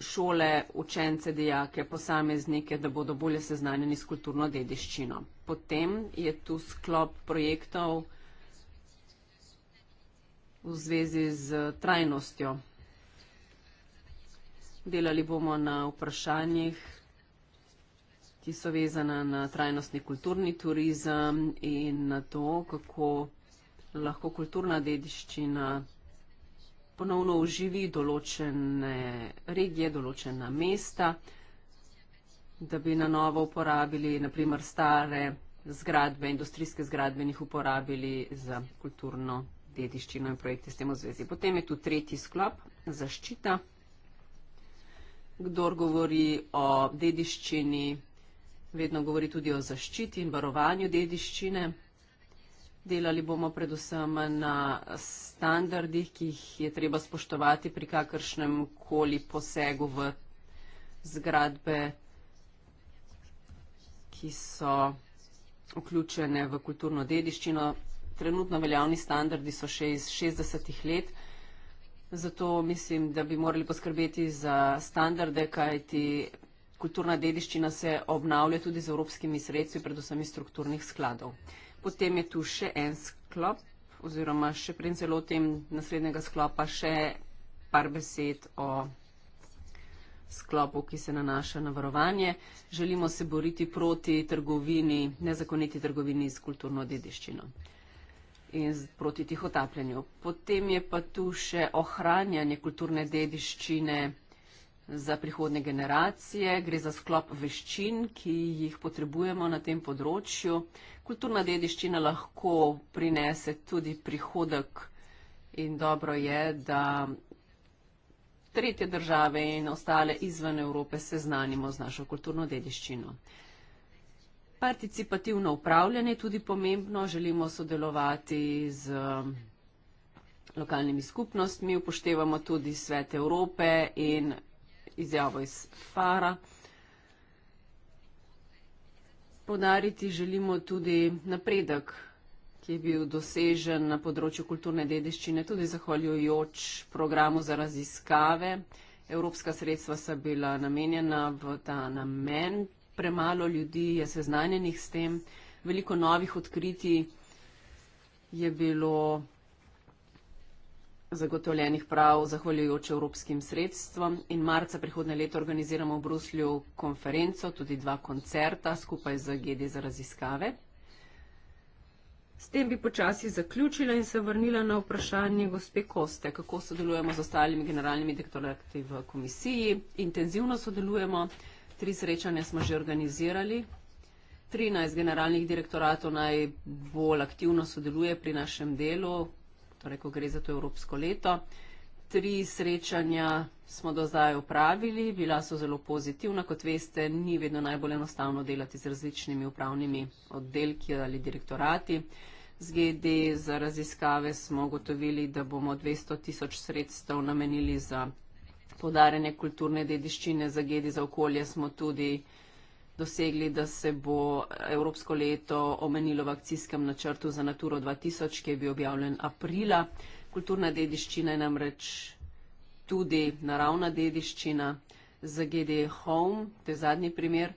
Speaker 1: šole, učence, dijake, posameznike, da bodo bolje seznanjeni s kulturno dediščino. Potem je tu sklop projektov v zvezi z trajnostjo. Delali bomo na vprašanjih, ki so vezana na trajnostni kulturni turizem in na to, kako lahko kulturna dediščina ponovno oživi določene regije, določena mesta, da bi na novo uporabili naprimer stare zgradbe, industrijske zgradbe in jih uporabili za kulturno dediščino in projekte s tem v zvezi. Potem je tu tretji sklop, zaščita. Kdor govori o dediščini, vedno govori tudi o zaščiti in varovanju dediščine. Delali bomo predvsem na standardih, ki jih je treba spoštovati pri kakršnem koli posegu v zgradbe, ki so vključene v kulturno dediščino. Trenutno veljavni standardi so še iz 60-ih let, zato mislim, da bi morali poskrbeti za standarde, kajti kulturna dediščina se obnavlja tudi z evropskimi sredstvi, predvsem iz strukturnih skladov. Potem je tu še en sklop, oziroma še pred celotem naslednjega sklopa, še par besed o sklopu, ki se nanaša na varovanje. Želimo se boriti proti trgovini, nezakoniti trgovini s kulturno dediščino in proti tih otapljanju. Potem je pa tu še ohranjanje kulturne dediščine za prihodne generacije, gre za sklop veščin, ki jih potrebujemo na tem področju. Kulturna dediščina lahko prinese tudi prihodek in dobro je, da tretje države in ostale izven Evrope se znanimo z našo kulturno dediščino. Participativno upravljanje je tudi pomembno, želimo sodelovati z um, lokalnimi skupnostmi, upoštevamo tudi Svet Evrope in izjavo iz Fara. Podariti želimo tudi napredek, ki je bil dosežen na področju kulturne dediščine, tudi zahvaljujoč programu za raziskave. Evropska sredstva so bila namenjena v ta namen. Premalo ljudi je seznanjenih s tem. Veliko novih odkritij je bilo zagotovljenih prav zahvaljujoč evropskim sredstvom in marca prihodne leto organiziramo v Bruslju konferenco, tudi dva koncerta skupaj z GD za raziskave. S tem bi počasi zaključila in se vrnila na vprašanje gospe Koste, kako sodelujemo z ostalimi generalnimi dektorati v komisiji. Intenzivno sodelujemo, tri srečanja smo že organizirali. 13 generalnih direktoratov najbolj aktivno sodeluje pri našem delu, torej ko gre za to evropsko leto. Tri srečanja smo do zdaj upravili, bila so zelo pozitivna. Kot veste, ni vedno najbolj enostavno delati z različnimi upravnimi oddelki ali direktorati. Z GD za raziskave smo gotovili, da bomo 200 tisoč sredstev namenili za podarjanje kulturne dediščine. Za GD za okolje smo tudi dosegli, da se bo evropsko leto omenilo v akcijskem načrtu za Naturo 2000, ki je bil objavljen aprila. Kulturna dediščina je namreč tudi naravna dediščina za GD Home, to je zadnji primer,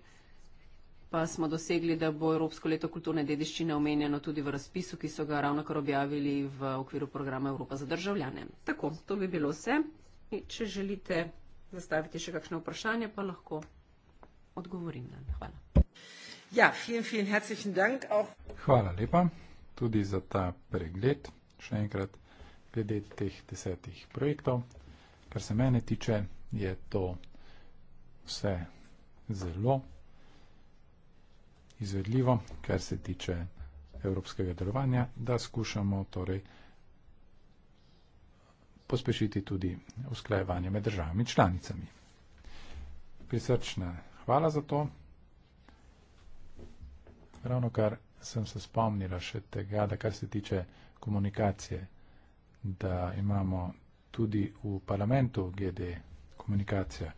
Speaker 1: pa smo dosegli, da bo Evropsko leto kulturne dediščine omenjeno tudi v razpisu, ki so ga ravno kar objavili v okviru programa Evropa za državljane. Tako, to bi bilo vse. Če želite zastaviti še kakšno vprašanje, pa lahko odgovorim na njih. Hvala. Ja, vielen, vielen herzlichen Dank. Auch.
Speaker 2: Hvala lepa tudi za ta pregled, še enkrat glede teh desetih projektov. Kar se mene tiče, je to vse zelo izvedljivo, kar se tiče evropskega delovanja, da skušamo torej pospešiti tudi usklajevanje med državami članicami. Prisrčna hvala za to. Ravno kar sem se spomnila še tega, da kar se tiče komunikacije, da imamo tudi v parlamentu GD komunikacija,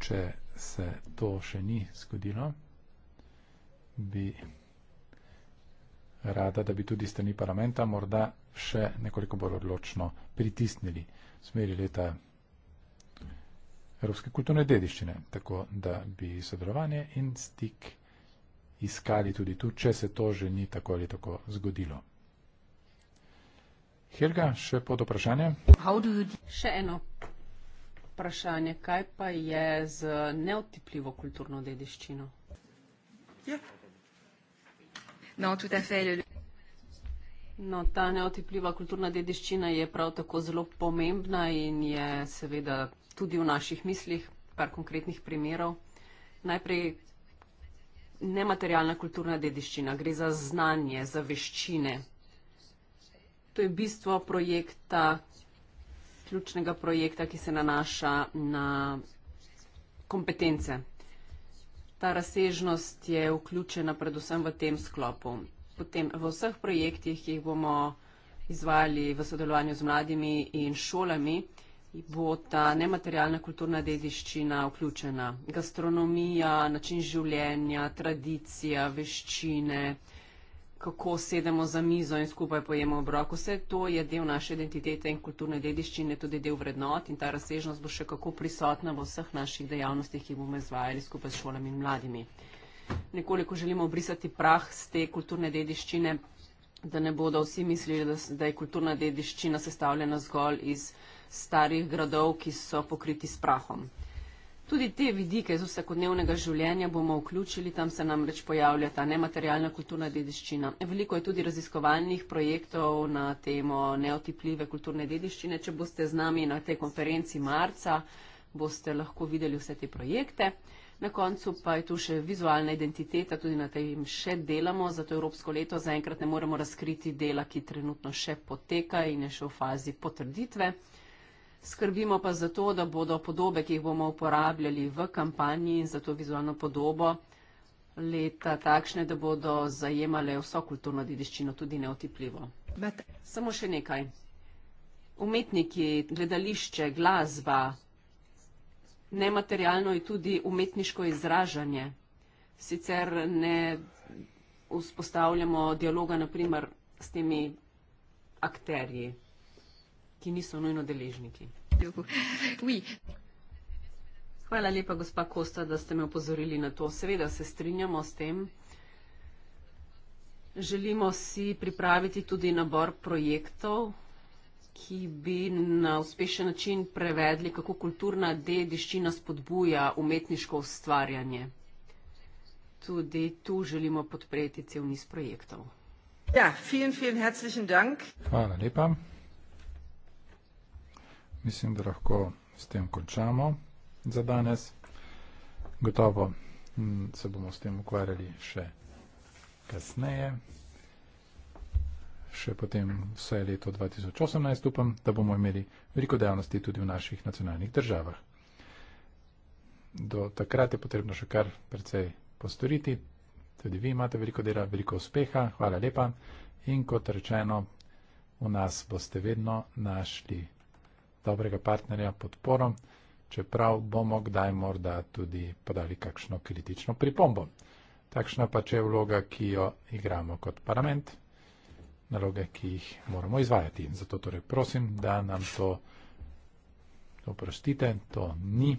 Speaker 2: če se to še ni zgodilo, bi rada, da bi tudi strani parlamenta morda še nekoliko bolj odločno pritisnili v smeri leta evropske kulturne dediščine. Tako da bi sodelovanje in stik iskali tudi tu, če se to že ni tako ali tako zgodilo. Helga, še pod vprašanje.
Speaker 1: You... Še eno vprašanje. Kaj pa je z neotipljivo kulturno dediščino? Yeah. Ja. No, No, ta neotipljiva kulturna dediščina je prav tako zelo pomembna in je seveda tudi v naših mislih par konkretnih primerov. Najprej nematerialna kulturna dediščina, gre za znanje, za veščine. To je bistvo projekta, ključnega projekta, ki se nanaša na kompetence. Ta razsežnost je vključena predvsem v tem sklopu potem v vseh projektih, ki jih bomo izvajali v sodelovanju z mladimi in šolami, bo ta nematerialna kulturna dediščina vključena. Gastronomija, način življenja, tradicija, veščine, kako sedemo za mizo in skupaj pojemo obrok. Vse to je del naše identitete in kulturne dediščine, tudi del vrednot in ta razsežnost bo še kako prisotna v vseh naših dejavnostih, ki bomo izvajali skupaj s šolami in mladimi nekoliko želimo obrisati prah z te kulturne dediščine, da ne bodo vsi mislili, da, da je kulturna dediščina sestavljena zgolj iz starih gradov, ki so pokriti s prahom. Tudi te vidike iz vsakodnevnega življenja bomo vključili, tam se nam reč pojavlja ta nematerialna kulturna dediščina. Veliko je tudi raziskovalnih projektov na temo neotipljive kulturne dediščine. Če boste z nami na tej konferenci marca, boste lahko videli vse te projekte. Na koncu pa je tu še vizualna identiteta, tudi na tem še delamo, zato Evropsko leto zaenkrat ne moremo razkriti dela, ki trenutno še poteka in je še v fazi potrditve. Skrbimo pa za to, da bodo podobe, ki jih bomo uporabljali v kampanji in za to vizualno podobo leta takšne, da bodo zajemale vso kulturno dediščino, tudi neotipljivo. Samo še nekaj. Umetniki, gledališče, glasba, nematerialno je tudi umetniško izražanje. Sicer ne vzpostavljamo dialoga naprimer s temi akterji, ki niso nujno deležniki. Hvala lepa, gospa Kosta, da ste me opozorili na to. Seveda se strinjamo s tem. Želimo si pripraviti tudi nabor projektov, ki bi na uspešen način prevedli, kako kulturna dediščina spodbuja umetniško ustvarjanje. Tudi tu želimo podpreti cel niz projektov. Ja, vielen, vielen herzlichen Dank.
Speaker 2: Hvala lepa. Mislim, da lahko s tem končamo za danes. Gotovo mm, se bomo s tem ukvarjali še kasneje še potem vse leto 2018 upam, da bomo imeli veliko dejavnosti tudi v naših nacionalnih državah. Do takrat je potrebno še kar precej postoriti. Tudi vi imate veliko dela, veliko uspeha. Hvala lepa. In kot rečeno, v nas boste vedno našli dobrega partnerja, podporo, čeprav bomo kdaj morda tudi podali kakšno kritično pripombo. Takšna pa če je vloga, ki jo igramo kot parlament naloge, ki jih moramo izvajati. Zato torej prosim, da nam to oprostite, to ni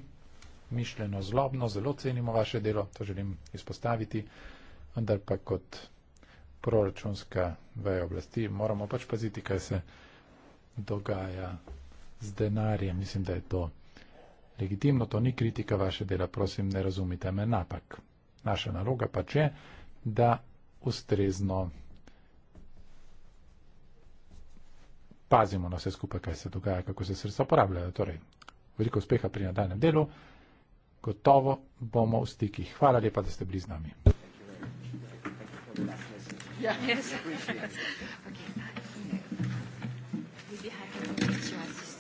Speaker 2: mišljeno zlobno, zelo cenimo vaše delo, to želim izpostaviti, vendar pa kot proračunska veja oblasti moramo pač paziti, kaj se dogaja z denarjem. Mislim, da je to legitimno, to ni kritika vaše dela, prosim, ne razumite me napak. Naša naloga pač je, da ustrezno pazimo na vse skupaj, kaj se dogaja, kako se sredstva porabljajo. Torej, veliko uspeha pri nadaljem delu, gotovo bomo v stikih. Hvala lepa, da ste bili z nami.
Speaker 1: Yeah, ja, yes. okay.